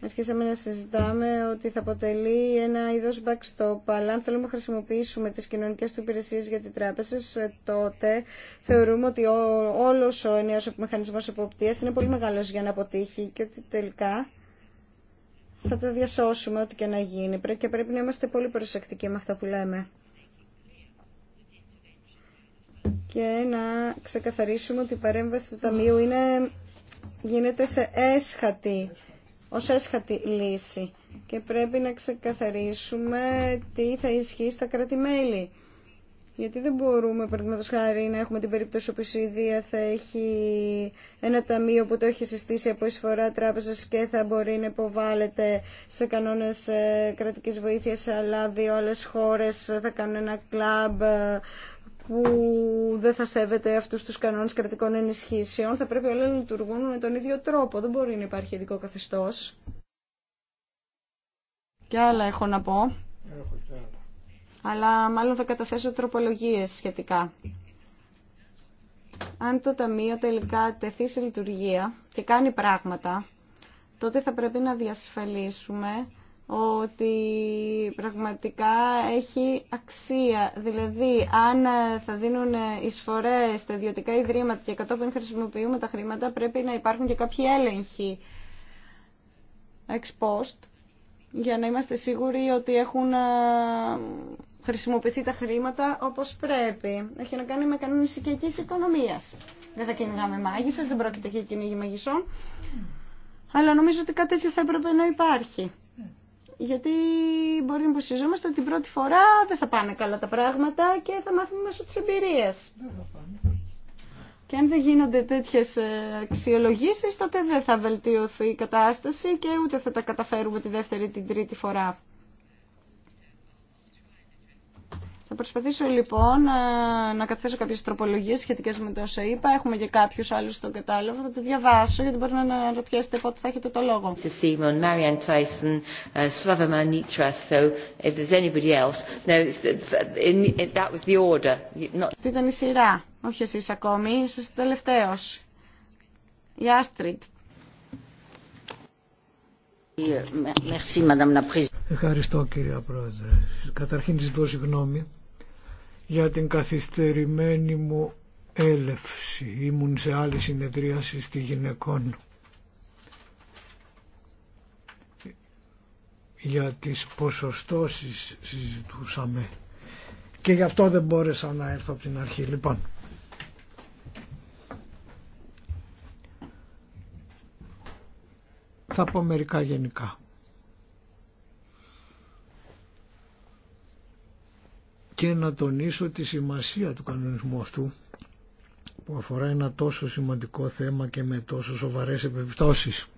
Αρχίσαμε να συζητάμε ότι θα αποτελεί ένα είδο backstop, αλλά αν θέλουμε να χρησιμοποιήσουμε τις κοινωνικέ του υπηρεσίες για την τράπεζα, ε, τότε θεωρούμε ότι όλο ο ενιαίο μηχανισμό εποπτεία είναι πολύ μεγάλο για να αποτύχει και ότι τελικά θα τα διασώσουμε ό,τι και να γίνει. Πρέπει και πρέπει να είμαστε πολύ προσεκτικοί με αυτά που λέμε. Και να ξεκαθαρίσουμε ότι η παρέμβαση του Ταμείου είναι, γίνεται σε έσχατη, ως έσχατη λύση. Και πρέπει να ξεκαθαρίσουμε τι θα ισχύει στα κράτη-μέλη. Γιατί δεν μπορούμε, παραδείγματο χάρη, να έχουμε την περίπτωση που η Σουηδία θα έχει ένα ταμείο που το έχει συστήσει από εισφορά τράπεζα και θα μπορεί να υποβάλλεται σε κανόνε κρατική βοήθεια, αλλά δύο άλλε χώρε θα κάνουν ένα κλαμπ ε, που δεν θα σέβεται αυτού του κανόνε κρατικών ενισχύσεων. Θα πρέπει όλα να λειτουργούν με τον ίδιο τρόπο. Δεν μπορεί να υπάρχει ειδικό καθεστώ. Και άλλα έχω να πω. Έχω και άλλα αλλά μάλλον θα καταθέσω τροπολογίες σχετικά. Αν το Ταμείο τελικά τεθεί σε λειτουργία και κάνει πράγματα, τότε θα πρέπει να διασφαλίσουμε ότι πραγματικά έχει αξία. Δηλαδή, αν θα δίνουν εισφορές στα ιδιωτικά ιδρύματα και κατόπιν χρησιμοποιούμε τα χρήματα, πρέπει να υπάρχουν και κάποιοι έλεγχοι ex για να είμαστε σίγουροι ότι έχουν χρησιμοποιηθεί τα χρήματα όπως πρέπει. Έχει να κάνει με κανόνες οικιακής οικονομίας. Δεν θα κυνηγάμε μάγισσες, δεν πρόκειται και κυνήγι μαγισσών. Αλλά νομίζω ότι κάτι τέτοιο θα έπρεπε να υπάρχει. Γιατί μπορεί να υποσχεζόμαστε ότι την πρώτη φορά δεν θα πάνε καλά τα πράγματα και θα μάθουμε μέσω της εμπειρία. Και αν δεν γίνονται τέτοιε αξιολογήσει, τότε δεν θα βελτιωθεί η κατάσταση και ούτε θα τα καταφέρουμε τη δεύτερη ή την τρίτη φορά. Θα προσπαθήσω λοιπόν ε, να καθέσω κάποιες τροπολογίες σχετικές με το όσα είπα. Έχουμε και κάποιους άλλους στον κατάλογο. Θα το διαβάσω γιατί μπορεί να αναρωτιέστε πότε θα έχετε το λόγο. Αυτή ήταν η σειρά. Όχι εσείς ακόμη. Είστε τελευταίος. Η Άστριτ Ευχαριστώ κυρία Πρόεδρε. Καταρχήν ζητώ συγγνώμη για την καθυστερημένη μου έλευση. Ήμουν σε άλλη συνεδρίαση στη γυναικών για τις ποσοστώσεις συζητούσαμε και γι' αυτό δεν μπόρεσα να έρθω από την αρχή. Λοιπόν, Θα πω μερικά γενικά. Και να τονίσω τη σημασία του κανονισμού αυτού που αφορά ένα τόσο σημαντικό θέμα και με τόσο σοβαρές επιπτώσεις.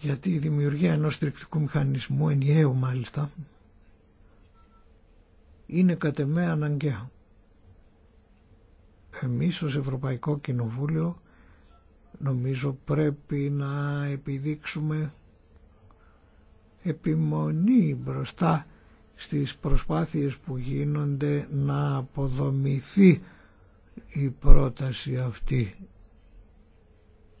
Γιατί η δημιουργία ενός τρικτικού μηχανισμού, ενιαίου μάλιστα, είναι κατ' αναγκαία. Εμείς ως Ευρωπαϊκό Κοινοβούλιο νομίζω πρέπει να επιδείξουμε επιμονή μπροστά στις προσπάθειες που γίνονται να αποδομηθεί η πρόταση αυτή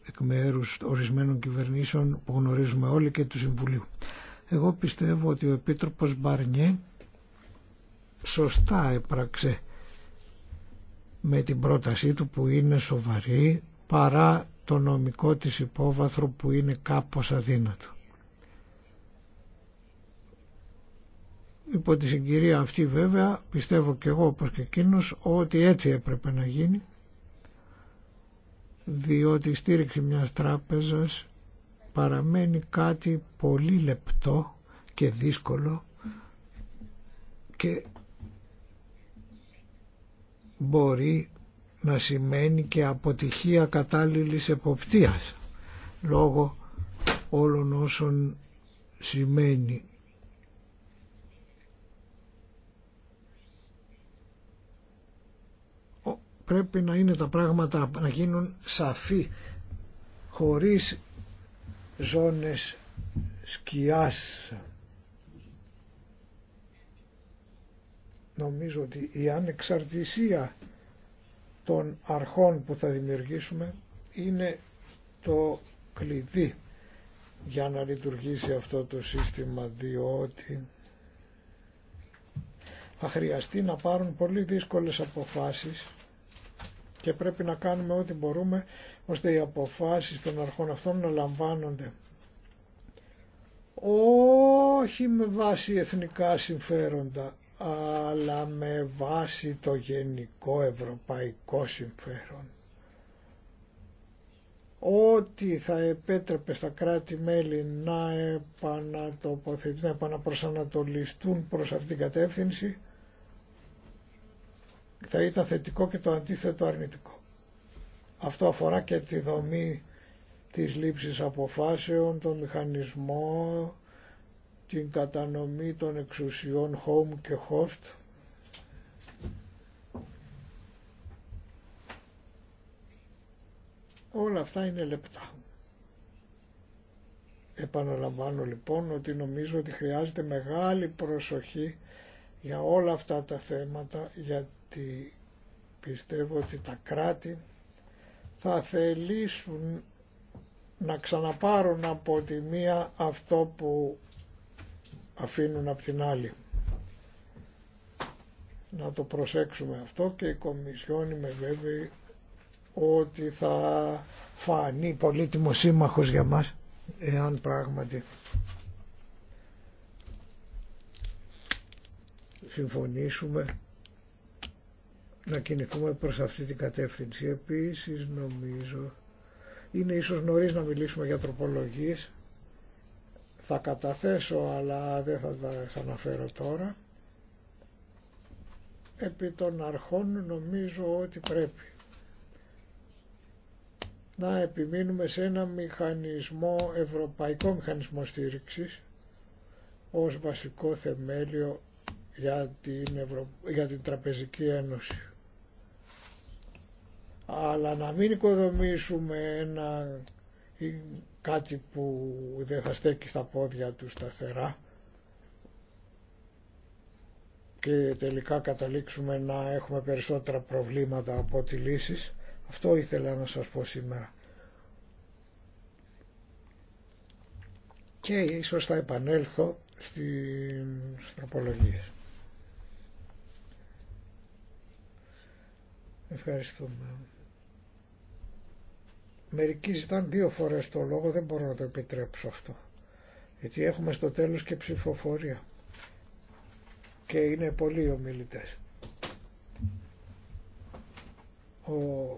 εκ μέρους ορισμένων κυβερνήσεων που γνωρίζουμε όλοι και του Συμβουλίου. Εγώ πιστεύω ότι ο Επίτροπος Μπαρνιέ σωστά έπραξε με την πρότασή του που είναι σοβαρή παρά το νομικό της υπόβαθρο που είναι κάπως αδύνατο. Υπό τη συγκυρία αυτή βέβαια πιστεύω και εγώ όπως και εκείνος ότι έτσι έπρεπε να γίνει διότι η στήριξη μιας τράπεζας παραμένει κάτι πολύ λεπτό και δύσκολο και μπορεί να σημαίνει και αποτυχία κατάλληλης εποπτείας λόγω όλων όσων σημαίνει. Πρέπει να είναι τα πράγματα να γίνουν σαφή χωρίς ζώνες σκιάς. Νομίζω ότι η ανεξαρτησία των αρχών που θα δημιουργήσουμε είναι το κλειδί για να λειτουργήσει αυτό το σύστημα διότι θα χρειαστεί να πάρουν πολύ δύσκολες αποφάσεις και πρέπει να κάνουμε ό,τι μπορούμε ώστε οι αποφάσεις των αρχών αυτών να λαμβάνονται όχι με βάση εθνικά συμφέροντα αλλά με βάση το γενικό ευρωπαϊκό συμφέρον. Ό,τι θα επέτρεπε στα κράτη-μέλη να να επαναπροσανατολιστούν προς αυτήν την κατεύθυνση, θα ήταν θετικό και το αντίθετο αρνητικό. Αυτό αφορά και τη δομή της λήψης αποφάσεων, τον μηχανισμό την κατανομή των εξουσιών home και host όλα αυτά είναι λεπτά επαναλαμβάνω λοιπόν ότι νομίζω ότι χρειάζεται μεγάλη προσοχή για όλα αυτά τα θέματα γιατί πιστεύω ότι τα κράτη θα θελήσουν να ξαναπάρουν από τη μία αυτό που αφήνουν απ' την άλλη. Να το προσέξουμε αυτό και η Κομισιόν είμαι βέβαιη ότι θα φανεί πολύτιμο σύμμαχος για μας εάν πράγματι συμφωνήσουμε να κινηθούμε προς αυτή την κατεύθυνση. Επίσης νομίζω είναι ίσως νωρίς να μιλήσουμε για τροπολογίες θα καταθέσω αλλά δεν θα τα αναφέρω τώρα. Επί των αρχών νομίζω ότι πρέπει να επιμείνουμε σε ένα μηχανισμό, ευρωπαϊκό μηχανισμό στήριξης ως βασικό θεμέλιο για την, για την Τραπεζική Ένωση. Αλλά να μην οικοδομήσουμε ένα κάτι που δεν θα στέκει στα πόδια του σταθερά και τελικά καταλήξουμε να έχουμε περισσότερα προβλήματα από τη λύσεις. Αυτό ήθελα να σας πω σήμερα. Και ίσως θα επανέλθω στις τροπολογίες. Ευχαριστούμε. Μερικοί ζητάνε δύο φορές το λόγο, δεν μπορώ να το επιτρέψω αυτό. Γιατί έχουμε στο τέλος και ψηφοφορία. Και είναι πολλοί ομιλητές. Ο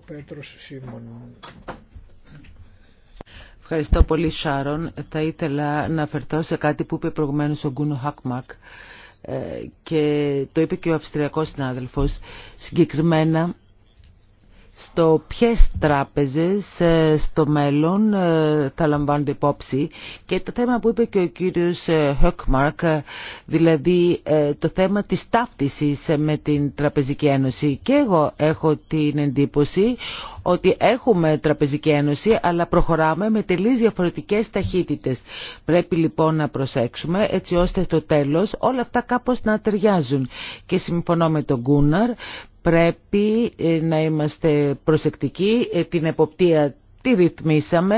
Πέτρος Σίμων. Ευχαριστώ πολύ Σάρον. Θα ήθελα να αφαιρθώ σε κάτι που είπε προηγουμένως ο Γκούνο Χακμακ ε, και το είπε και ο Αυστριακός συνάδελφος. Συγκεκριμένα στο ποιες τράπεζες ε, στο μέλλον ε, θα λαμβάνονται υπόψη και το θέμα που είπε και ο κύριος Χοκμαρκ, ε, δηλαδή το θέμα της ταύτισης με την Τραπεζική Ένωση. Και εγώ έχω την εντύπωση ότι έχουμε Τραπεζική Ένωση αλλά προχωράμε με τελείω διαφορετικές ταχύτητες. Πρέπει λοιπόν να προσέξουμε έτσι ώστε στο τέλος όλα αυτά κάπως να ταιριάζουν. Και συμφωνώ με τον Γκούναρ πρέπει ε, να είμαστε προσεκτικοί, ε, την εποπτεία τη ρυθμίσαμε,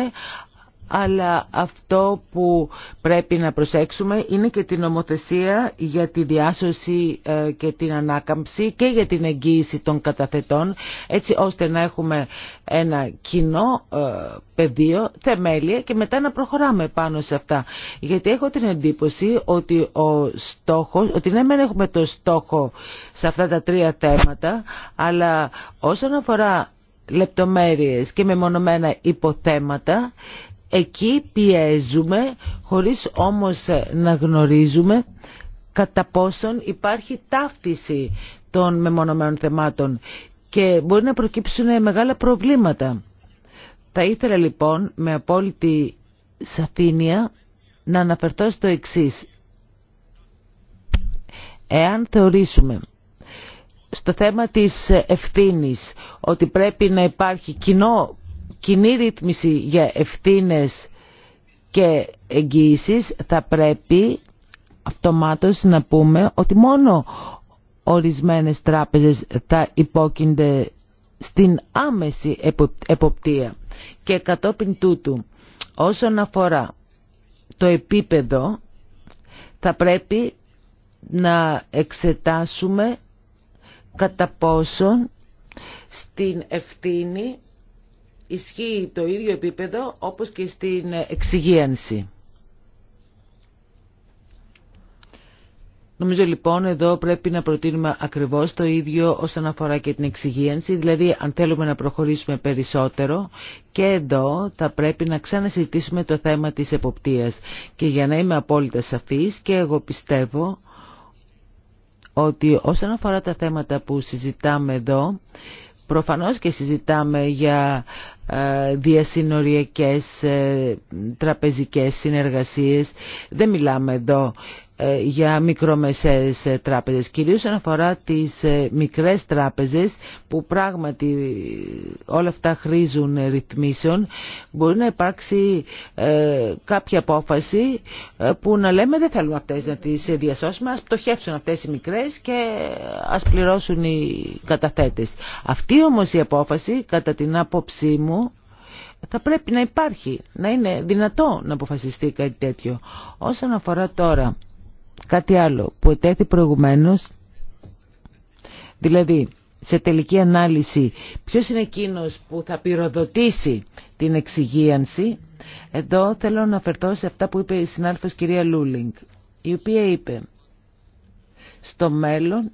αλλά αυτό που πρέπει να προσέξουμε είναι και την νομοθεσία για τη διάσωση ε, και την ανάκαμψη και για την εγγύηση των καταθετών έτσι ώστε να έχουμε ένα κοινό ε, πεδίο, θεμέλια και μετά να προχωράμε πάνω σε αυτά. Γιατί έχω την εντύπωση ότι ο στόχος, ότι ναι μεν έχουμε το στόχο σε αυτά τα τρία θέματα αλλά όσον αφορά λεπτομέρειες και μεμονωμένα υποθέματα Εκεί πιέζουμε χωρίς όμως να γνωρίζουμε κατά πόσον υπάρχει ταύτιση των μεμονωμένων θεμάτων και μπορεί να προκύψουν μεγάλα προβλήματα. Θα ήθελα λοιπόν με απόλυτη σαφήνεια να αναφερθώ στο εξής. Εάν θεωρήσουμε στο θέμα της ευθύνης ότι πρέπει να υπάρχει κοινό κοινή ρύθμιση για ευθύνες και εγγύησεις θα πρέπει αυτομάτως να πούμε ότι μόνο ορισμένες τράπεζες θα υπόκεινται στην άμεση εποπτεία. Και κατόπιν τούτου, όσον αφορά το επίπεδο, θα πρέπει να εξετάσουμε κατά πόσον στην ευθύνη ισχύει το ίδιο επίπεδο όπως και στην εξυγίανση. Νομίζω λοιπόν εδώ πρέπει να προτείνουμε ακριβώς το ίδιο όσον αφορά και την εξυγίανση, δηλαδή αν θέλουμε να προχωρήσουμε περισσότερο και εδώ θα πρέπει να ξανασυζητήσουμε το θέμα της εποπτείας. Και για να είμαι απόλυτα σαφής και εγώ πιστεύω ότι όσον αφορά τα θέματα που συζητάμε εδώ, Προφανώς και συζητάμε για ε, διασυνοριακές ε, τραπεζικές συνεργασίες. Δεν μιλάμε εδώ ε, για μικρομεσαίες ε, τράπεζες, κυρίως αναφορά τις ε, μικρές τράπεζες που πράγματι όλα αυτά χρήζουν ρυθμίσεων, μπορεί να υπάρξει κάποια απόφαση που να λέμε δεν θέλουμε αυτές να τις διασώσουμε, ας πτωχεύσουν αυτές οι μικρές και ας πληρώσουν οι καταθέτες. Αυτή όμως η απόφαση, κατά την άποψή μου, θα πρέπει να υπάρχει, να είναι δυνατό να αποφασιστεί κάτι τέτοιο. Όσον αφορά τώρα κάτι άλλο που ετέθη προηγουμένως, δηλαδή σε τελική ανάλυση ποιος είναι εκείνος που θα πυροδοτήσει την εξυγίανση, εδώ θέλω να αφαιρθώ σε αυτά που είπε η συνάδελφος κυρία Λούλινγκ, η οποία είπε στο μέλλον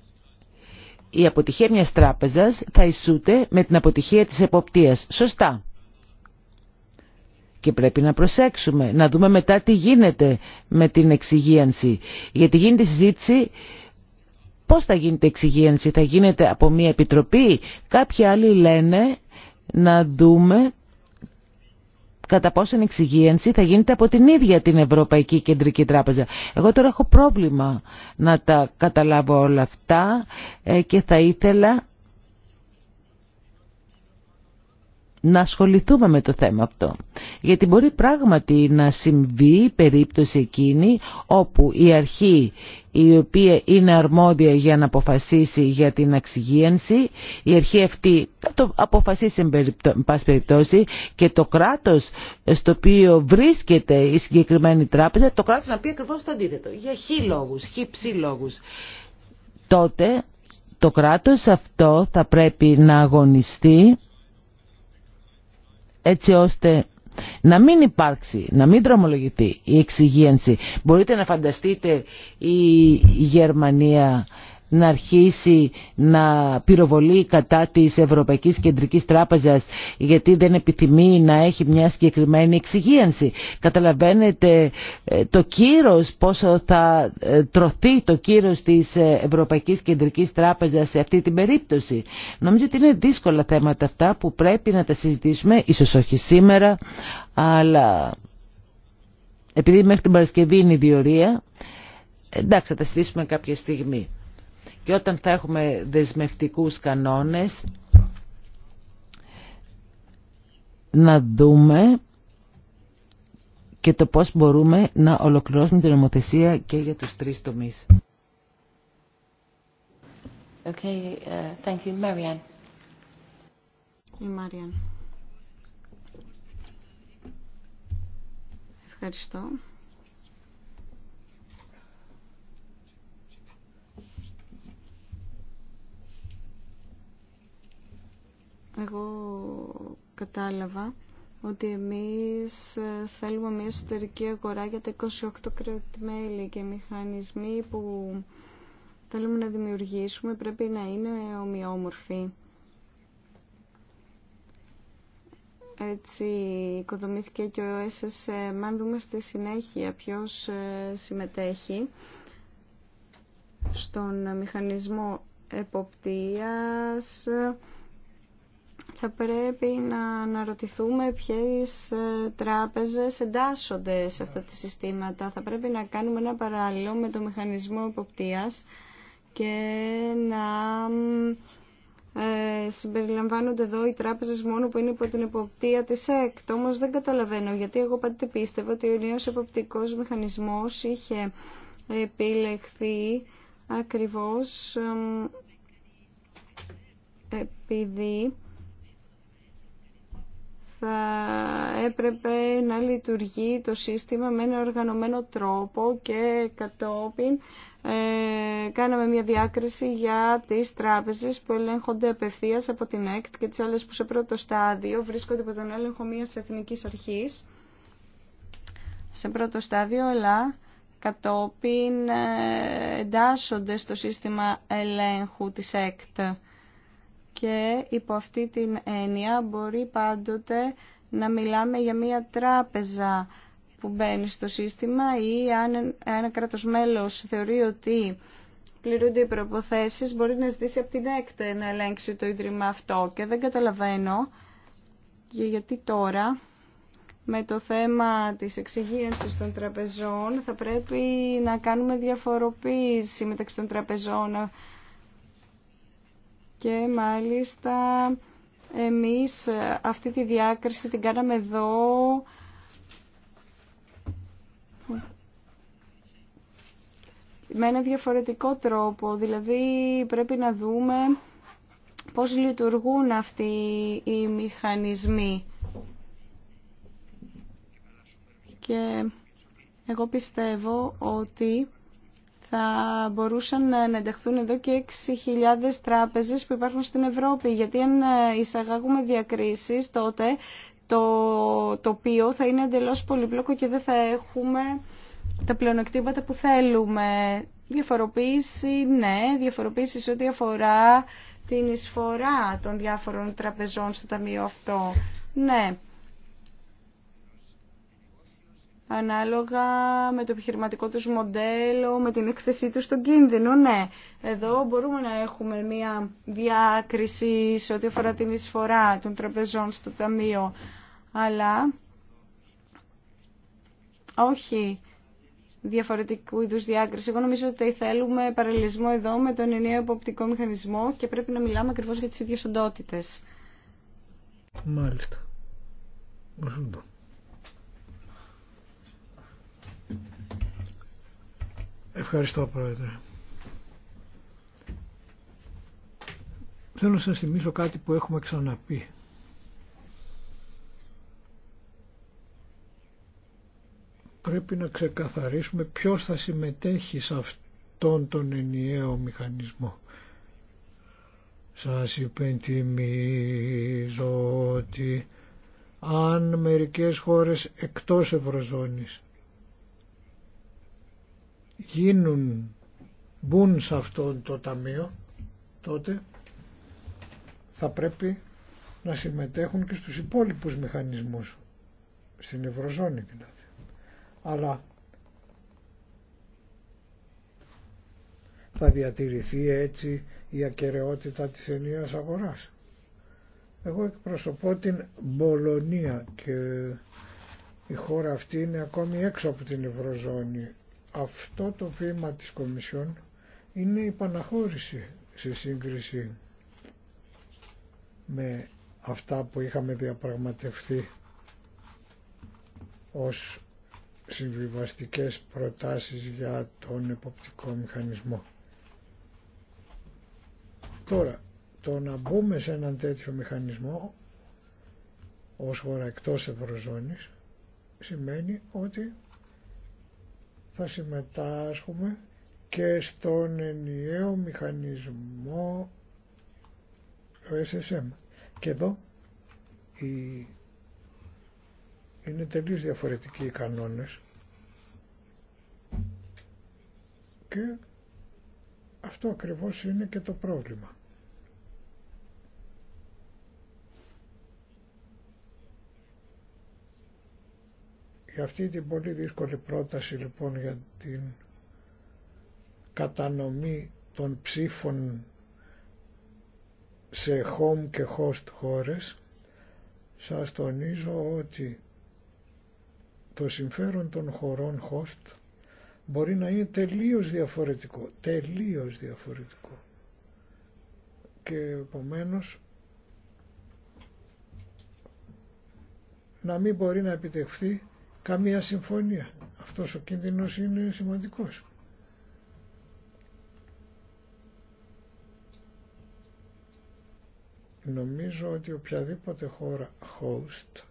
η αποτυχία μιας τράπεζας θα ισούται με την αποτυχία της εποπτείας. Σωστά και πρέπει να προσέξουμε, να δούμε μετά τι γίνεται με την εξυγίανση. Γιατί γίνεται συζήτηση πώς θα γίνεται εξυγίανση, θα γίνεται από μια επιτροπή. Κάποιοι άλλοι λένε να δούμε κατά πόσον εξυγίανση θα γίνεται από την ίδια την Ευρωπαϊκή Κεντρική Τράπεζα. Εγώ τώρα έχω πρόβλημα να τα καταλάβω όλα αυτά ε, και θα ήθελα να ασχοληθούμε με το θέμα αυτό. Γιατί μπορεί πράγματι να συμβεί η περίπτωση εκείνη όπου η αρχή η οποία είναι αρμόδια για να αποφασίσει για την αξυγίανση, η αρχή αυτή θα το αποφασίσει εν πάση περιπτώσει και το κράτος στο οποίο βρίσκεται η συγκεκριμένη τράπεζα, το κράτος να πει ακριβώς το αντίθετο, για χι λόγους, χι ψι Τότε το κράτος αυτό θα πρέπει να αγωνιστεί έτσι ώστε να μην υπάρξει, να μην τρομολογηθεί η εξυγίανση. Μπορείτε να φανταστείτε η Γερμανία να αρχίσει να πυροβολεί κατά της Ευρωπαϊκής Κεντρικής Τράπεζας γιατί δεν επιθυμεί να έχει μια συγκεκριμένη εξυγίανση. Καταλαβαίνετε ε, το κύρος, πόσο θα ε, τρωθεί το κύρος της ε, Ευρωπαϊκής Κεντρικής Τράπεζας σε αυτή την περίπτωση. Νομίζω ότι είναι δύσκολα θέματα αυτά που πρέπει να τα συζητήσουμε, ίσως όχι σήμερα, αλλά επειδή μέχρι την Παρασκευή είναι η διορία, εντάξει θα τα συζητήσουμε κάποια στιγμή και όταν θα έχουμε δεσμευτικούς κανόνες να δούμε και το πώς μπορούμε να ολοκληρώσουμε την νομοθεσία και για τους τρεις τομείς. Okay, uh, thank you. Marianne. Η Marianne. Ευχαριστώ. εγώ κατάλαβα ότι εμείς ε, θέλουμε μια εσωτερική αγορά για τα 28 κρατημέλη και οι μηχανισμοί που θέλουμε να δημιουργήσουμε πρέπει να είναι ομοιόμορφοι. Έτσι οικοδομήθηκε και ο SSM. Αν δούμε στη συνέχεια ποιος ε, συμμετέχει στον μηχανισμό εποπτείας, θα πρέπει να αναρωτηθούμε ποιες ε, τράπεζες εντάσσονται σε αυτά τα συστήματα. Θα πρέπει να κάνουμε ένα παράλληλο με το μηχανισμό εποπτείας και να ε, συμπεριλαμβάνονται εδώ οι τράπεζες μόνο που είναι υπό την εποπτεία της ΕΚΤ. Όμως δεν καταλαβαίνω γιατί εγώ πάντοτε πίστευα ότι ο νέος εποπτικός μηχανισμός είχε επιλεχθεί ακριβώς επειδή θα έπρεπε να λειτουργεί το σύστημα με ένα οργανωμένο τρόπο και κατόπιν ε, κάναμε μια διάκριση για τις τράπεζες που ελέγχονται απευθείας από την ΕΚΤ και τις άλλες που σε πρώτο στάδιο βρίσκονται από τον έλεγχο μιας εθνικής αρχής σε πρώτο στάδιο, αλλά κατόπιν ε, εντάσσονται στο σύστημα ελέγχου της ΕΚΤ και υπό αυτή την έννοια μπορεί πάντοτε να μιλάμε για μια τράπεζα που μπαίνει στο σύστημα ή αν ένα κράτος μέλος θεωρεί ότι πληρούνται οι προϋποθέσεις μπορεί να ζητήσει από την ΕΚΤΕ να ελέγξει το Ίδρυμα αυτό και δεν καταλαβαίνω γιατί τώρα με το θέμα της εξυγίανσης των τραπεζών θα πρέπει να κάνουμε διαφοροποίηση μεταξύ των τραπεζών και μάλιστα εμείς αυτή τη διάκριση την κάναμε εδώ με ένα διαφορετικό τρόπο, δηλαδή πρέπει να δούμε πώς λειτουργούν αυτοί οι μηχανισμοί. Και εγώ πιστεύω ότι θα μπορούσαν να ενταχθούν εδώ και 6.000 τράπεζες που υπάρχουν στην Ευρώπη. Γιατί αν ε, εισαγάγουμε διακρίσεις τότε το τοπίο θα είναι εντελώς πολύπλοκο και δεν θα έχουμε τα πλεονεκτήματα που θέλουμε. Διαφοροποίηση, ναι, διαφοροποίηση σε ό,τι αφορά την εισφορά των διάφορων τραπεζών στο ταμείο αυτό. Ναι, ανάλογα με το επιχειρηματικό τους μοντέλο, με την έκθεσή τους στον κίνδυνο. Ναι, εδώ μπορούμε να έχουμε μια διάκριση σε ό,τι αφορά την εισφορά των τραπεζών στο ταμείο, αλλά όχι διαφορετικού είδου διάκριση. Εγώ νομίζω ότι θέλουμε παραλληλισμό εδώ με τον ενιαίο υποπτικό μηχανισμό και πρέπει να μιλάμε ακριβώ για τι ίδιε οντότητε. Μάλιστα. Μάλιστα. Ευχαριστώ Πρόεδρε. Θέλω να σας θυμίσω κάτι που έχουμε ξαναπεί. Πρέπει να ξεκαθαρίσουμε ποιος θα συμμετέχει σε αυτόν τον ενιαίο μηχανισμό. Σας υπενθυμίζω ότι αν μερικές χώρες εκτός Ευρωζώνης γίνουν, μπουν σε αυτό το ταμείο, τότε θα πρέπει να συμμετέχουν και στους υπόλοιπους μηχανισμούς, στην Ευρωζώνη δηλαδή. Αλλά θα διατηρηθεί έτσι η ακαιρεότητα της ενίας αγοράς. Εγώ εκπροσωπώ την Μπολονία και η χώρα αυτή είναι ακόμη έξω από την Ευρωζώνη αυτό το βήμα της Κομισιόν είναι η παναχώρηση σε σύγκριση με αυτά που είχαμε διαπραγματευτεί ως συμβιβαστικές προτάσεις για τον εποπτικό μηχανισμό. Τώρα, το να μπούμε σε έναν τέτοιο μηχανισμό ως χώρα εκτός Ευρωζώνης σημαίνει ότι θα συμμετάσχουμε και στον ενιαίο μηχανισμό SSM. Και εδώ είναι τελείως διαφορετικοί οι κανόνες και αυτό ακριβώς είναι και το πρόβλημα. Για ε, αυτή την πολύ δύσκολη πρόταση λοιπόν για την κατανομή των ψήφων σε home και host χώρες σας τονίζω ότι το συμφέρον των χωρών host μπορεί να είναι τελείως διαφορετικό, τελείως διαφορετικό. Και επομένως να μην μπορεί να επιτευχθεί καμία συμφωνία. Αυτός ο κίνδυνος είναι σημαντικός. Νομίζω ότι οποιαδήποτε χώρα host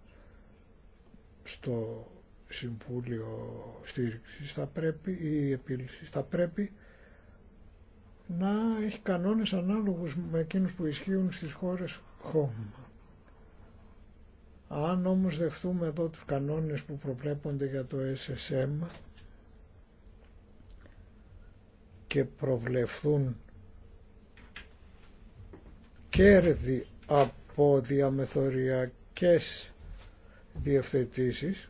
στο Συμβούλιο Στήριξης θα πρέπει, ή επίλυση θα πρέπει να έχει κανόνες ανάλογους με εκείνους που ισχύουν στις χώρες home. Αν όμως δεχθούμε εδώ τους κανόνες που προβλέπονται για το SSM και προβλεφθούν κέρδη από διαμεθοριακές διευθετήσεις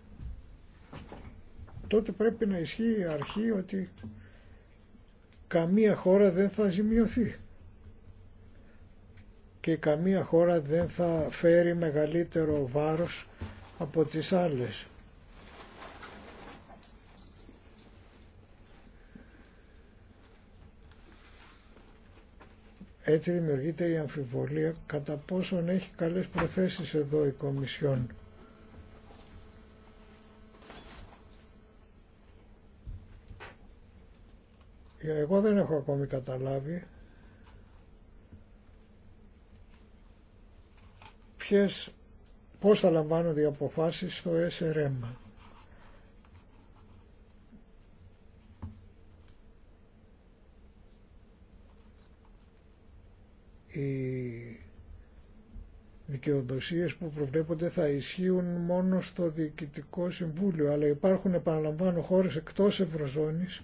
τότε πρέπει να ισχύει η αρχή ότι καμία χώρα δεν θα ζημιωθεί και καμία χώρα δεν θα φέρει μεγαλύτερο βάρος από τις άλλες. Έτσι δημιουργείται η αμφιβολία κατά πόσον έχει καλές προθέσεις εδώ η Κομισιόν. Εγώ δεν έχω ακόμη καταλάβει ποιες, πώς θα λαμβάνονται οι αποφάσεις στο SRM. Οι δικαιοδοσίες που προβλέπονται θα ισχύουν μόνο στο Διοικητικό Συμβούλιο, αλλά υπάρχουν, επαναλαμβάνω, χώρες εκτός Ευρωζώνης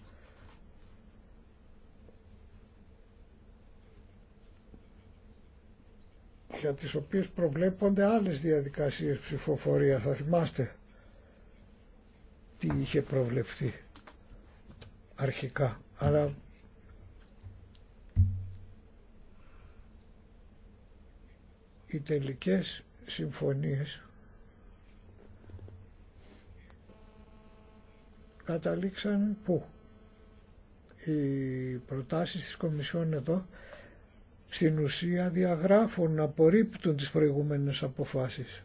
για τις οποίες προβλέπονται άλλες διαδικασίες ψηφοφορία. Θα θυμάστε τι είχε προβλεφθεί αρχικά. Αλλά οι τελικές συμφωνίες καταλήξαν πού. Οι προτάσεις της Κομισιόν εδώ στην ουσία διαγράφουν, απορρίπτουν τις προηγούμενες αποφάσεις.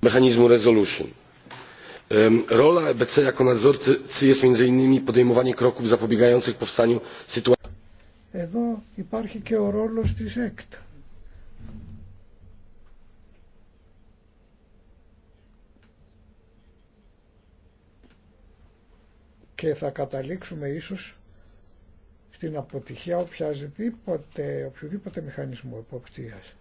Μεχανισμού resolution. Rola EBC jako nadzorcy jest m.in. podejmowanie kroków zapobiegających powstaniu sytuacji. Εδώ υπάρχει και ο ρόλος της ΕΚΤ. Και θα καταλήξουμε ίσως στην αποτυχία οποιαδήποτε οποιοδήποτε μηχανισμού εποπτείας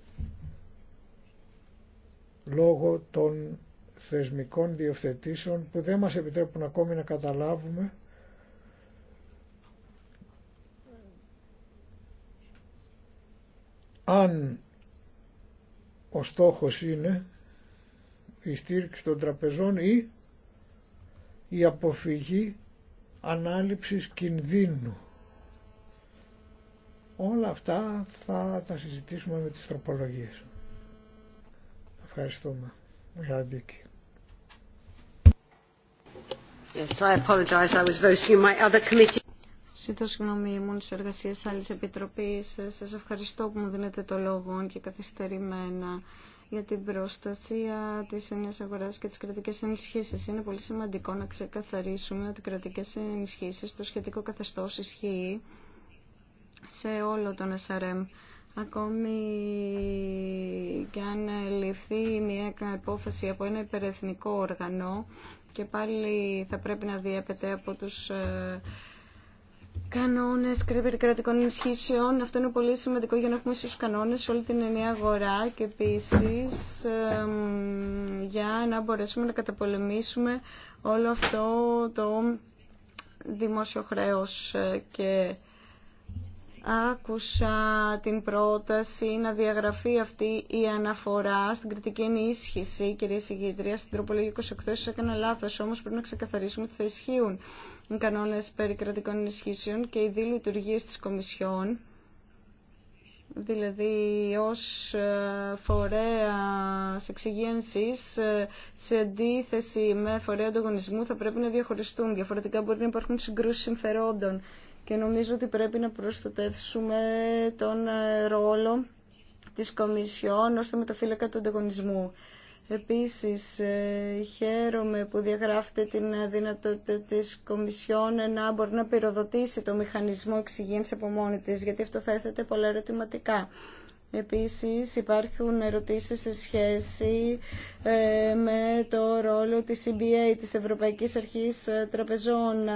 λόγω των θεσμικών διευθετήσεων που δεν μας επιτρέπουν ακόμη να καταλάβουμε αν ο στόχος είναι η στήριξη των τραπεζών ή η αποφυγή ανάληψης κινδύνου. Όλα αυτά θα τα συζητήσουμε με τις τροπολογίες. Ευχαριστούμε. Ζαντίκη. Yes, I apologize. I was voting in my other committee. ήμουν σε εργασίε άλλη επιτροπή. Σα ευχαριστώ που μου δίνετε το λόγο και καθυστερημένα για την προστασία τη ενιαία αγορά και τι κρατικέ ενισχύσει. Είναι πολύ σημαντικό να ξεκαθαρίσουμε ότι οι κρατικέ ενισχύσει, το σχετικό καθεστώ ισχύει σε όλο τον SRM. Ακόμη και αν ληφθεί μια υπόφαση από ένα υπερεθνικό οργανό και πάλι θα πρέπει να διέπεται από τους ε, κανόνες κρατικών ενισχύσεων. Αυτό είναι πολύ σημαντικό για να έχουμε στους κανόνες όλη την ενιαία αγορά και επίσης για να μπορέσουμε να καταπολεμήσουμε όλο αυτό το δημόσιο χρέος ε, και Άκουσα την πρόταση να διαγραφεί αυτή η αναφορά στην κριτική ενίσχυση, κυρία Συγγήτρια, στην τροπολογία 28, ίσως έκανα λάθος, όμως πρέπει να ξεκαθαρίσουμε ότι θα ισχύουν οι κανόνες περί κρατικών ενισχύσεων και οι δύο λειτουργίες της Κομισιόν, δηλαδή ως ε, φορέα εξυγένσης, ε, σε αντίθεση με φορέα ανταγωνισμού θα πρέπει να διαχωριστούν. Διαφορετικά μπορεί να υπάρχουν συγκρούσεις συμφερόντων και νομίζω ότι πρέπει να προστατεύσουμε τον ε, ρόλο της Κομισιόν το μεταφύλακα του ανταγωνισμού. Επίσης, ε, χαίρομαι που διαγράφεται την δυνατότητα της Κομισιόν να μπορεί να πυροδοτήσει το μηχανισμό εξυγήνης από μόνη της, γιατί αυτό θα έθετε πολλά ερωτηματικά. Επίσης υπάρχουν ερωτήσεις σε σχέση ε, με το ρόλο της EBA, της Ευρωπαϊκής Αρχής Τραπεζών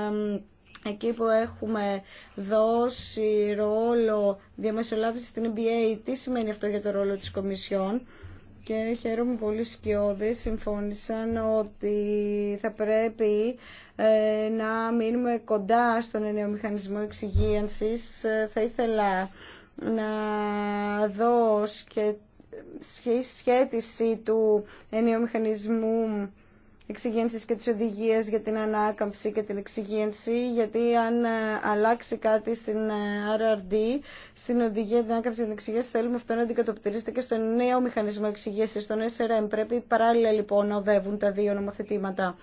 εκεί που έχουμε δώσει ρόλο διαμεσολάβηση στην NBA, τι σημαίνει αυτό για το ρόλο της Κομισιόν. Και χαίρομαι πολύ σκιώδες, συμφώνησαν ότι θα πρέπει ε, να μείνουμε κοντά στον νέο μηχανισμό εξυγίανσης. Ε, θα ήθελα να δω και σχέση σχέτιση του ενιαίου μηχανισμού εξυγένσης και τις οδηγίες για την ανάκαμψη και την εξυγένση, γιατί αν ε, αλλάξει κάτι στην ε, RRD, στην οδηγία για την ανάκαμψη και την εξυγένση, θέλουμε αυτό να αντικατοπτρίζεται και στον νέο μηχανισμό εξυγένσης, στον SRM. Πρέπει παράλληλα λοιπόν να οδεύουν τα δύο νομοθετήματα.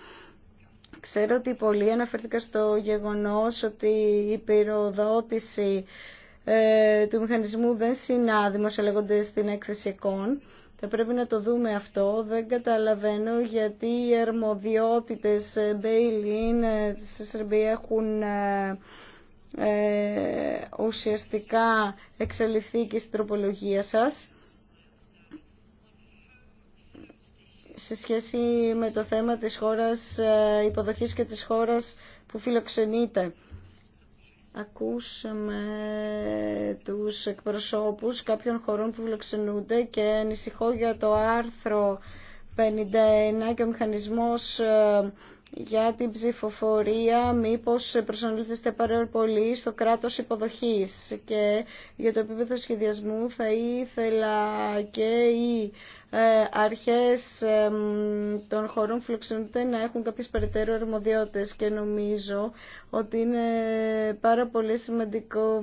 Ξέρω ότι πολλοί αναφέρθηκαν στο γεγονός ότι η πυροδότηση ε, του μηχανισμού δεν συνάδει, λέγονται στην έκθεση ΕΚΟΝ. Θα πρέπει να το δούμε αυτό. Δεν καταλαβαίνω γιατί οι αρμοδιότητες Μπέιλιν ε, ε, της Σερβία έχουν ε, ε ουσιαστικά εξελιχθεί και στην τροπολογία σας. σε σχέση με το θέμα της χώρας υποδοχής και της χώρας που φιλοξενείται ακούσαμε τους εκπροσώπους κάποιων χωρών που φιλοξενούνται και ανησυχώ για το άρθρο 51 και ο μηχανισμός ε, για την ψηφοφορία μήπως προσανολήθεστε πάρα πολύ στο κράτος υποδοχής και για το επίπεδο σχεδιασμού θα ήθελα και η ε, αρχές των χωρών φιλοξενούνται να έχουν κάποιες περαιτέρω αρμοδιότητες και νομίζω ότι είναι πάρα πολύ σημαντικό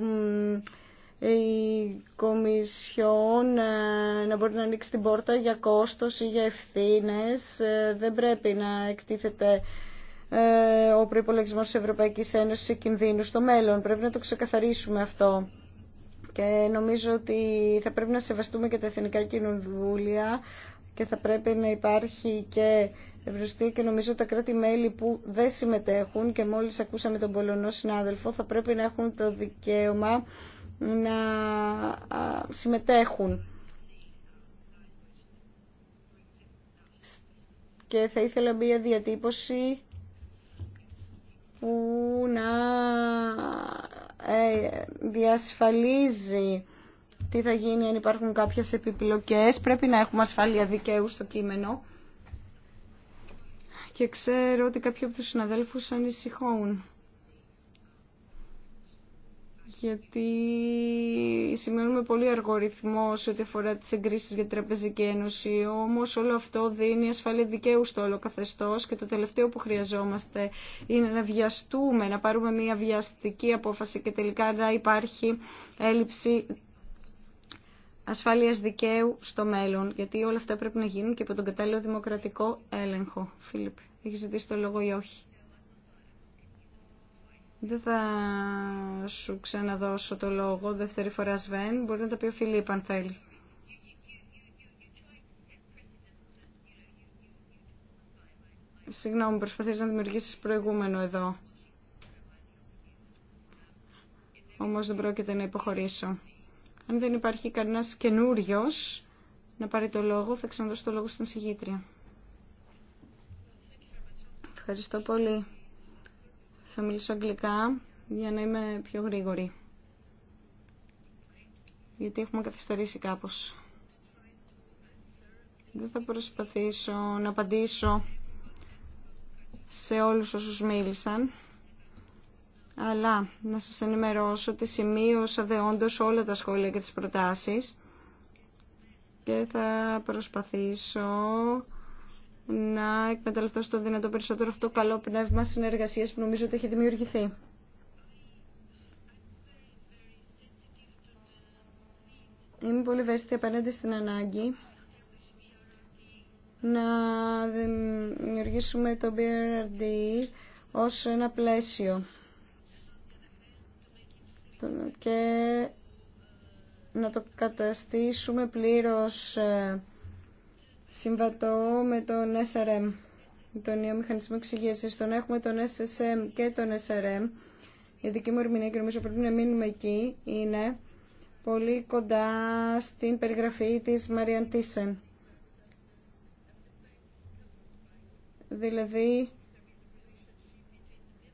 η Κομισιόν ε, να μπορεί να ανοίξει την πόρτα για κόστος ή για ευθύνες. Ε, δεν πρέπει να εκτίθεται ο προϋπολογισμός της Ευρωπαϊκής Ένωσης σε κινδύνους στο μέλλον. Πρέπει να το ξεκαθαρίσουμε αυτό και νομίζω ότι θα πρέπει να σεβαστούμε και τα εθνικά κοινοβούλια και θα πρέπει να υπάρχει και ευρωστή και νομίζω τα κράτη-μέλη που δεν συμμετέχουν και μόλις ακούσαμε τον Πολωνό συνάδελφο θα πρέπει να έχουν το δικαίωμα να συμμετέχουν. Και θα ήθελα μία διατύπωση που να ε, διασφαλίζει τι θα γίνει αν υπάρχουν κάποιες επιπλοκές. Πρέπει να έχουμε ασφάλεια δικαίου στο κείμενο. Και ξέρω ότι κάποιοι από τους συναδέλφους ανησυχούν γιατί σημαίνουμε πολύ αργό ρυθμό σε ό,τι αφορά τις εγκρίσεις για την Τραπεζική Ένωση. Όμως όλο αυτό δίνει ασφάλεια δικαίου στο όλο καθεστώς και το τελευταίο που χρειαζόμαστε είναι να βιαστούμε, να πάρουμε μια βιαστική απόφαση και τελικά να υπάρχει έλλειψη ασφάλειας δικαίου στο μέλλον, γιατί όλα αυτά πρέπει να γίνουν και από τον κατάλληλο δημοκρατικό έλεγχο. Φίλιππ, έχεις ζητήσει το λόγο ή όχι. Δεν θα σου ξαναδώσω το λόγο δεύτερη φορά Σβέν. Μπορεί να τα πει ο Φιλίπ αν θέλει. Συγγνώμη, προσπαθείς να δημιουργήσεις προηγούμενο εδώ. Όμως δεν πρόκειται να υποχωρήσω. Αν δεν υπάρχει κανένας καινούριο να πάρει το λόγο, θα ξαναδώσω το λόγο στην συγγήτρια. Ευχαριστώ πολύ. Θα μιλήσω αγγλικά για να είμαι πιο γρήγορη. Γιατί έχουμε καθυστερήσει κάπως. Δεν θα προσπαθήσω να απαντήσω σε όλους όσους μίλησαν. Αλλά να σας ενημερώσω ότι σημείωσα δεόντως όλα τα σχόλια και τις προτάσεις και θα προσπαθήσω να εκμεταλλευτώ στο δυνατό περισσότερο αυτό το καλό πνεύμα συνεργασίας που νομίζω ότι έχει δημιουργηθεί. Είμαι πολύ ευαίσθητη απέναντι στην ανάγκη να δημιουργήσουμε το BRD ως ένα πλαίσιο και να το καταστήσουμε πλήρως ε, συμβατό με τον SRM, τον νέο μηχανισμό Τον έχουμε τον SSM και τον SRM. Η δική μου ερμηνεία και νομίζω πρέπει να μείνουμε εκεί είναι πολύ κοντά στην περιγραφή της Μαριαν Τίσεν. Δηλαδή,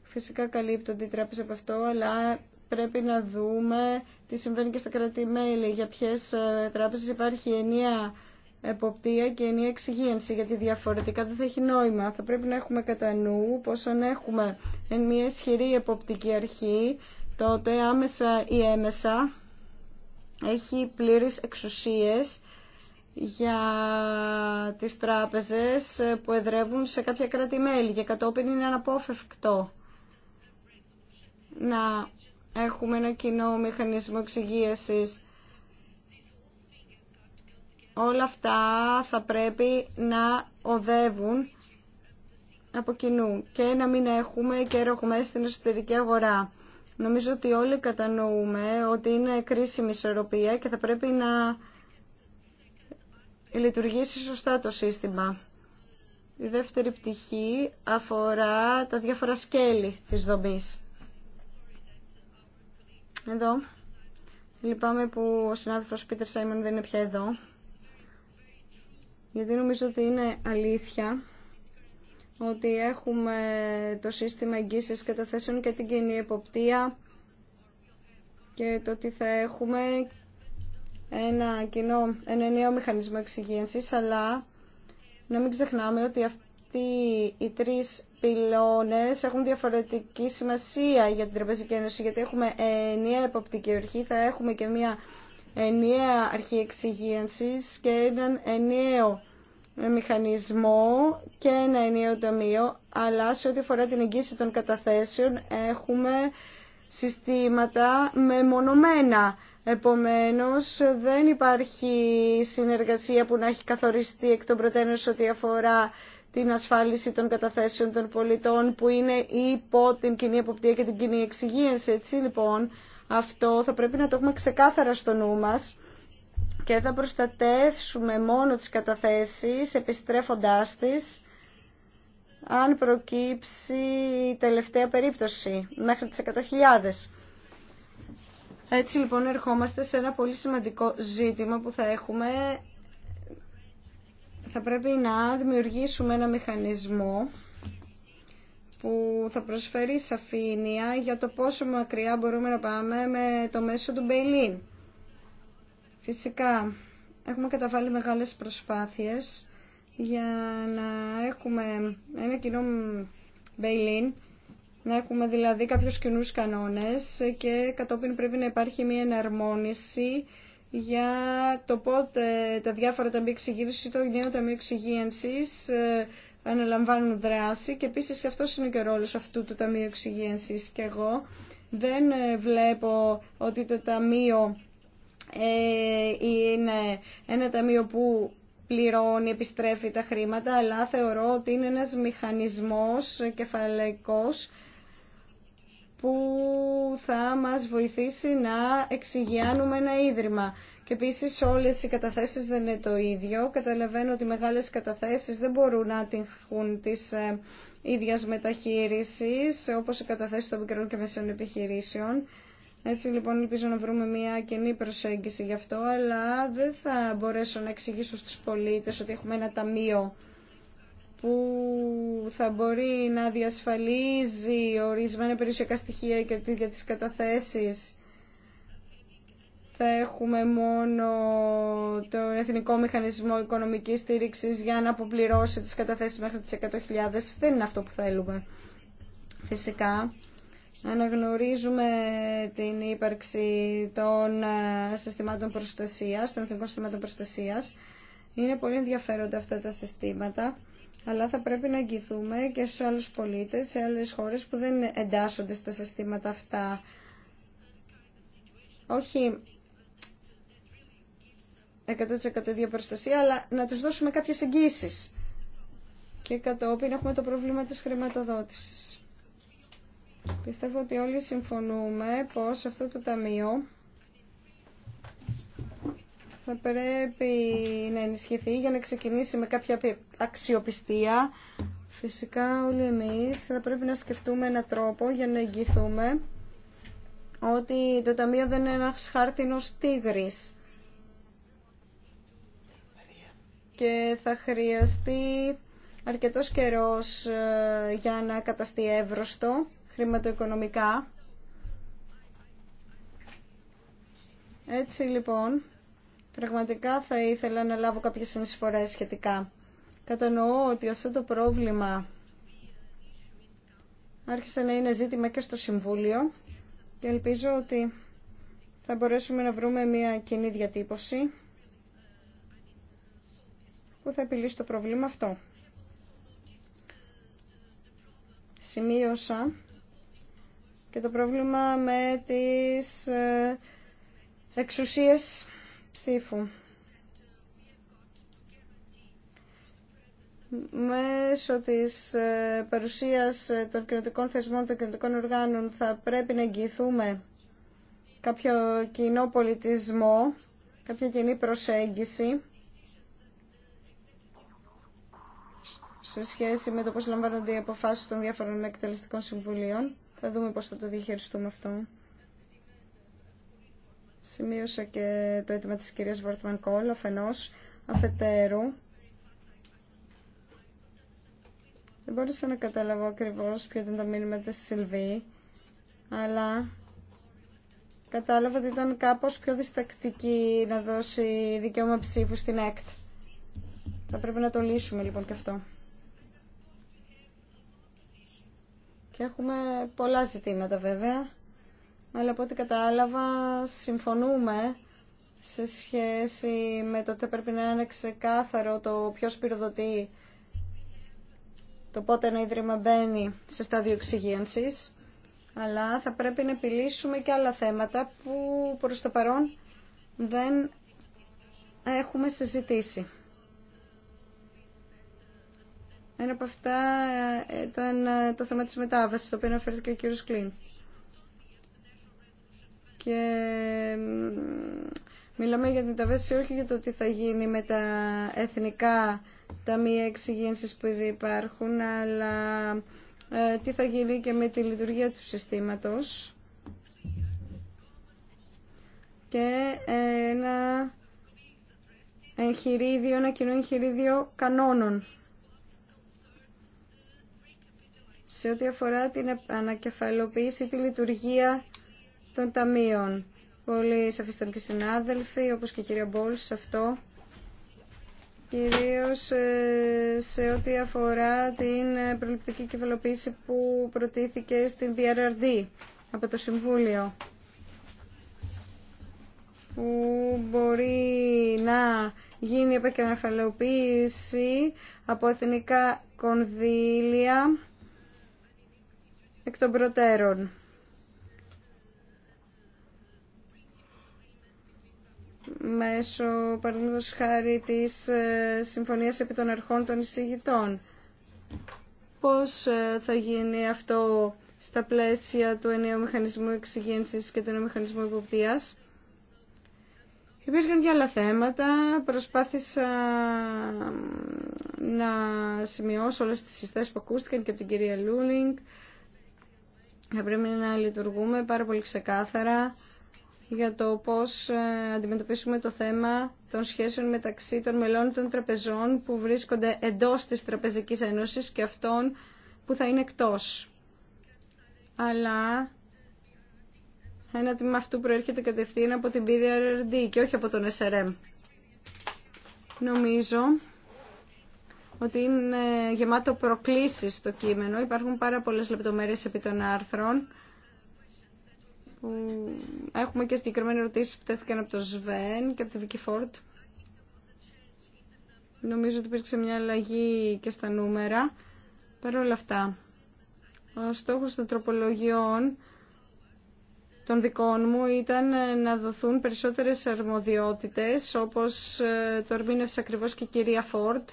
φυσικά καλύπτονται οι τράπεζες από αυτό, αλλά πρέπει να δούμε τι συμβαίνει και στα κρατή-μέλη, για ποιες ε, τράπεζες υπάρχει ενιαία εποπτεία και μια εξυγίανση, γιατί διαφορετικά δεν θα έχει νόημα. Θα πρέπει να έχουμε κατά νου πως αν έχουμε μια ισχυρή εποπτική αρχή, τότε άμεσα ή έμεσα έχει πλήρες εξουσίες για τις τράπεζες που εδρεύουν σε κάποια κρατημέλη και κατόπιν είναι αναπόφευκτο να έχουμε ένα κοινό μηχανισμό εξυγίασης Όλα αυτά θα πρέπει να οδεύουν από κοινού και να μην έχουμε και ροχμές στην εσωτερική αγορά. Νομίζω ότι όλοι κατανοούμε ότι είναι κρίσιμη ισορροπία και θα πρέπει να λειτουργήσει σωστά το σύστημα. Η δεύτερη πτυχή αφορά τα διάφορα σκέλη της δομής. Εδώ. Λυπάμαι που ο συνάδελφος Πίτερ Σάιμον δεν είναι πια εδώ γιατί νομίζω ότι είναι αλήθεια ότι έχουμε το σύστημα εγγύσεις καταθέσεων και την κοινή εποπτεία και το ότι θα έχουμε ένα κοινό, ένα νέο μηχανισμό εξυγίανσης, αλλά να μην ξεχνάμε ότι αυτοί οι τρεις πυλώνες έχουν διαφορετική σημασία για την Τραπεζική Ένωση, γιατί έχουμε ενιαία εποπτική ορχή, θα έχουμε και μια ενιαία αρχή εξυγίανσης και έναν ενιαίο μηχανισμό και ένα ενιαίο τομείο, αλλά σε ό,τι αφορά την εγγύηση των καταθέσεων έχουμε συστήματα μεμονωμένα. Επομένως, δεν υπάρχει συνεργασία που να έχει καθοριστεί εκ των προτέρων σε ό,τι αφορά την ασφάλιση των καταθέσεων των πολιτών που είναι υπό την κοινή εποπτεία και την κοινή εξυγίανση. Έτσι λοιπόν, αυτό θα πρέπει να το έχουμε ξεκάθαρα στο νου μας και θα προστατεύσουμε μόνο τις καταθέσεις επιστρέφοντάς τις αν προκύψει η τελευταία περίπτωση μέχρι τις 100.000. Έτσι λοιπόν ερχόμαστε σε ένα πολύ σημαντικό ζήτημα που θα έχουμε. Θα πρέπει να δημιουργήσουμε ένα μηχανισμό που θα προσφέρει σαφήνεια για το πόσο μακριά μπορούμε να πάμε με το μέσο του Μπέιλιν. Φυσικά, έχουμε καταβάλει μεγάλες προσπάθειες για να έχουμε ένα κοινό Μπέιλιν, να έχουμε δηλαδή κάποιους κοινού κανόνες και κατόπιν πρέπει να υπάρχει μια εναρμόνιση για το πότε τα διάφορα ταμεία εξυγίανσης ή το νέο ταμείο αναλαμβάνουν δράση και επίση αυτό είναι και ο ρόλος αυτού του Ταμείου Εξυγένσης και εγώ δεν ε, βλέπω ότι το Ταμείο ε, είναι ένα Ταμείο που πληρώνει, επιστρέφει τα χρήματα, αλλά θεωρώ ότι είναι ένας μηχανισμός κεφαλαϊκός που θα μας βοηθήσει να εξηγιάνουμε ένα ίδρυμα. Και επίση όλε οι καταθέσει δεν είναι το ίδιο. Καταλαβαίνω ότι μεγάλε καταθέσει δεν μπορούν να τυχούν τη ε, ίδια μεταχείριση όπω οι καταθέσει των μικρών και μεσαίων επιχειρήσεων. Έτσι λοιπόν ελπίζω να βρούμε μια κοινή προσέγγιση γι' αυτό, αλλά δεν θα μπορέσω να εξηγήσω στους πολίτες ότι έχουμε ένα ταμείο που θα μπορεί να διασφαλίζει ορισμένα περιουσιακά στοιχεία για τις καταθέσεις θα έχουμε μόνο το Εθνικό Μηχανισμό Οικονομικής Στήριξης για να αποπληρώσει τις καταθέσεις μέχρι τις 100.000. Δεν είναι αυτό που θέλουμε. Φυσικά, αναγνωρίζουμε την ύπαρξη των ε, συστημάτων προστασίας, των Εθνικών Συστημάτων Προστασίας. Είναι πολύ ενδιαφέροντα αυτά τα συστήματα, αλλά θα πρέπει να αγγιθούμε και στους άλλους πολίτες, σε άλλες χώρες που δεν εντάσσονται στα συστήματα αυτά. Όχι 100% ίδια προστασία, αλλά να τους δώσουμε κάποιες εγγύσεις. Και κατόπιν έχουμε το πρόβλημα της χρηματοδότησης. Πιστεύω ότι όλοι συμφωνούμε πως αυτό το ταμείο θα πρέπει να ενισχυθεί για να ξεκινήσει με κάποια αξιοπιστία. Φυσικά όλοι εμείς θα πρέπει να σκεφτούμε έναν τρόπο για να εγγυηθούμε ότι το Ταμείο δεν είναι ένας χάρτινος τίγρης. και θα χρειαστεί αρκετός καιρός ε, για να καταστεί εύρωστο χρηματοοικονομικά. Έτσι λοιπόν, πραγματικά θα ήθελα να λάβω κάποιες συνεισφορές σχετικά. Κατανοώ ότι αυτό το πρόβλημα άρχισε να είναι ζήτημα και στο Συμβούλιο και ελπίζω ότι θα μπορέσουμε να βρούμε μια κοινή διατύπωση που θα επιλύσει το πρόβλημα αυτό. Σημείωσα και το πρόβλημα με τις ε, εξουσίες ψήφου. μέσω της ε, παρουσίας των κοινωτικών θεσμών, των κοινωτικών οργάνων θα πρέπει να εγγυηθούμε κάποιο κοινό πολιτισμό, κάποια κοινή προσέγγιση σε σχέση με το πώς λαμβάνονται οι αποφάσεις των διάφορων εκτελεστικών συμβουλίων. Θα δούμε πώς θα το διαχειριστούμε αυτό. Σημείωσα και το αίτημα της κυρίας Βορτμαν Κόλ, αφενός, αφετέρου. Δεν μπόρεσα να καταλάβω ακριβώς ποιο ήταν το μήνυμα της Σιλβή, αλλά κατάλαβα ότι ήταν κάπως πιο διστακτική να δώσει δικαίωμα ψήφου στην ΕΚΤ. Θα πρέπει να το λύσουμε λοιπόν και αυτό. έχουμε πολλά ζητήματα βέβαια, αλλά από ό,τι κατάλαβα συμφωνούμε σε σχέση με το ότι πρέπει να είναι ξεκάθαρο το ποιο πυροδοτεί το πότε ένα Ίδρυμα μπαίνει σε στάδιο εξυγίανσης, αλλά θα πρέπει να επιλύσουμε και άλλα θέματα που προς το παρόν δεν έχουμε συζητήσει. Ένα από αυτά ε, ήταν ε, το θέμα της μετάβασης, στο οποίο αναφέρθηκε ο κύριος Κλίν. Και μιλάμε για την μετάβαση όχι για το τι θα γίνει με τα εθνικά ταμεία εξηγήνσης που ήδη υπάρχουν, αλλά ε, τι θα γίνει και με τη λειτουργία του συστήματος. Και ένα εγχειρίδιο, ένα κοινό εγχειρίδιο κανόνων σε ό,τι αφορά την ανακεφαλοποίηση τη λειτουργία των ταμείων. Πολύ σαφείς και συνάδελφοι, όπως και η κυρία Μπόλς, σε αυτό κυρίως ε, σε ό,τι αφορά την προληπτική κεφαλοποίηση που προτίθηκε στην BRRD από το Συμβούλιο που μπορεί να γίνει επικεφαλοποίηση από εθνικά κονδύλια εκ των προτέρων. μέσω παραδείγματος χάρη της ε, Συμφωνίας επί των Αρχών των Εισηγητών. Πώς ε, θα γίνει αυτό στα πλαίσια του ενιαίου μηχανισμού εξυγένσης και του ενιαίου μηχανισμού υποπτίας. Υπήρχαν και άλλα θέματα. Προσπάθησα να σημειώσω όλες τις συστάσεις που ακούστηκαν και από την κυρία Λούλινγκ θα πρέπει να λειτουργούμε πάρα πολύ ξεκάθαρα για το πώς ε, αντιμετωπίσουμε το θέμα των σχέσεων μεταξύ των μελών των τραπεζών που βρίσκονται εντός της Τραπεζικής Ένωσης και αυτών που θα είναι εκτός. Αλλά ένα τμήμα αυτού προέρχεται κατευθείαν από την BRRD και όχι από τον SRM. Νομίζω ότι είναι γεμάτο προκλήσεις το κείμενο. Υπάρχουν πάρα πολλές λεπτομέρειες επί των άρθρων. Που έχουμε και συγκεκριμένε ερωτήσει που τέθηκαν από το Σβέν και από τη Βίκη Φόρτ. Νομίζω ότι υπήρξε μια αλλαγή και στα νούμερα. Παρ' όλα αυτά, ο στόχος των τροπολογιών των δικών μου ήταν ε, να δοθούν περισσότερες αρμοδιότητες, όπως ε, το ερμήνευσε ακριβώς και η κυρία Φόρτ,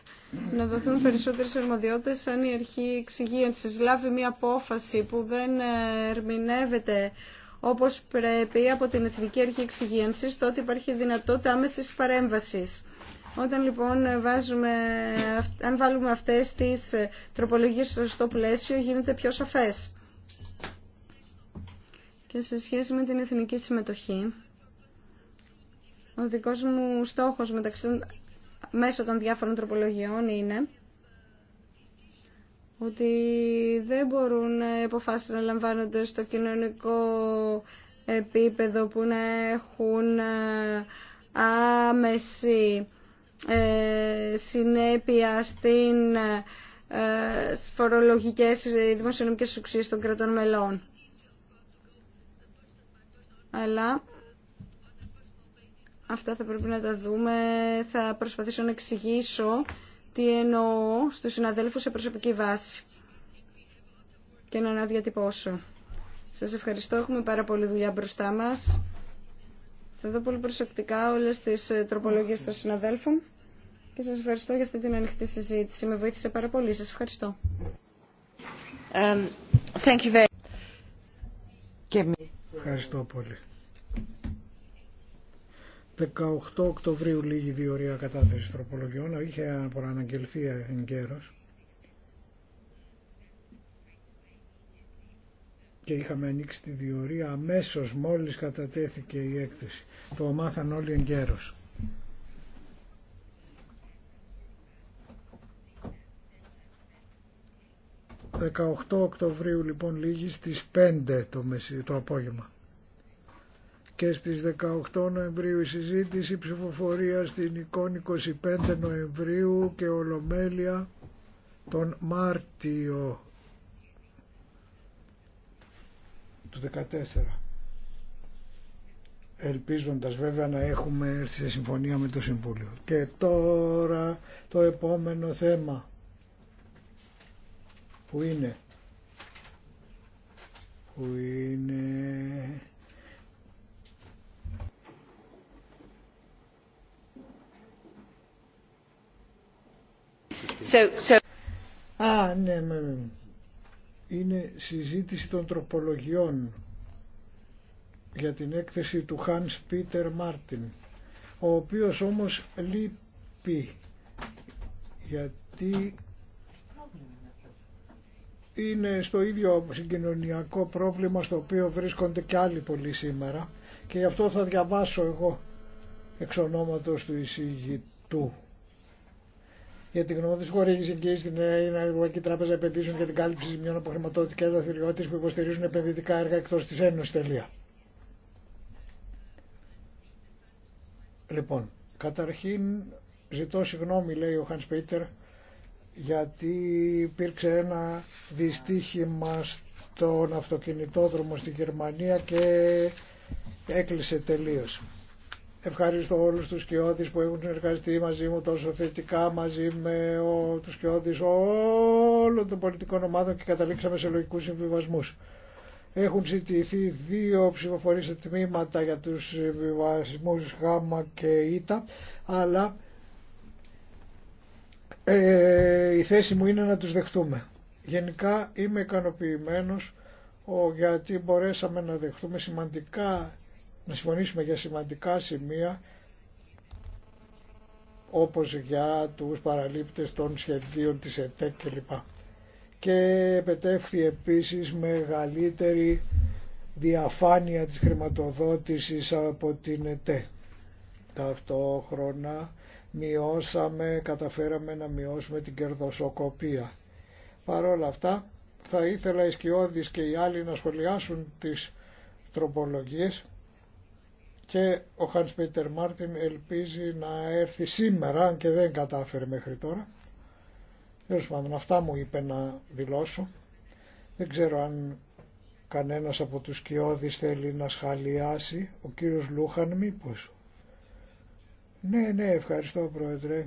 να δοθούν περισσότερες αρμοδιότητες σαν η αρχή εξυγίανσης λάβει μια απόφαση που δεν ε, ερμηνεύεται όπως πρέπει από την Εθνική Αρχή Εξυγίανσης, τότε υπάρχει δυνατότητα άμεσης παρέμβασης. Όταν λοιπόν βάζουμε, αν βάλουμε αυτές τις τροπολογίες στο σωστό πλαίσιο, γίνεται πιο σαφές. Και σε σχέση με την εθνική συμμετοχή, ο δικός μου στόχος μεταξύ, μέσω των διάφορων τροπολογιών είναι ότι δεν μπορούν οι αποφάσεις να λαμβάνονται στο κοινωνικό επίπεδο που να έχουν ε, άμεση ε, συνέπεια στην ε, φορολογικές δημοσιονομικές οξύες των κρατών μελών αλλά αυτά θα πρέπει να τα δούμε. Θα προσπαθήσω να εξηγήσω τι εννοώ στους συναδέλφους σε προσωπική βάση και να αναδιατυπώσω. Σας ευχαριστώ, έχουμε πάρα πολλή δουλειά μπροστά μας. Θα δω πολύ προσεκτικά όλες τις ε, τροπολογίες των συναδέλφων και σας ευχαριστώ για αυτή την ανοιχτή συζήτηση. Με βοήθησε πάρα πολύ. Σας ευχαριστώ. Um, ευχαριστώ πολύ. 18 Οκτωβρίου λίγη διορία κατάθεση τροπολογιών, είχε αναγγελθεί εν καιρός. και είχαμε ανοίξει τη διορία αμέσως μόλις κατατέθηκε η έκθεση. Το μάθαν όλοι εγκαίρως. ...18 Οκτωβρίου λοιπόν λίγη στις 5 το, μεσή, το απόγευμα και στις 18 Νοεμβρίου η συζήτηση ψηφοφορία στην εικόνη 25 Νοεμβρίου και Ολομέλεια τον Μάρτιο του 14 ελπίζοντας βέβαια να έχουμε έρθει σε συμφωνία με το Συμβούλιο. Και τώρα το επόμενο θέμα που είναι που είναι Α, ναι, ναι, ναι, ναι, Είναι συζήτηση των τροπολογιών για την έκθεση του Hans Peter Martin, ο οποίος όμως λείπει γιατί είναι στο ίδιο συγκοινωνιακό πρόβλημα στο οποίο βρίσκονται και άλλοι πολλοί σήμερα και γι' αυτό θα διαβάσω εγώ εξ του εισηγητού για την γνώμη χορήγηση και στην Ευρωπαϊκή Τράπεζα Επενδύσεων για την κάλυψη ζημιών από και δραστηριότητε που υποστηρίζουν επενδυτικά έργα εκτό τη Ένωση. Τελεία. Λοιπόν, καταρχήν ζητώ συγγνώμη, λέει ο Χάνς Πίτερ, γιατί υπήρξε ένα δυστύχημα στον αυτοκινητόδρομο στη Γερμανία και έκλεισε τελείως. Ευχαριστώ όλους τους κοιότης που έχουν συνεργαστεί μαζί μου τόσο θετικά, μαζί με του τους όλων των πολιτικών ομάδων και καταλήξαμε σε λογικούς συμβιβασμούς. Έχουν ζητηθεί δύο ψηφοφορίε σε τμήματα για τους συμβιβασμούς Γ και Ήτα, αλλά ε, η θέση μου είναι να τους δεχτούμε. Γενικά είμαι ικανοποιημένος γιατί μπορέσαμε να δεχτούμε σημαντικά να συμφωνήσουμε για σημαντικά σημεία όπως για τους παραλήπτες των σχεδίων της ΕΤΕ κλπ. Και επετεύχθη επίσης μεγαλύτερη διαφάνεια της χρηματοδότησης από την ΕΤΕ. Ταυτόχρονα μειώσαμε, καταφέραμε να μειώσουμε την κερδοσοκοπία. Παρ' όλα αυτά θα ήθελα οι σκιώδεις και οι άλλοι να σχολιάσουν τις τροπολογίες και ο Χάνς Πίτερ Μάρτιν ελπίζει να έρθει σήμερα, αν και δεν κατάφερε μέχρι τώρα. Τέλο πάντων, αυτά μου είπε να δηλώσω. Δεν ξέρω αν κανένας από τους σκιώδεις θέλει να σχαλιάσει. Ο κύριος Λούχαν μήπως. Ναι, ναι, ευχαριστώ πρόεδρε.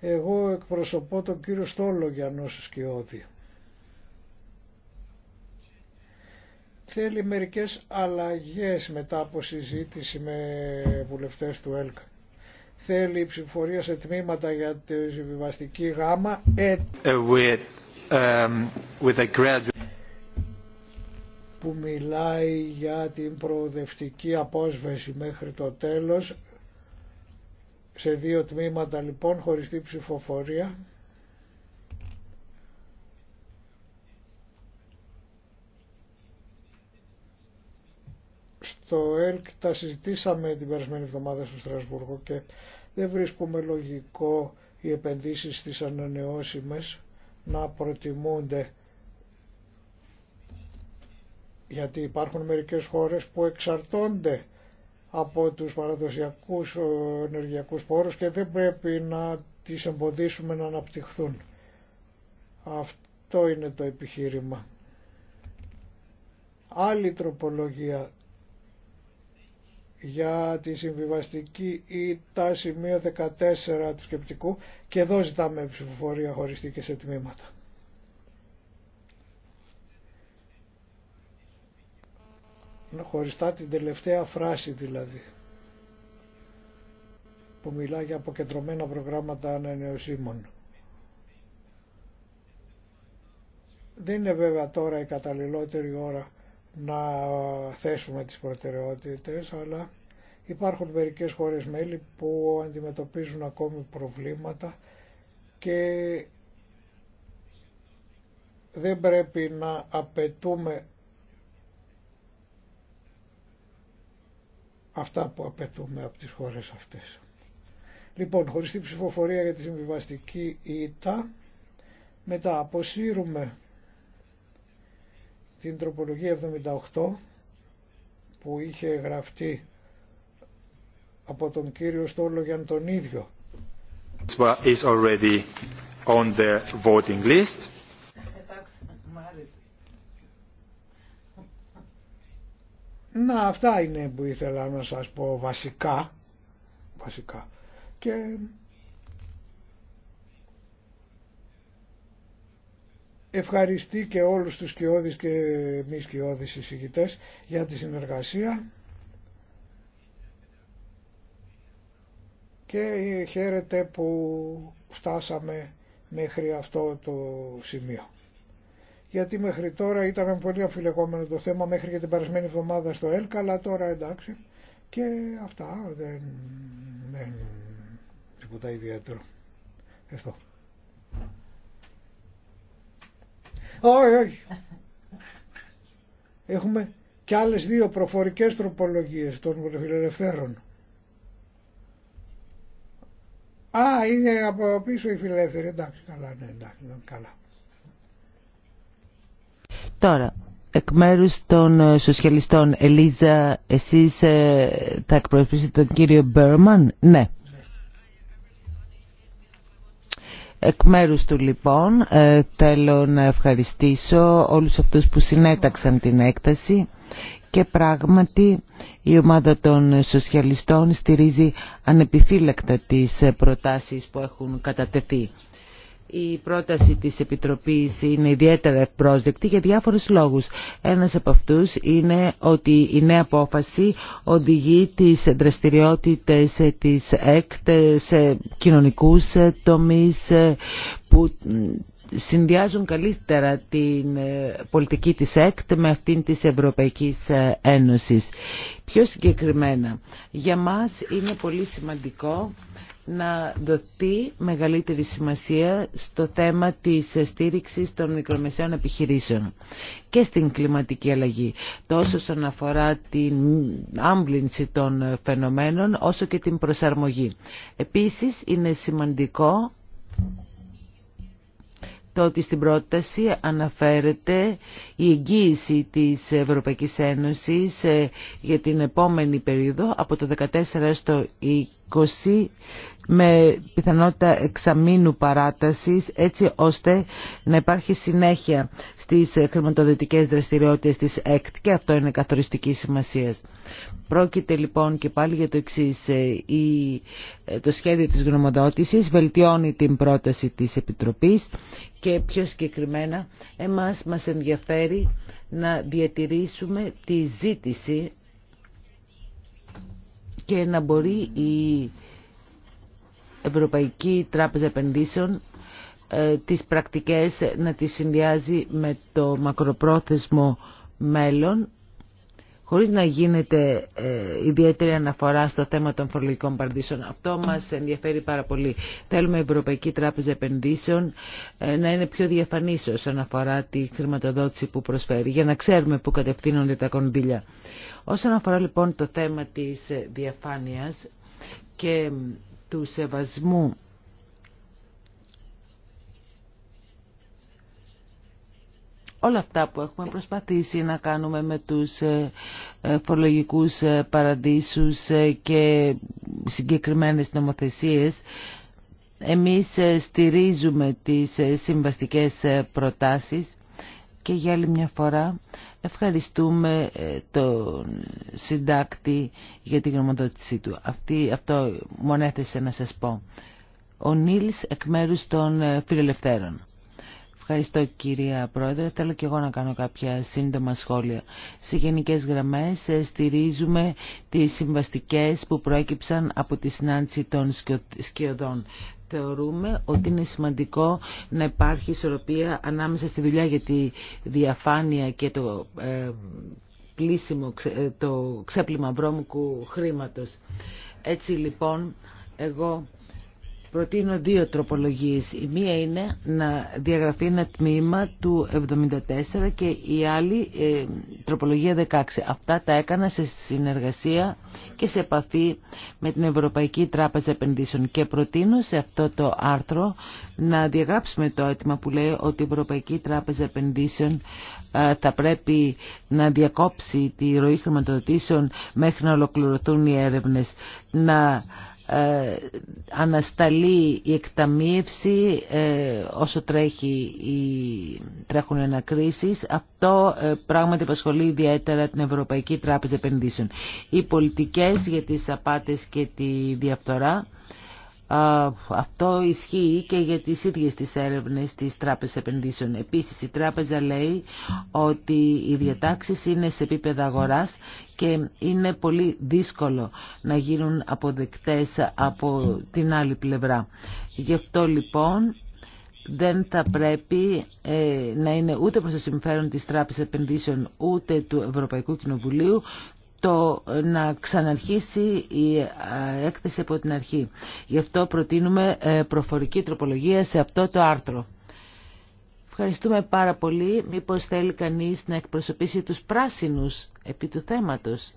Εγώ εκπροσωπώ τον κύριο Στόλογιανό Σκιώδη. θέλει μερικές αλλαγές μετά από συζήτηση με βουλευτές του ΕΛΚ. Θέλει ψηφοφορία σε τμήματα για τη συμβιβαστική γάμα. Ε. Ε, with, um, with a που μιλάει για την προοδευτική απόσβεση μέχρι το τέλος σε δύο τμήματα λοιπόν χωριστή ψηφοφορία στο ΕΛΚ τα συζητήσαμε την περασμένη εβδομάδα στο Στρασβούργο και δεν βρίσκουμε λογικό οι επενδύσεις στις ανανεώσιμες να προτιμούνται γιατί υπάρχουν μερικές χώρες που εξαρτώνται από τους παραδοσιακούς ενεργειακούς πόρους και δεν πρέπει να τις εμποδίσουμε να αναπτυχθούν. Αυτό είναι το επιχείρημα. Άλλη τροπολογία για τη συμβιβαστική ή τα σημεία 14 του σκεπτικού και εδώ ζητάμε ψηφοφορία χωριστή και σε τμήματα. Χωριστά την τελευταία φράση δηλαδή που μιλά για αποκεντρωμένα προγράμματα ανανεωσίμων. Δεν είναι βέβαια τώρα η καταλληλότερη ώρα να θέσουμε τις προτεραιότητες, αλλά υπάρχουν μερικές χώρες μέλη που αντιμετωπίζουν ακόμη προβλήματα και δεν πρέπει να απαιτούμε αυτά που απαιτούμε από τις χώρες αυτές. Λοιπόν, χωρίς ψηφοφορία για τη συμβιβαστική ήττα, μετά αποσύρουμε την τροπολογία 78 που είχε γραφτεί από τον κύριο για τον ίδιο. Is already on the Να, αυτά είναι που ήθελα να σας πω βασικά. βασικά. Και ευχαριστεί και όλους τους σκιώδεις και μη σκιώδεις εισηγητές για τη συνεργασία και χαίρεται που φτάσαμε μέχρι αυτό το σημείο. Γιατί μέχρι τώρα ήταν πολύ αφιλεγόμενο το θέμα μέχρι και την περασμένη εβδομάδα στο ΕΛΚΑ αλλά τώρα εντάξει και αυτά δεν, είναι τίποτα ιδιαίτερο. Ευχαριστώ. Όχι, ε, όχι. Έχουμε και άλλες δύο προφορικές τροπολογίες των φιλελευθέρων. Α, είναι από πίσω η φιλελεύθεροι. Εντάξει, καλά, ναι, εντάξει, ναι, καλά. Τώρα, εκ μέρου των ε, σοσιαλιστών, Ελίζα, εσείς ε, θα εκπροσωπήσετε τον κύριο Μπέρμαν. Ναι. Εκ μέρους του λοιπόν ε, θέλω να ευχαριστήσω όλους αυτούς που συνέταξαν την έκταση και πράγματι η ομάδα των σοσιαλιστών στηρίζει ανεπιφύλακτα τις ε, προτάσεις που έχουν κατατεθεί. Η πρόταση της Επιτροπής είναι ιδιαίτερα ευπρόσδεκτη για διάφορους λόγους. Ένας από αυτούς είναι ότι η νέα απόφαση οδηγεί τις δραστηριότητες της ΕΚΤ σε κοινωνικούς τομείς που συνδυάζουν καλύτερα την πολιτική της ΕΚΤ με αυτήν της Ευρωπαϊκής Ένωσης. Πιο συγκεκριμένα, για μας είναι πολύ σημαντικό να δοθεί μεγαλύτερη σημασία στο θέμα της στήριξης των μικρομεσαίων επιχειρήσεων και στην κλιματική αλλαγή, τόσο όσον αφορά την άμπλυνση των φαινομένων, όσο και την προσαρμογή. Επίσης, είναι σημαντικό το ότι στην πρόταση αναφέρεται η εγγύηση της Ευρωπαϊκής Ένωσης ε, για την επόμενη περίοδο από το 14 το 20 με πιθανότητα εξαμήνου παράτασης έτσι ώστε να υπάρχει συνέχεια στις χρηματοδοτικές δραστηριότητες της ΕΚΤ και αυτό είναι καθοριστική σημασία. Πρόκειται λοιπόν και πάλι για το εξή. Ε, ε, το σχέδιο της γνωμοδότησης βελτιώνει την πρόταση της Επιτροπής και πιο συγκεκριμένα εμάς μας ενδιαφέρει να διατηρήσουμε τη ζήτηση και να μπορεί η Ευρωπαϊκή Τράπεζα Επενδύσεων ε, τις πρακτικές να τις συνδυάζει με το μακροπρόθεσμο μέλλον χωρίς να γίνεται ε, ιδιαίτερη αναφορά στο θέμα των φορολογικών παρδίσεων. Αυτό μας ενδιαφέρει πάρα πολύ. Θέλουμε η Ευρωπαϊκή Τράπεζα Επενδύσεων ε, να είναι πιο διαφανής όσον αφορά τη χρηματοδότηση που προσφέρει, για να ξέρουμε πού κατευθύνονται τα κονδύλια. Όσον αφορά λοιπόν το θέμα της ε, διαφάνειας και του σεβασμού όλα αυτά που έχουμε προσπαθήσει να κάνουμε με τους ε, ε, φορολογικούς ε, παραδείσους και συγκεκριμένες νομοθεσίες, εμείς στηρίζουμε τις συμβαστικές προτάσεις και για άλλη μια φορά ευχαριστούμε τον συντάκτη για την γνωμοδότησή του. Αυτή, αυτό μονέθεσε να σας πω. Ο Νίλς εκ μέρους των φιλελευθέρων. Ευχαριστώ κυρία Πρόεδρε. Θέλω και εγώ να κάνω κάποια σύντομα σχόλια. Σε γενικές γραμμές ε, στηρίζουμε τις συμβαστικές που προέκυψαν από τη συνάντηση των σκιωδών. Θεωρούμε ότι είναι σημαντικό να υπάρχει ισορροπία ανάμεσα στη δουλειά για τη διαφάνεια και το ε, πλήσιμο, ε, το ξέπλυμα βρώμικου χρήματος. Έτσι λοιπόν εγώ Προτείνω δύο τροπολογίες. Η μία είναι να διαγραφεί ένα τμήμα του 74 και η άλλη ε, τροπολογία 16. Αυτά τα έκανα σε συνεργασία και σε επαφή με την Ευρωπαϊκή Τράπεζα Επενδύσεων και προτείνω σε αυτό το άρθρο να διαγράψουμε το αίτημα που λέει ότι η Ευρωπαϊκή Τράπεζα Επενδύσεων ε, θα πρέπει να διακόψει τη ροή χρηματοδοτήσεων μέχρι να ολοκληρωθούν οι έρευνες, να ε, ανασταλεί η εκταμίευση ε, όσο τρέχει η, τρέχουν ανακρίσεις. Αυτό ε, πράγματι απασχολεί ιδιαίτερα την Ευρωπαϊκή Τράπεζα Επενδύσεων. Οι πολιτικές για τις απάτες και τη διαφθορά αυτό ισχύει και για τις ίδιες τις έρευνες της Τράπεζας Επενδύσεων. Επίσης η Τράπεζα λέει ότι οι διατάξεις είναι σε επίπεδα αγοράς και είναι πολύ δύσκολο να γίνουν αποδεκτές από την άλλη πλευρά. Γι' αυτό λοιπόν δεν θα πρέπει ε, να είναι ούτε προς το συμφέρον της Τράπεζας Επενδύσεων ούτε του Ευρωπαϊκού Κοινοβουλίου το να ξαναρχίσει η έκθεση από την αρχή. Γι' αυτό προτείνουμε ε, προφορική τροπολογία σε αυτό το άρθρο. Ευχαριστούμε πάρα πολύ. Μήπως θέλει κανείς να εκπροσωπήσει τους πράσινους επί του θέματος.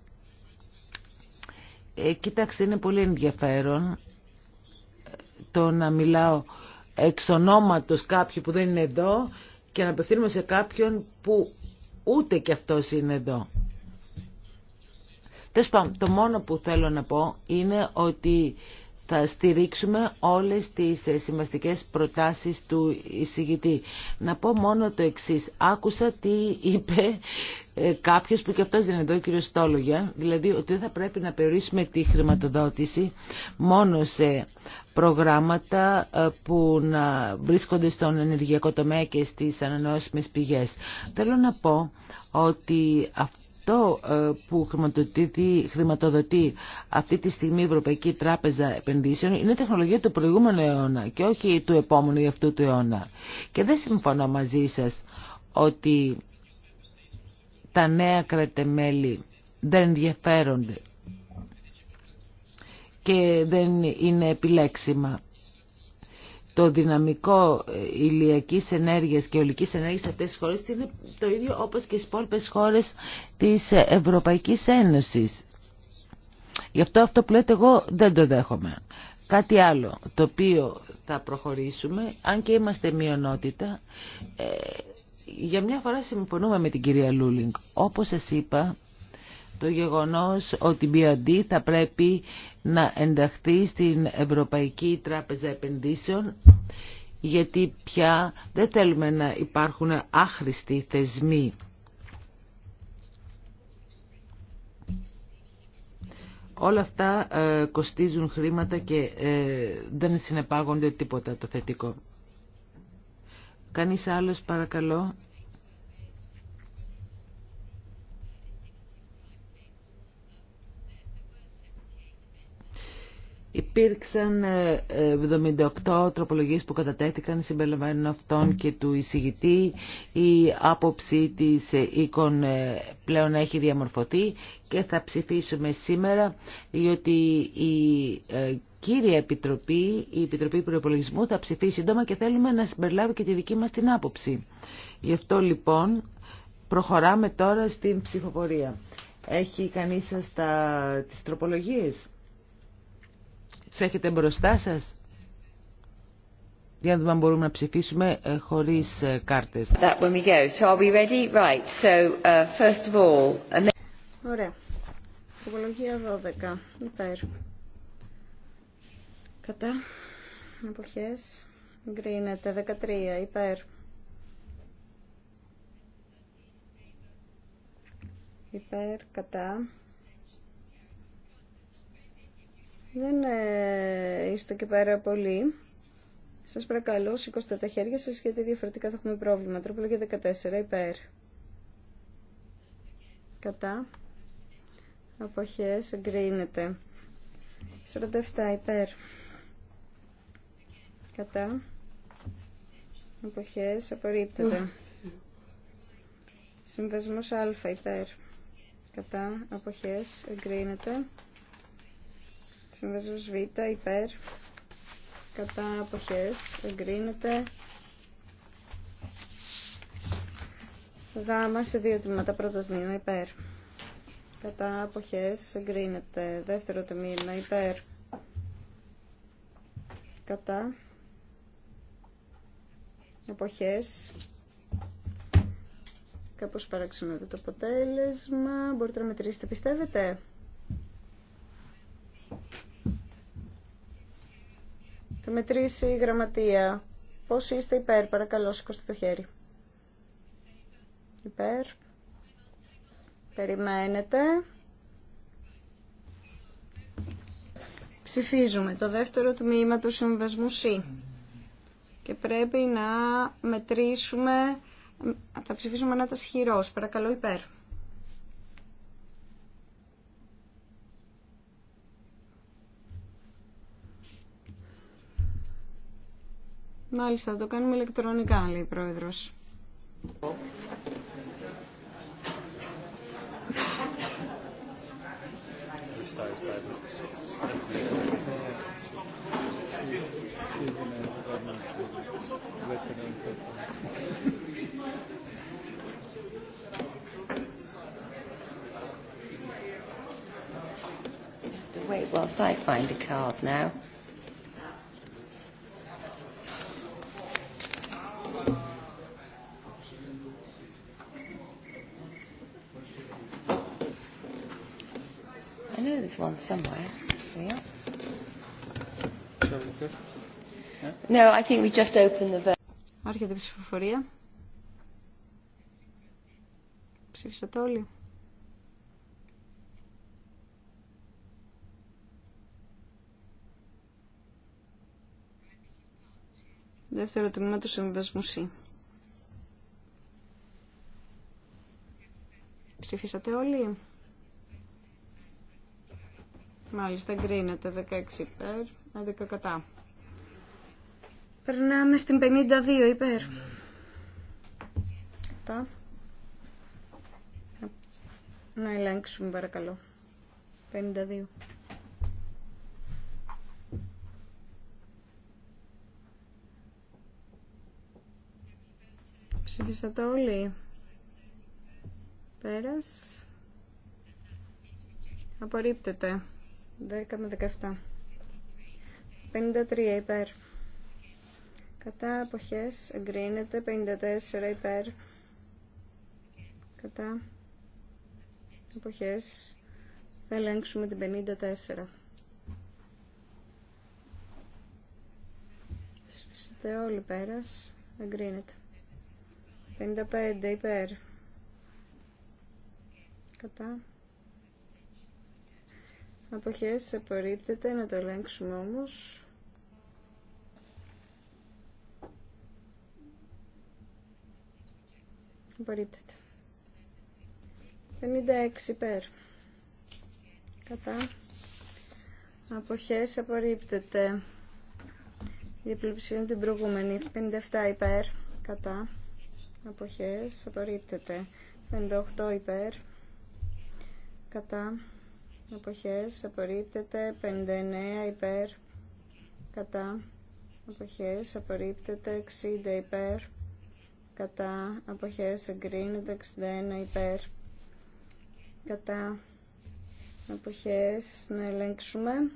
Ε, κοίταξε, είναι πολύ ενδιαφέρον ε, το να μιλάω εξ ονόματος κάποιου που δεν είναι εδώ και να απευθύνουμε σε κάποιον που ούτε και αυτός είναι εδώ. Τέλος το μόνο που θέλω να πω είναι ότι θα στηρίξουμε όλες τις ε, σημαστικές προτάσεις του εισηγητή. Να πω μόνο το εξής. Άκουσα τι είπε ε, κάποιος που και αυτός δεν είναι εδώ, ο Στόλογια, δηλαδή ότι δεν θα πρέπει να περιορίσουμε τη χρηματοδότηση μόνο σε προγράμματα ε, που να βρίσκονται στον ενεργειακό τομέα και στις ανανεώσιμες πηγές. Θέλω να πω ότι αυτό ε, που χρηματοδοτεί αυτή τη στιγμή η Ευρωπαϊκή Τράπεζα Επενδύσεων είναι τεχνολογία του προηγούμενου αιώνα και όχι του επόμενου ή αυτού του αιώνα. Και δεν συμφωνώ μαζί σας ότι τα νέα κρατεμέλη δεν ενδιαφέρονται και δεν είναι επιλέξιμα το δυναμικό ε, ηλιακής ενέργειας και ολικής ενέργειας σε αυτές τις χώρες είναι το ίδιο όπως και στις υπόλοιπες χώρες της ε, Ευρωπαϊκής Ένωσης. Γι' αυτό αυτό που λέτε εγώ δεν το δέχομαι. Κάτι άλλο το οποίο θα προχωρήσουμε, αν και είμαστε μειονότητα, ε, για μια φορά συμφωνούμε με την κυρία Λούλινγκ. Όπως σας είπα, το γεγονός ότι η BRD θα πρέπει να ενταχθεί στην Ευρωπαϊκή Τράπεζα Επενδύσεων γιατί πια δεν θέλουμε να υπάρχουν άχρηστοι θεσμοί. Όλα αυτά ε, κοστίζουν χρήματα και ε, δεν συνεπάγονται τίποτα το θετικό. Κανείς άλλος παρακαλώ. Υπήρξαν 78 ε, τροπολογίες που κατατέθηκαν συμπεριλαμβάνουν αυτών και του εισηγητή. Η άποψη της ε, οίκων ε, πλέον έχει διαμορφωθεί και θα ψηφίσουμε σήμερα διότι η κύρια επιτροπή, η Επιτροπή Προπολογισμού θα ψηφίσει σύντομα και θέλουμε να συμπεριλάβει και τη δική μας την άποψη. Γι' αυτό λοιπόν προχωράμε τώρα στην ψηφοφορία. Έχει κανείς σας τα... τις τροπολογίες. Τις έχετε μπροστά σας. Για να δούμε αν μπορούμε να ψηφίσουμε ε, χωρίς ε, κάρτες. So Right. So uh, all... Ωραία. Υπολογία 12. Υπέρ. Κατά. Αποχές. Γκρίνεται. 13. Υπέρ. Υπέρ. Κατά. Δεν ε, είστε και πάρα πολύ. Σας παρακαλώ, σηκώστε τα χέρια σας γιατί διαφορετικά θα έχουμε πρόβλημα. Τροπολογία 14, υπέρ. Κατά. Αποχές, εγκρίνεται. 47, υπέρ. Κατά. Αποχές, απορρίπτεται. Συμβασμός α, υπέρ. Κατά. Αποχές, εγκρίνεται. Συμβασμός Β υπέρ κατά αποχές εγκρίνεται γάμα σε δύο τμήματα πρώτο τμήμα υπέρ κατά αποχές εγκρίνεται δεύτερο τμήμα υπέρ κατά αποχές, κάπως παραξενώ το αποτέλεσμα μπορείτε να μετρήσετε πιστεύετε Θα μετρήσει η γραμματεία. Πώς είστε υπέρ, παρακαλώ, σηκώστε το χέρι. Υπέρ. Περιμένετε. Ψηφίζουμε το δεύτερο τμήμα του συμβασμού C. Και πρέπει να μετρήσουμε, θα ψηφίσουμε ένα σχηρός. Παρακαλώ υπέρ. Μάλιστα, το κάνουμε ηλεκτρονικά, λέει η Πρόεδρος. Wait whilst I find a card now. Άρχεται η ψηφοφορία. Ψήφισατε όλοι. Δεύτερο τμήμα του Ψήφισατε όλοι. Μάλιστα, γκρίνεται 16 υπέρ, 11 κατά. Περνάμε στην 52 υπέρ. Κατά. Να ελέγξουμε παρακαλώ. 52. Ψήφισατε όλοι. Πέρας. Απορρίπτεται. 10 με 17. 53 υπέρ. Κατά εποχές εγκρίνεται 54 υπέρ. Κατά εποχές θα ελέγξουμε την 54. τε όλοι πέρας. Εγκρίνεται. 55 υπέρ. Κατά Αποχές απορρίπτεται, να το ελέγξουμε όμως. Απορρίπτεται. 56 υπέρ. Κατά. Αποχές απορρίπτεται. Η είναι την προηγούμενη. 57 υπέρ. Κατά. Αποχές απορρίπτεται. 58 υπέρ. Κατά εποχές απορρίπτεται 59 υπέρ κατά εποχές απορρίπτεται 60 υπέρ κατά εποχές εγκρίνεται 61 υπέρ κατά εποχές να ελέγξουμε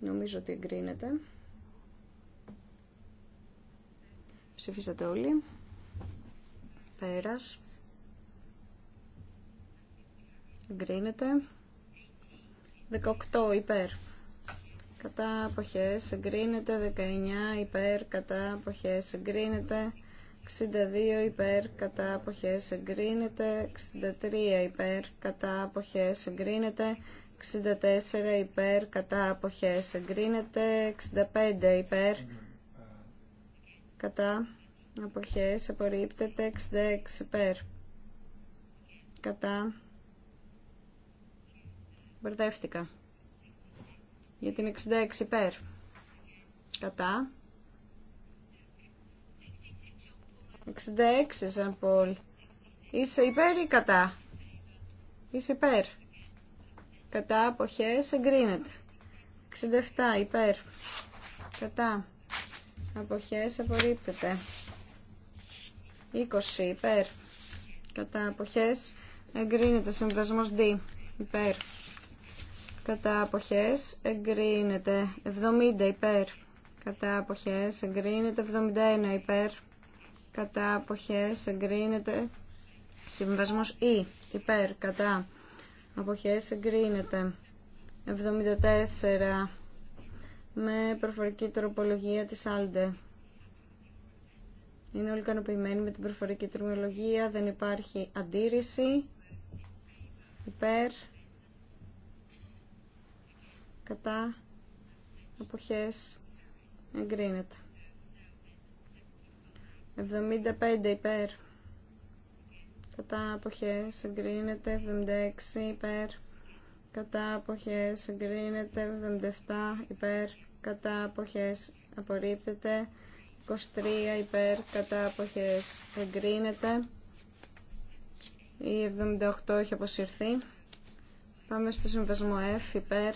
νομίζω ότι εγκρίνεται ψηφίσατε όλοι πέρας εγκρίνεται 18 υπέρ. Κατά αποχές εγκρίνεται 19 υπέρ. Κατά αποχές εγκρίνεται 62 υπέρ. Κατά αποχές εγκρίνεται 63 υπέρ. Κατά αποχές εγκρίνεται 64 υπέρ. Κατά αποχές εγκρίνεται 65 υπέρ. Κατά αποχές απορρίπτεται 66 υπέρ. Κατά Μπερδεύτηκα. Για την 66 υπέρ. Κατά. 66 σαν πόλ. Είσαι υπέρ ή κατά. Είσαι υπέρ. Κατά αποχές εγκρίνεται. 67 υπέρ. Κατά. Αποχές απορρίπτεται. 20 υπέρ. Κατά αποχές εγκρίνεται συμβασμός D. Υπέρ κατά αποχές εγκρίνεται 70 υπέρ κατά αποχές εγκρίνεται 71 υπέρ κατά αποχές εγκρίνεται συμβασμός Ι υπέρ κατά αποχές εγκρίνεται 74 με προφορική τροπολογία της Άλντε. Είναι όλοι ικανοποιημένοι με την προφορική τροπολογία, δεν υπάρχει αντίρρηση. Υπέρ κατά αποχές εγκρίνεται 75 υπέρ κατά αποχές εγκρίνεται 76 υπέρ κατά αποχές εγκρίνεται 77 υπέρ κατά αποχές απορρίπτεται 23 υπέρ κατά αποχές εγκρίνεται η 78 έχει αποσυρθεί πάμε στο συμβασμό F υπέρ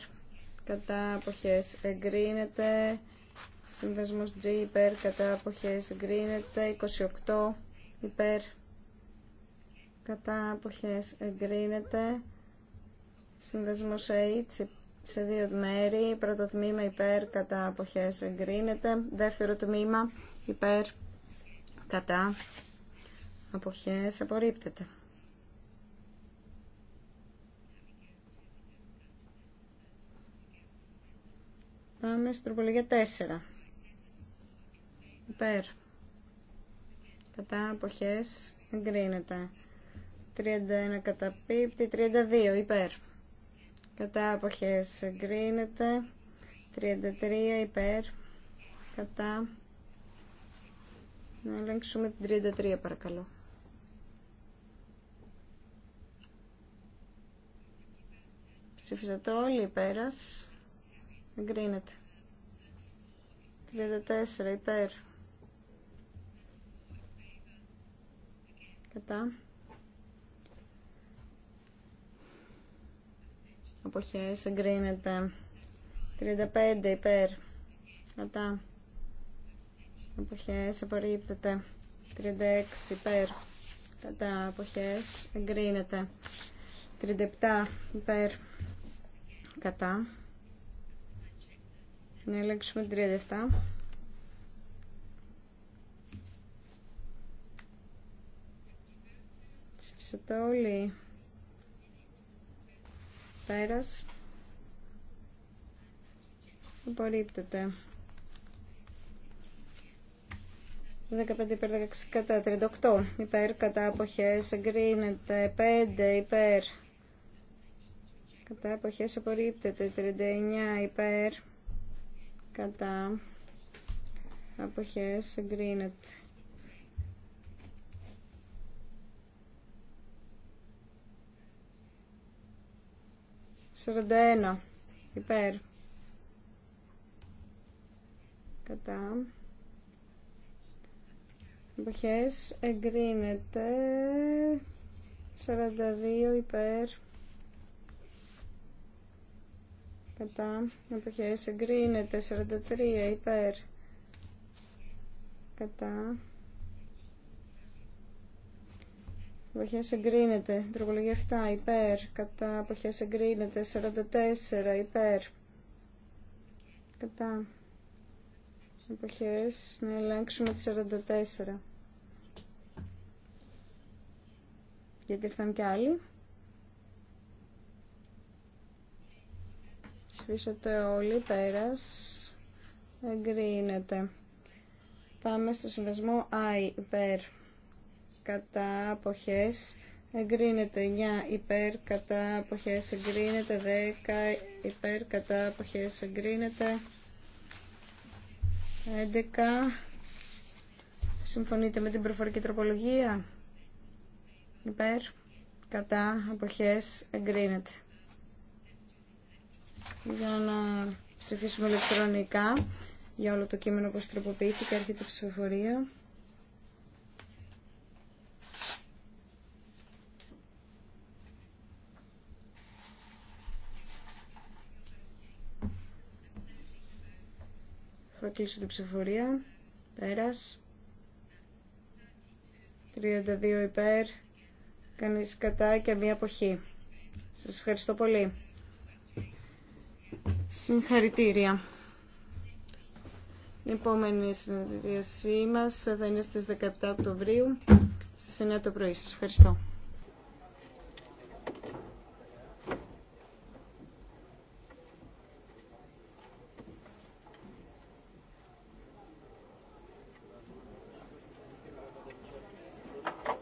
κατά αποχές εγκρίνεται. Συνδεσμός G υπέρ κατά αποχές εγκρίνεται. 28 υπέρ κατά αποχές εγκρίνεται. Συνδεσμός H σε δύο μέρη. Πρώτο τμήμα υπέρ κατά αποχές εγκρίνεται. Δεύτερο τμήμα υπέρ κατά αποχές απορρίπτεται. Πάμε στην τροπολογία 4. Υπέρ. Κατά αποχές εγκρίνεται. 31 καταπίπτει, 32 υπέρ. Κατά αποχές εγκρίνεται. 33 υπέρ. Κατά. Να ελέγξουμε την 33 παρακαλώ. το όλοι πέρας. Εγκρίνεται. 34 υπέρ. Κατά. Αποχές εγκρίνεται. 35 υπέρ. Κατά. Αποχές απορρίπτεται. 36 υπέρ. Κατά. Αποχές εγκρίνεται. 37 υπέρ. Κατά. Να ελέγξουμε την 37. Ψηφίσατε όλοι. Πέρας. Απορρίπτεται. 15 υπέρ 16 κατά 38 υπέρ κατά αποχές εγκρίνεται 5 υπέρ κατά αποχές απορρίπτεται 39 υπέρ κατά αποχές εγκρίνεται. Σαρανταένα, υπέρ, κατά, αποχές εγκρίνεται, 42 υπέρ, κατά σε εγκρίνεται 43 υπέρ κατά εποχές εγκρίνεται τροπολογία 7 υπέρ κατά σε εγκρίνεται 44 υπέρ κατά εποχές να ελέγξουμε τη 44 γιατί ήρθαν και άλλοι Ψηφίσατε όλοι πέρας. Εγκρίνεται. Πάμε στο συμβασμό I υπέρ κατά αποχές. Εγκρίνεται 9 υπέρ κατά αποχές. Εγκρίνεται 10 υπέρ κατά αποχές. Εγκρίνεται 11. Συμφωνείτε με την προφορική τροπολογία. Υπέρ κατά αποχές. Εγκρίνεται για να ψηφίσουμε ηλεκτρονικά για όλο το κείμενο που τροποποιήθηκε έρχεται η ψηφοφορία. Θα κλείσω την ψηφοφορία. Πέρας. 32 υπέρ. Κανείς κατά και μία αποχή. Σας ευχαριστώ πολύ. Συγχαρητήρια. Η επόμενη συνεδρίασή μα. θα είναι στι 17 Οκτωβρίου στι 9 το πρωί. Σα ευχαριστώ.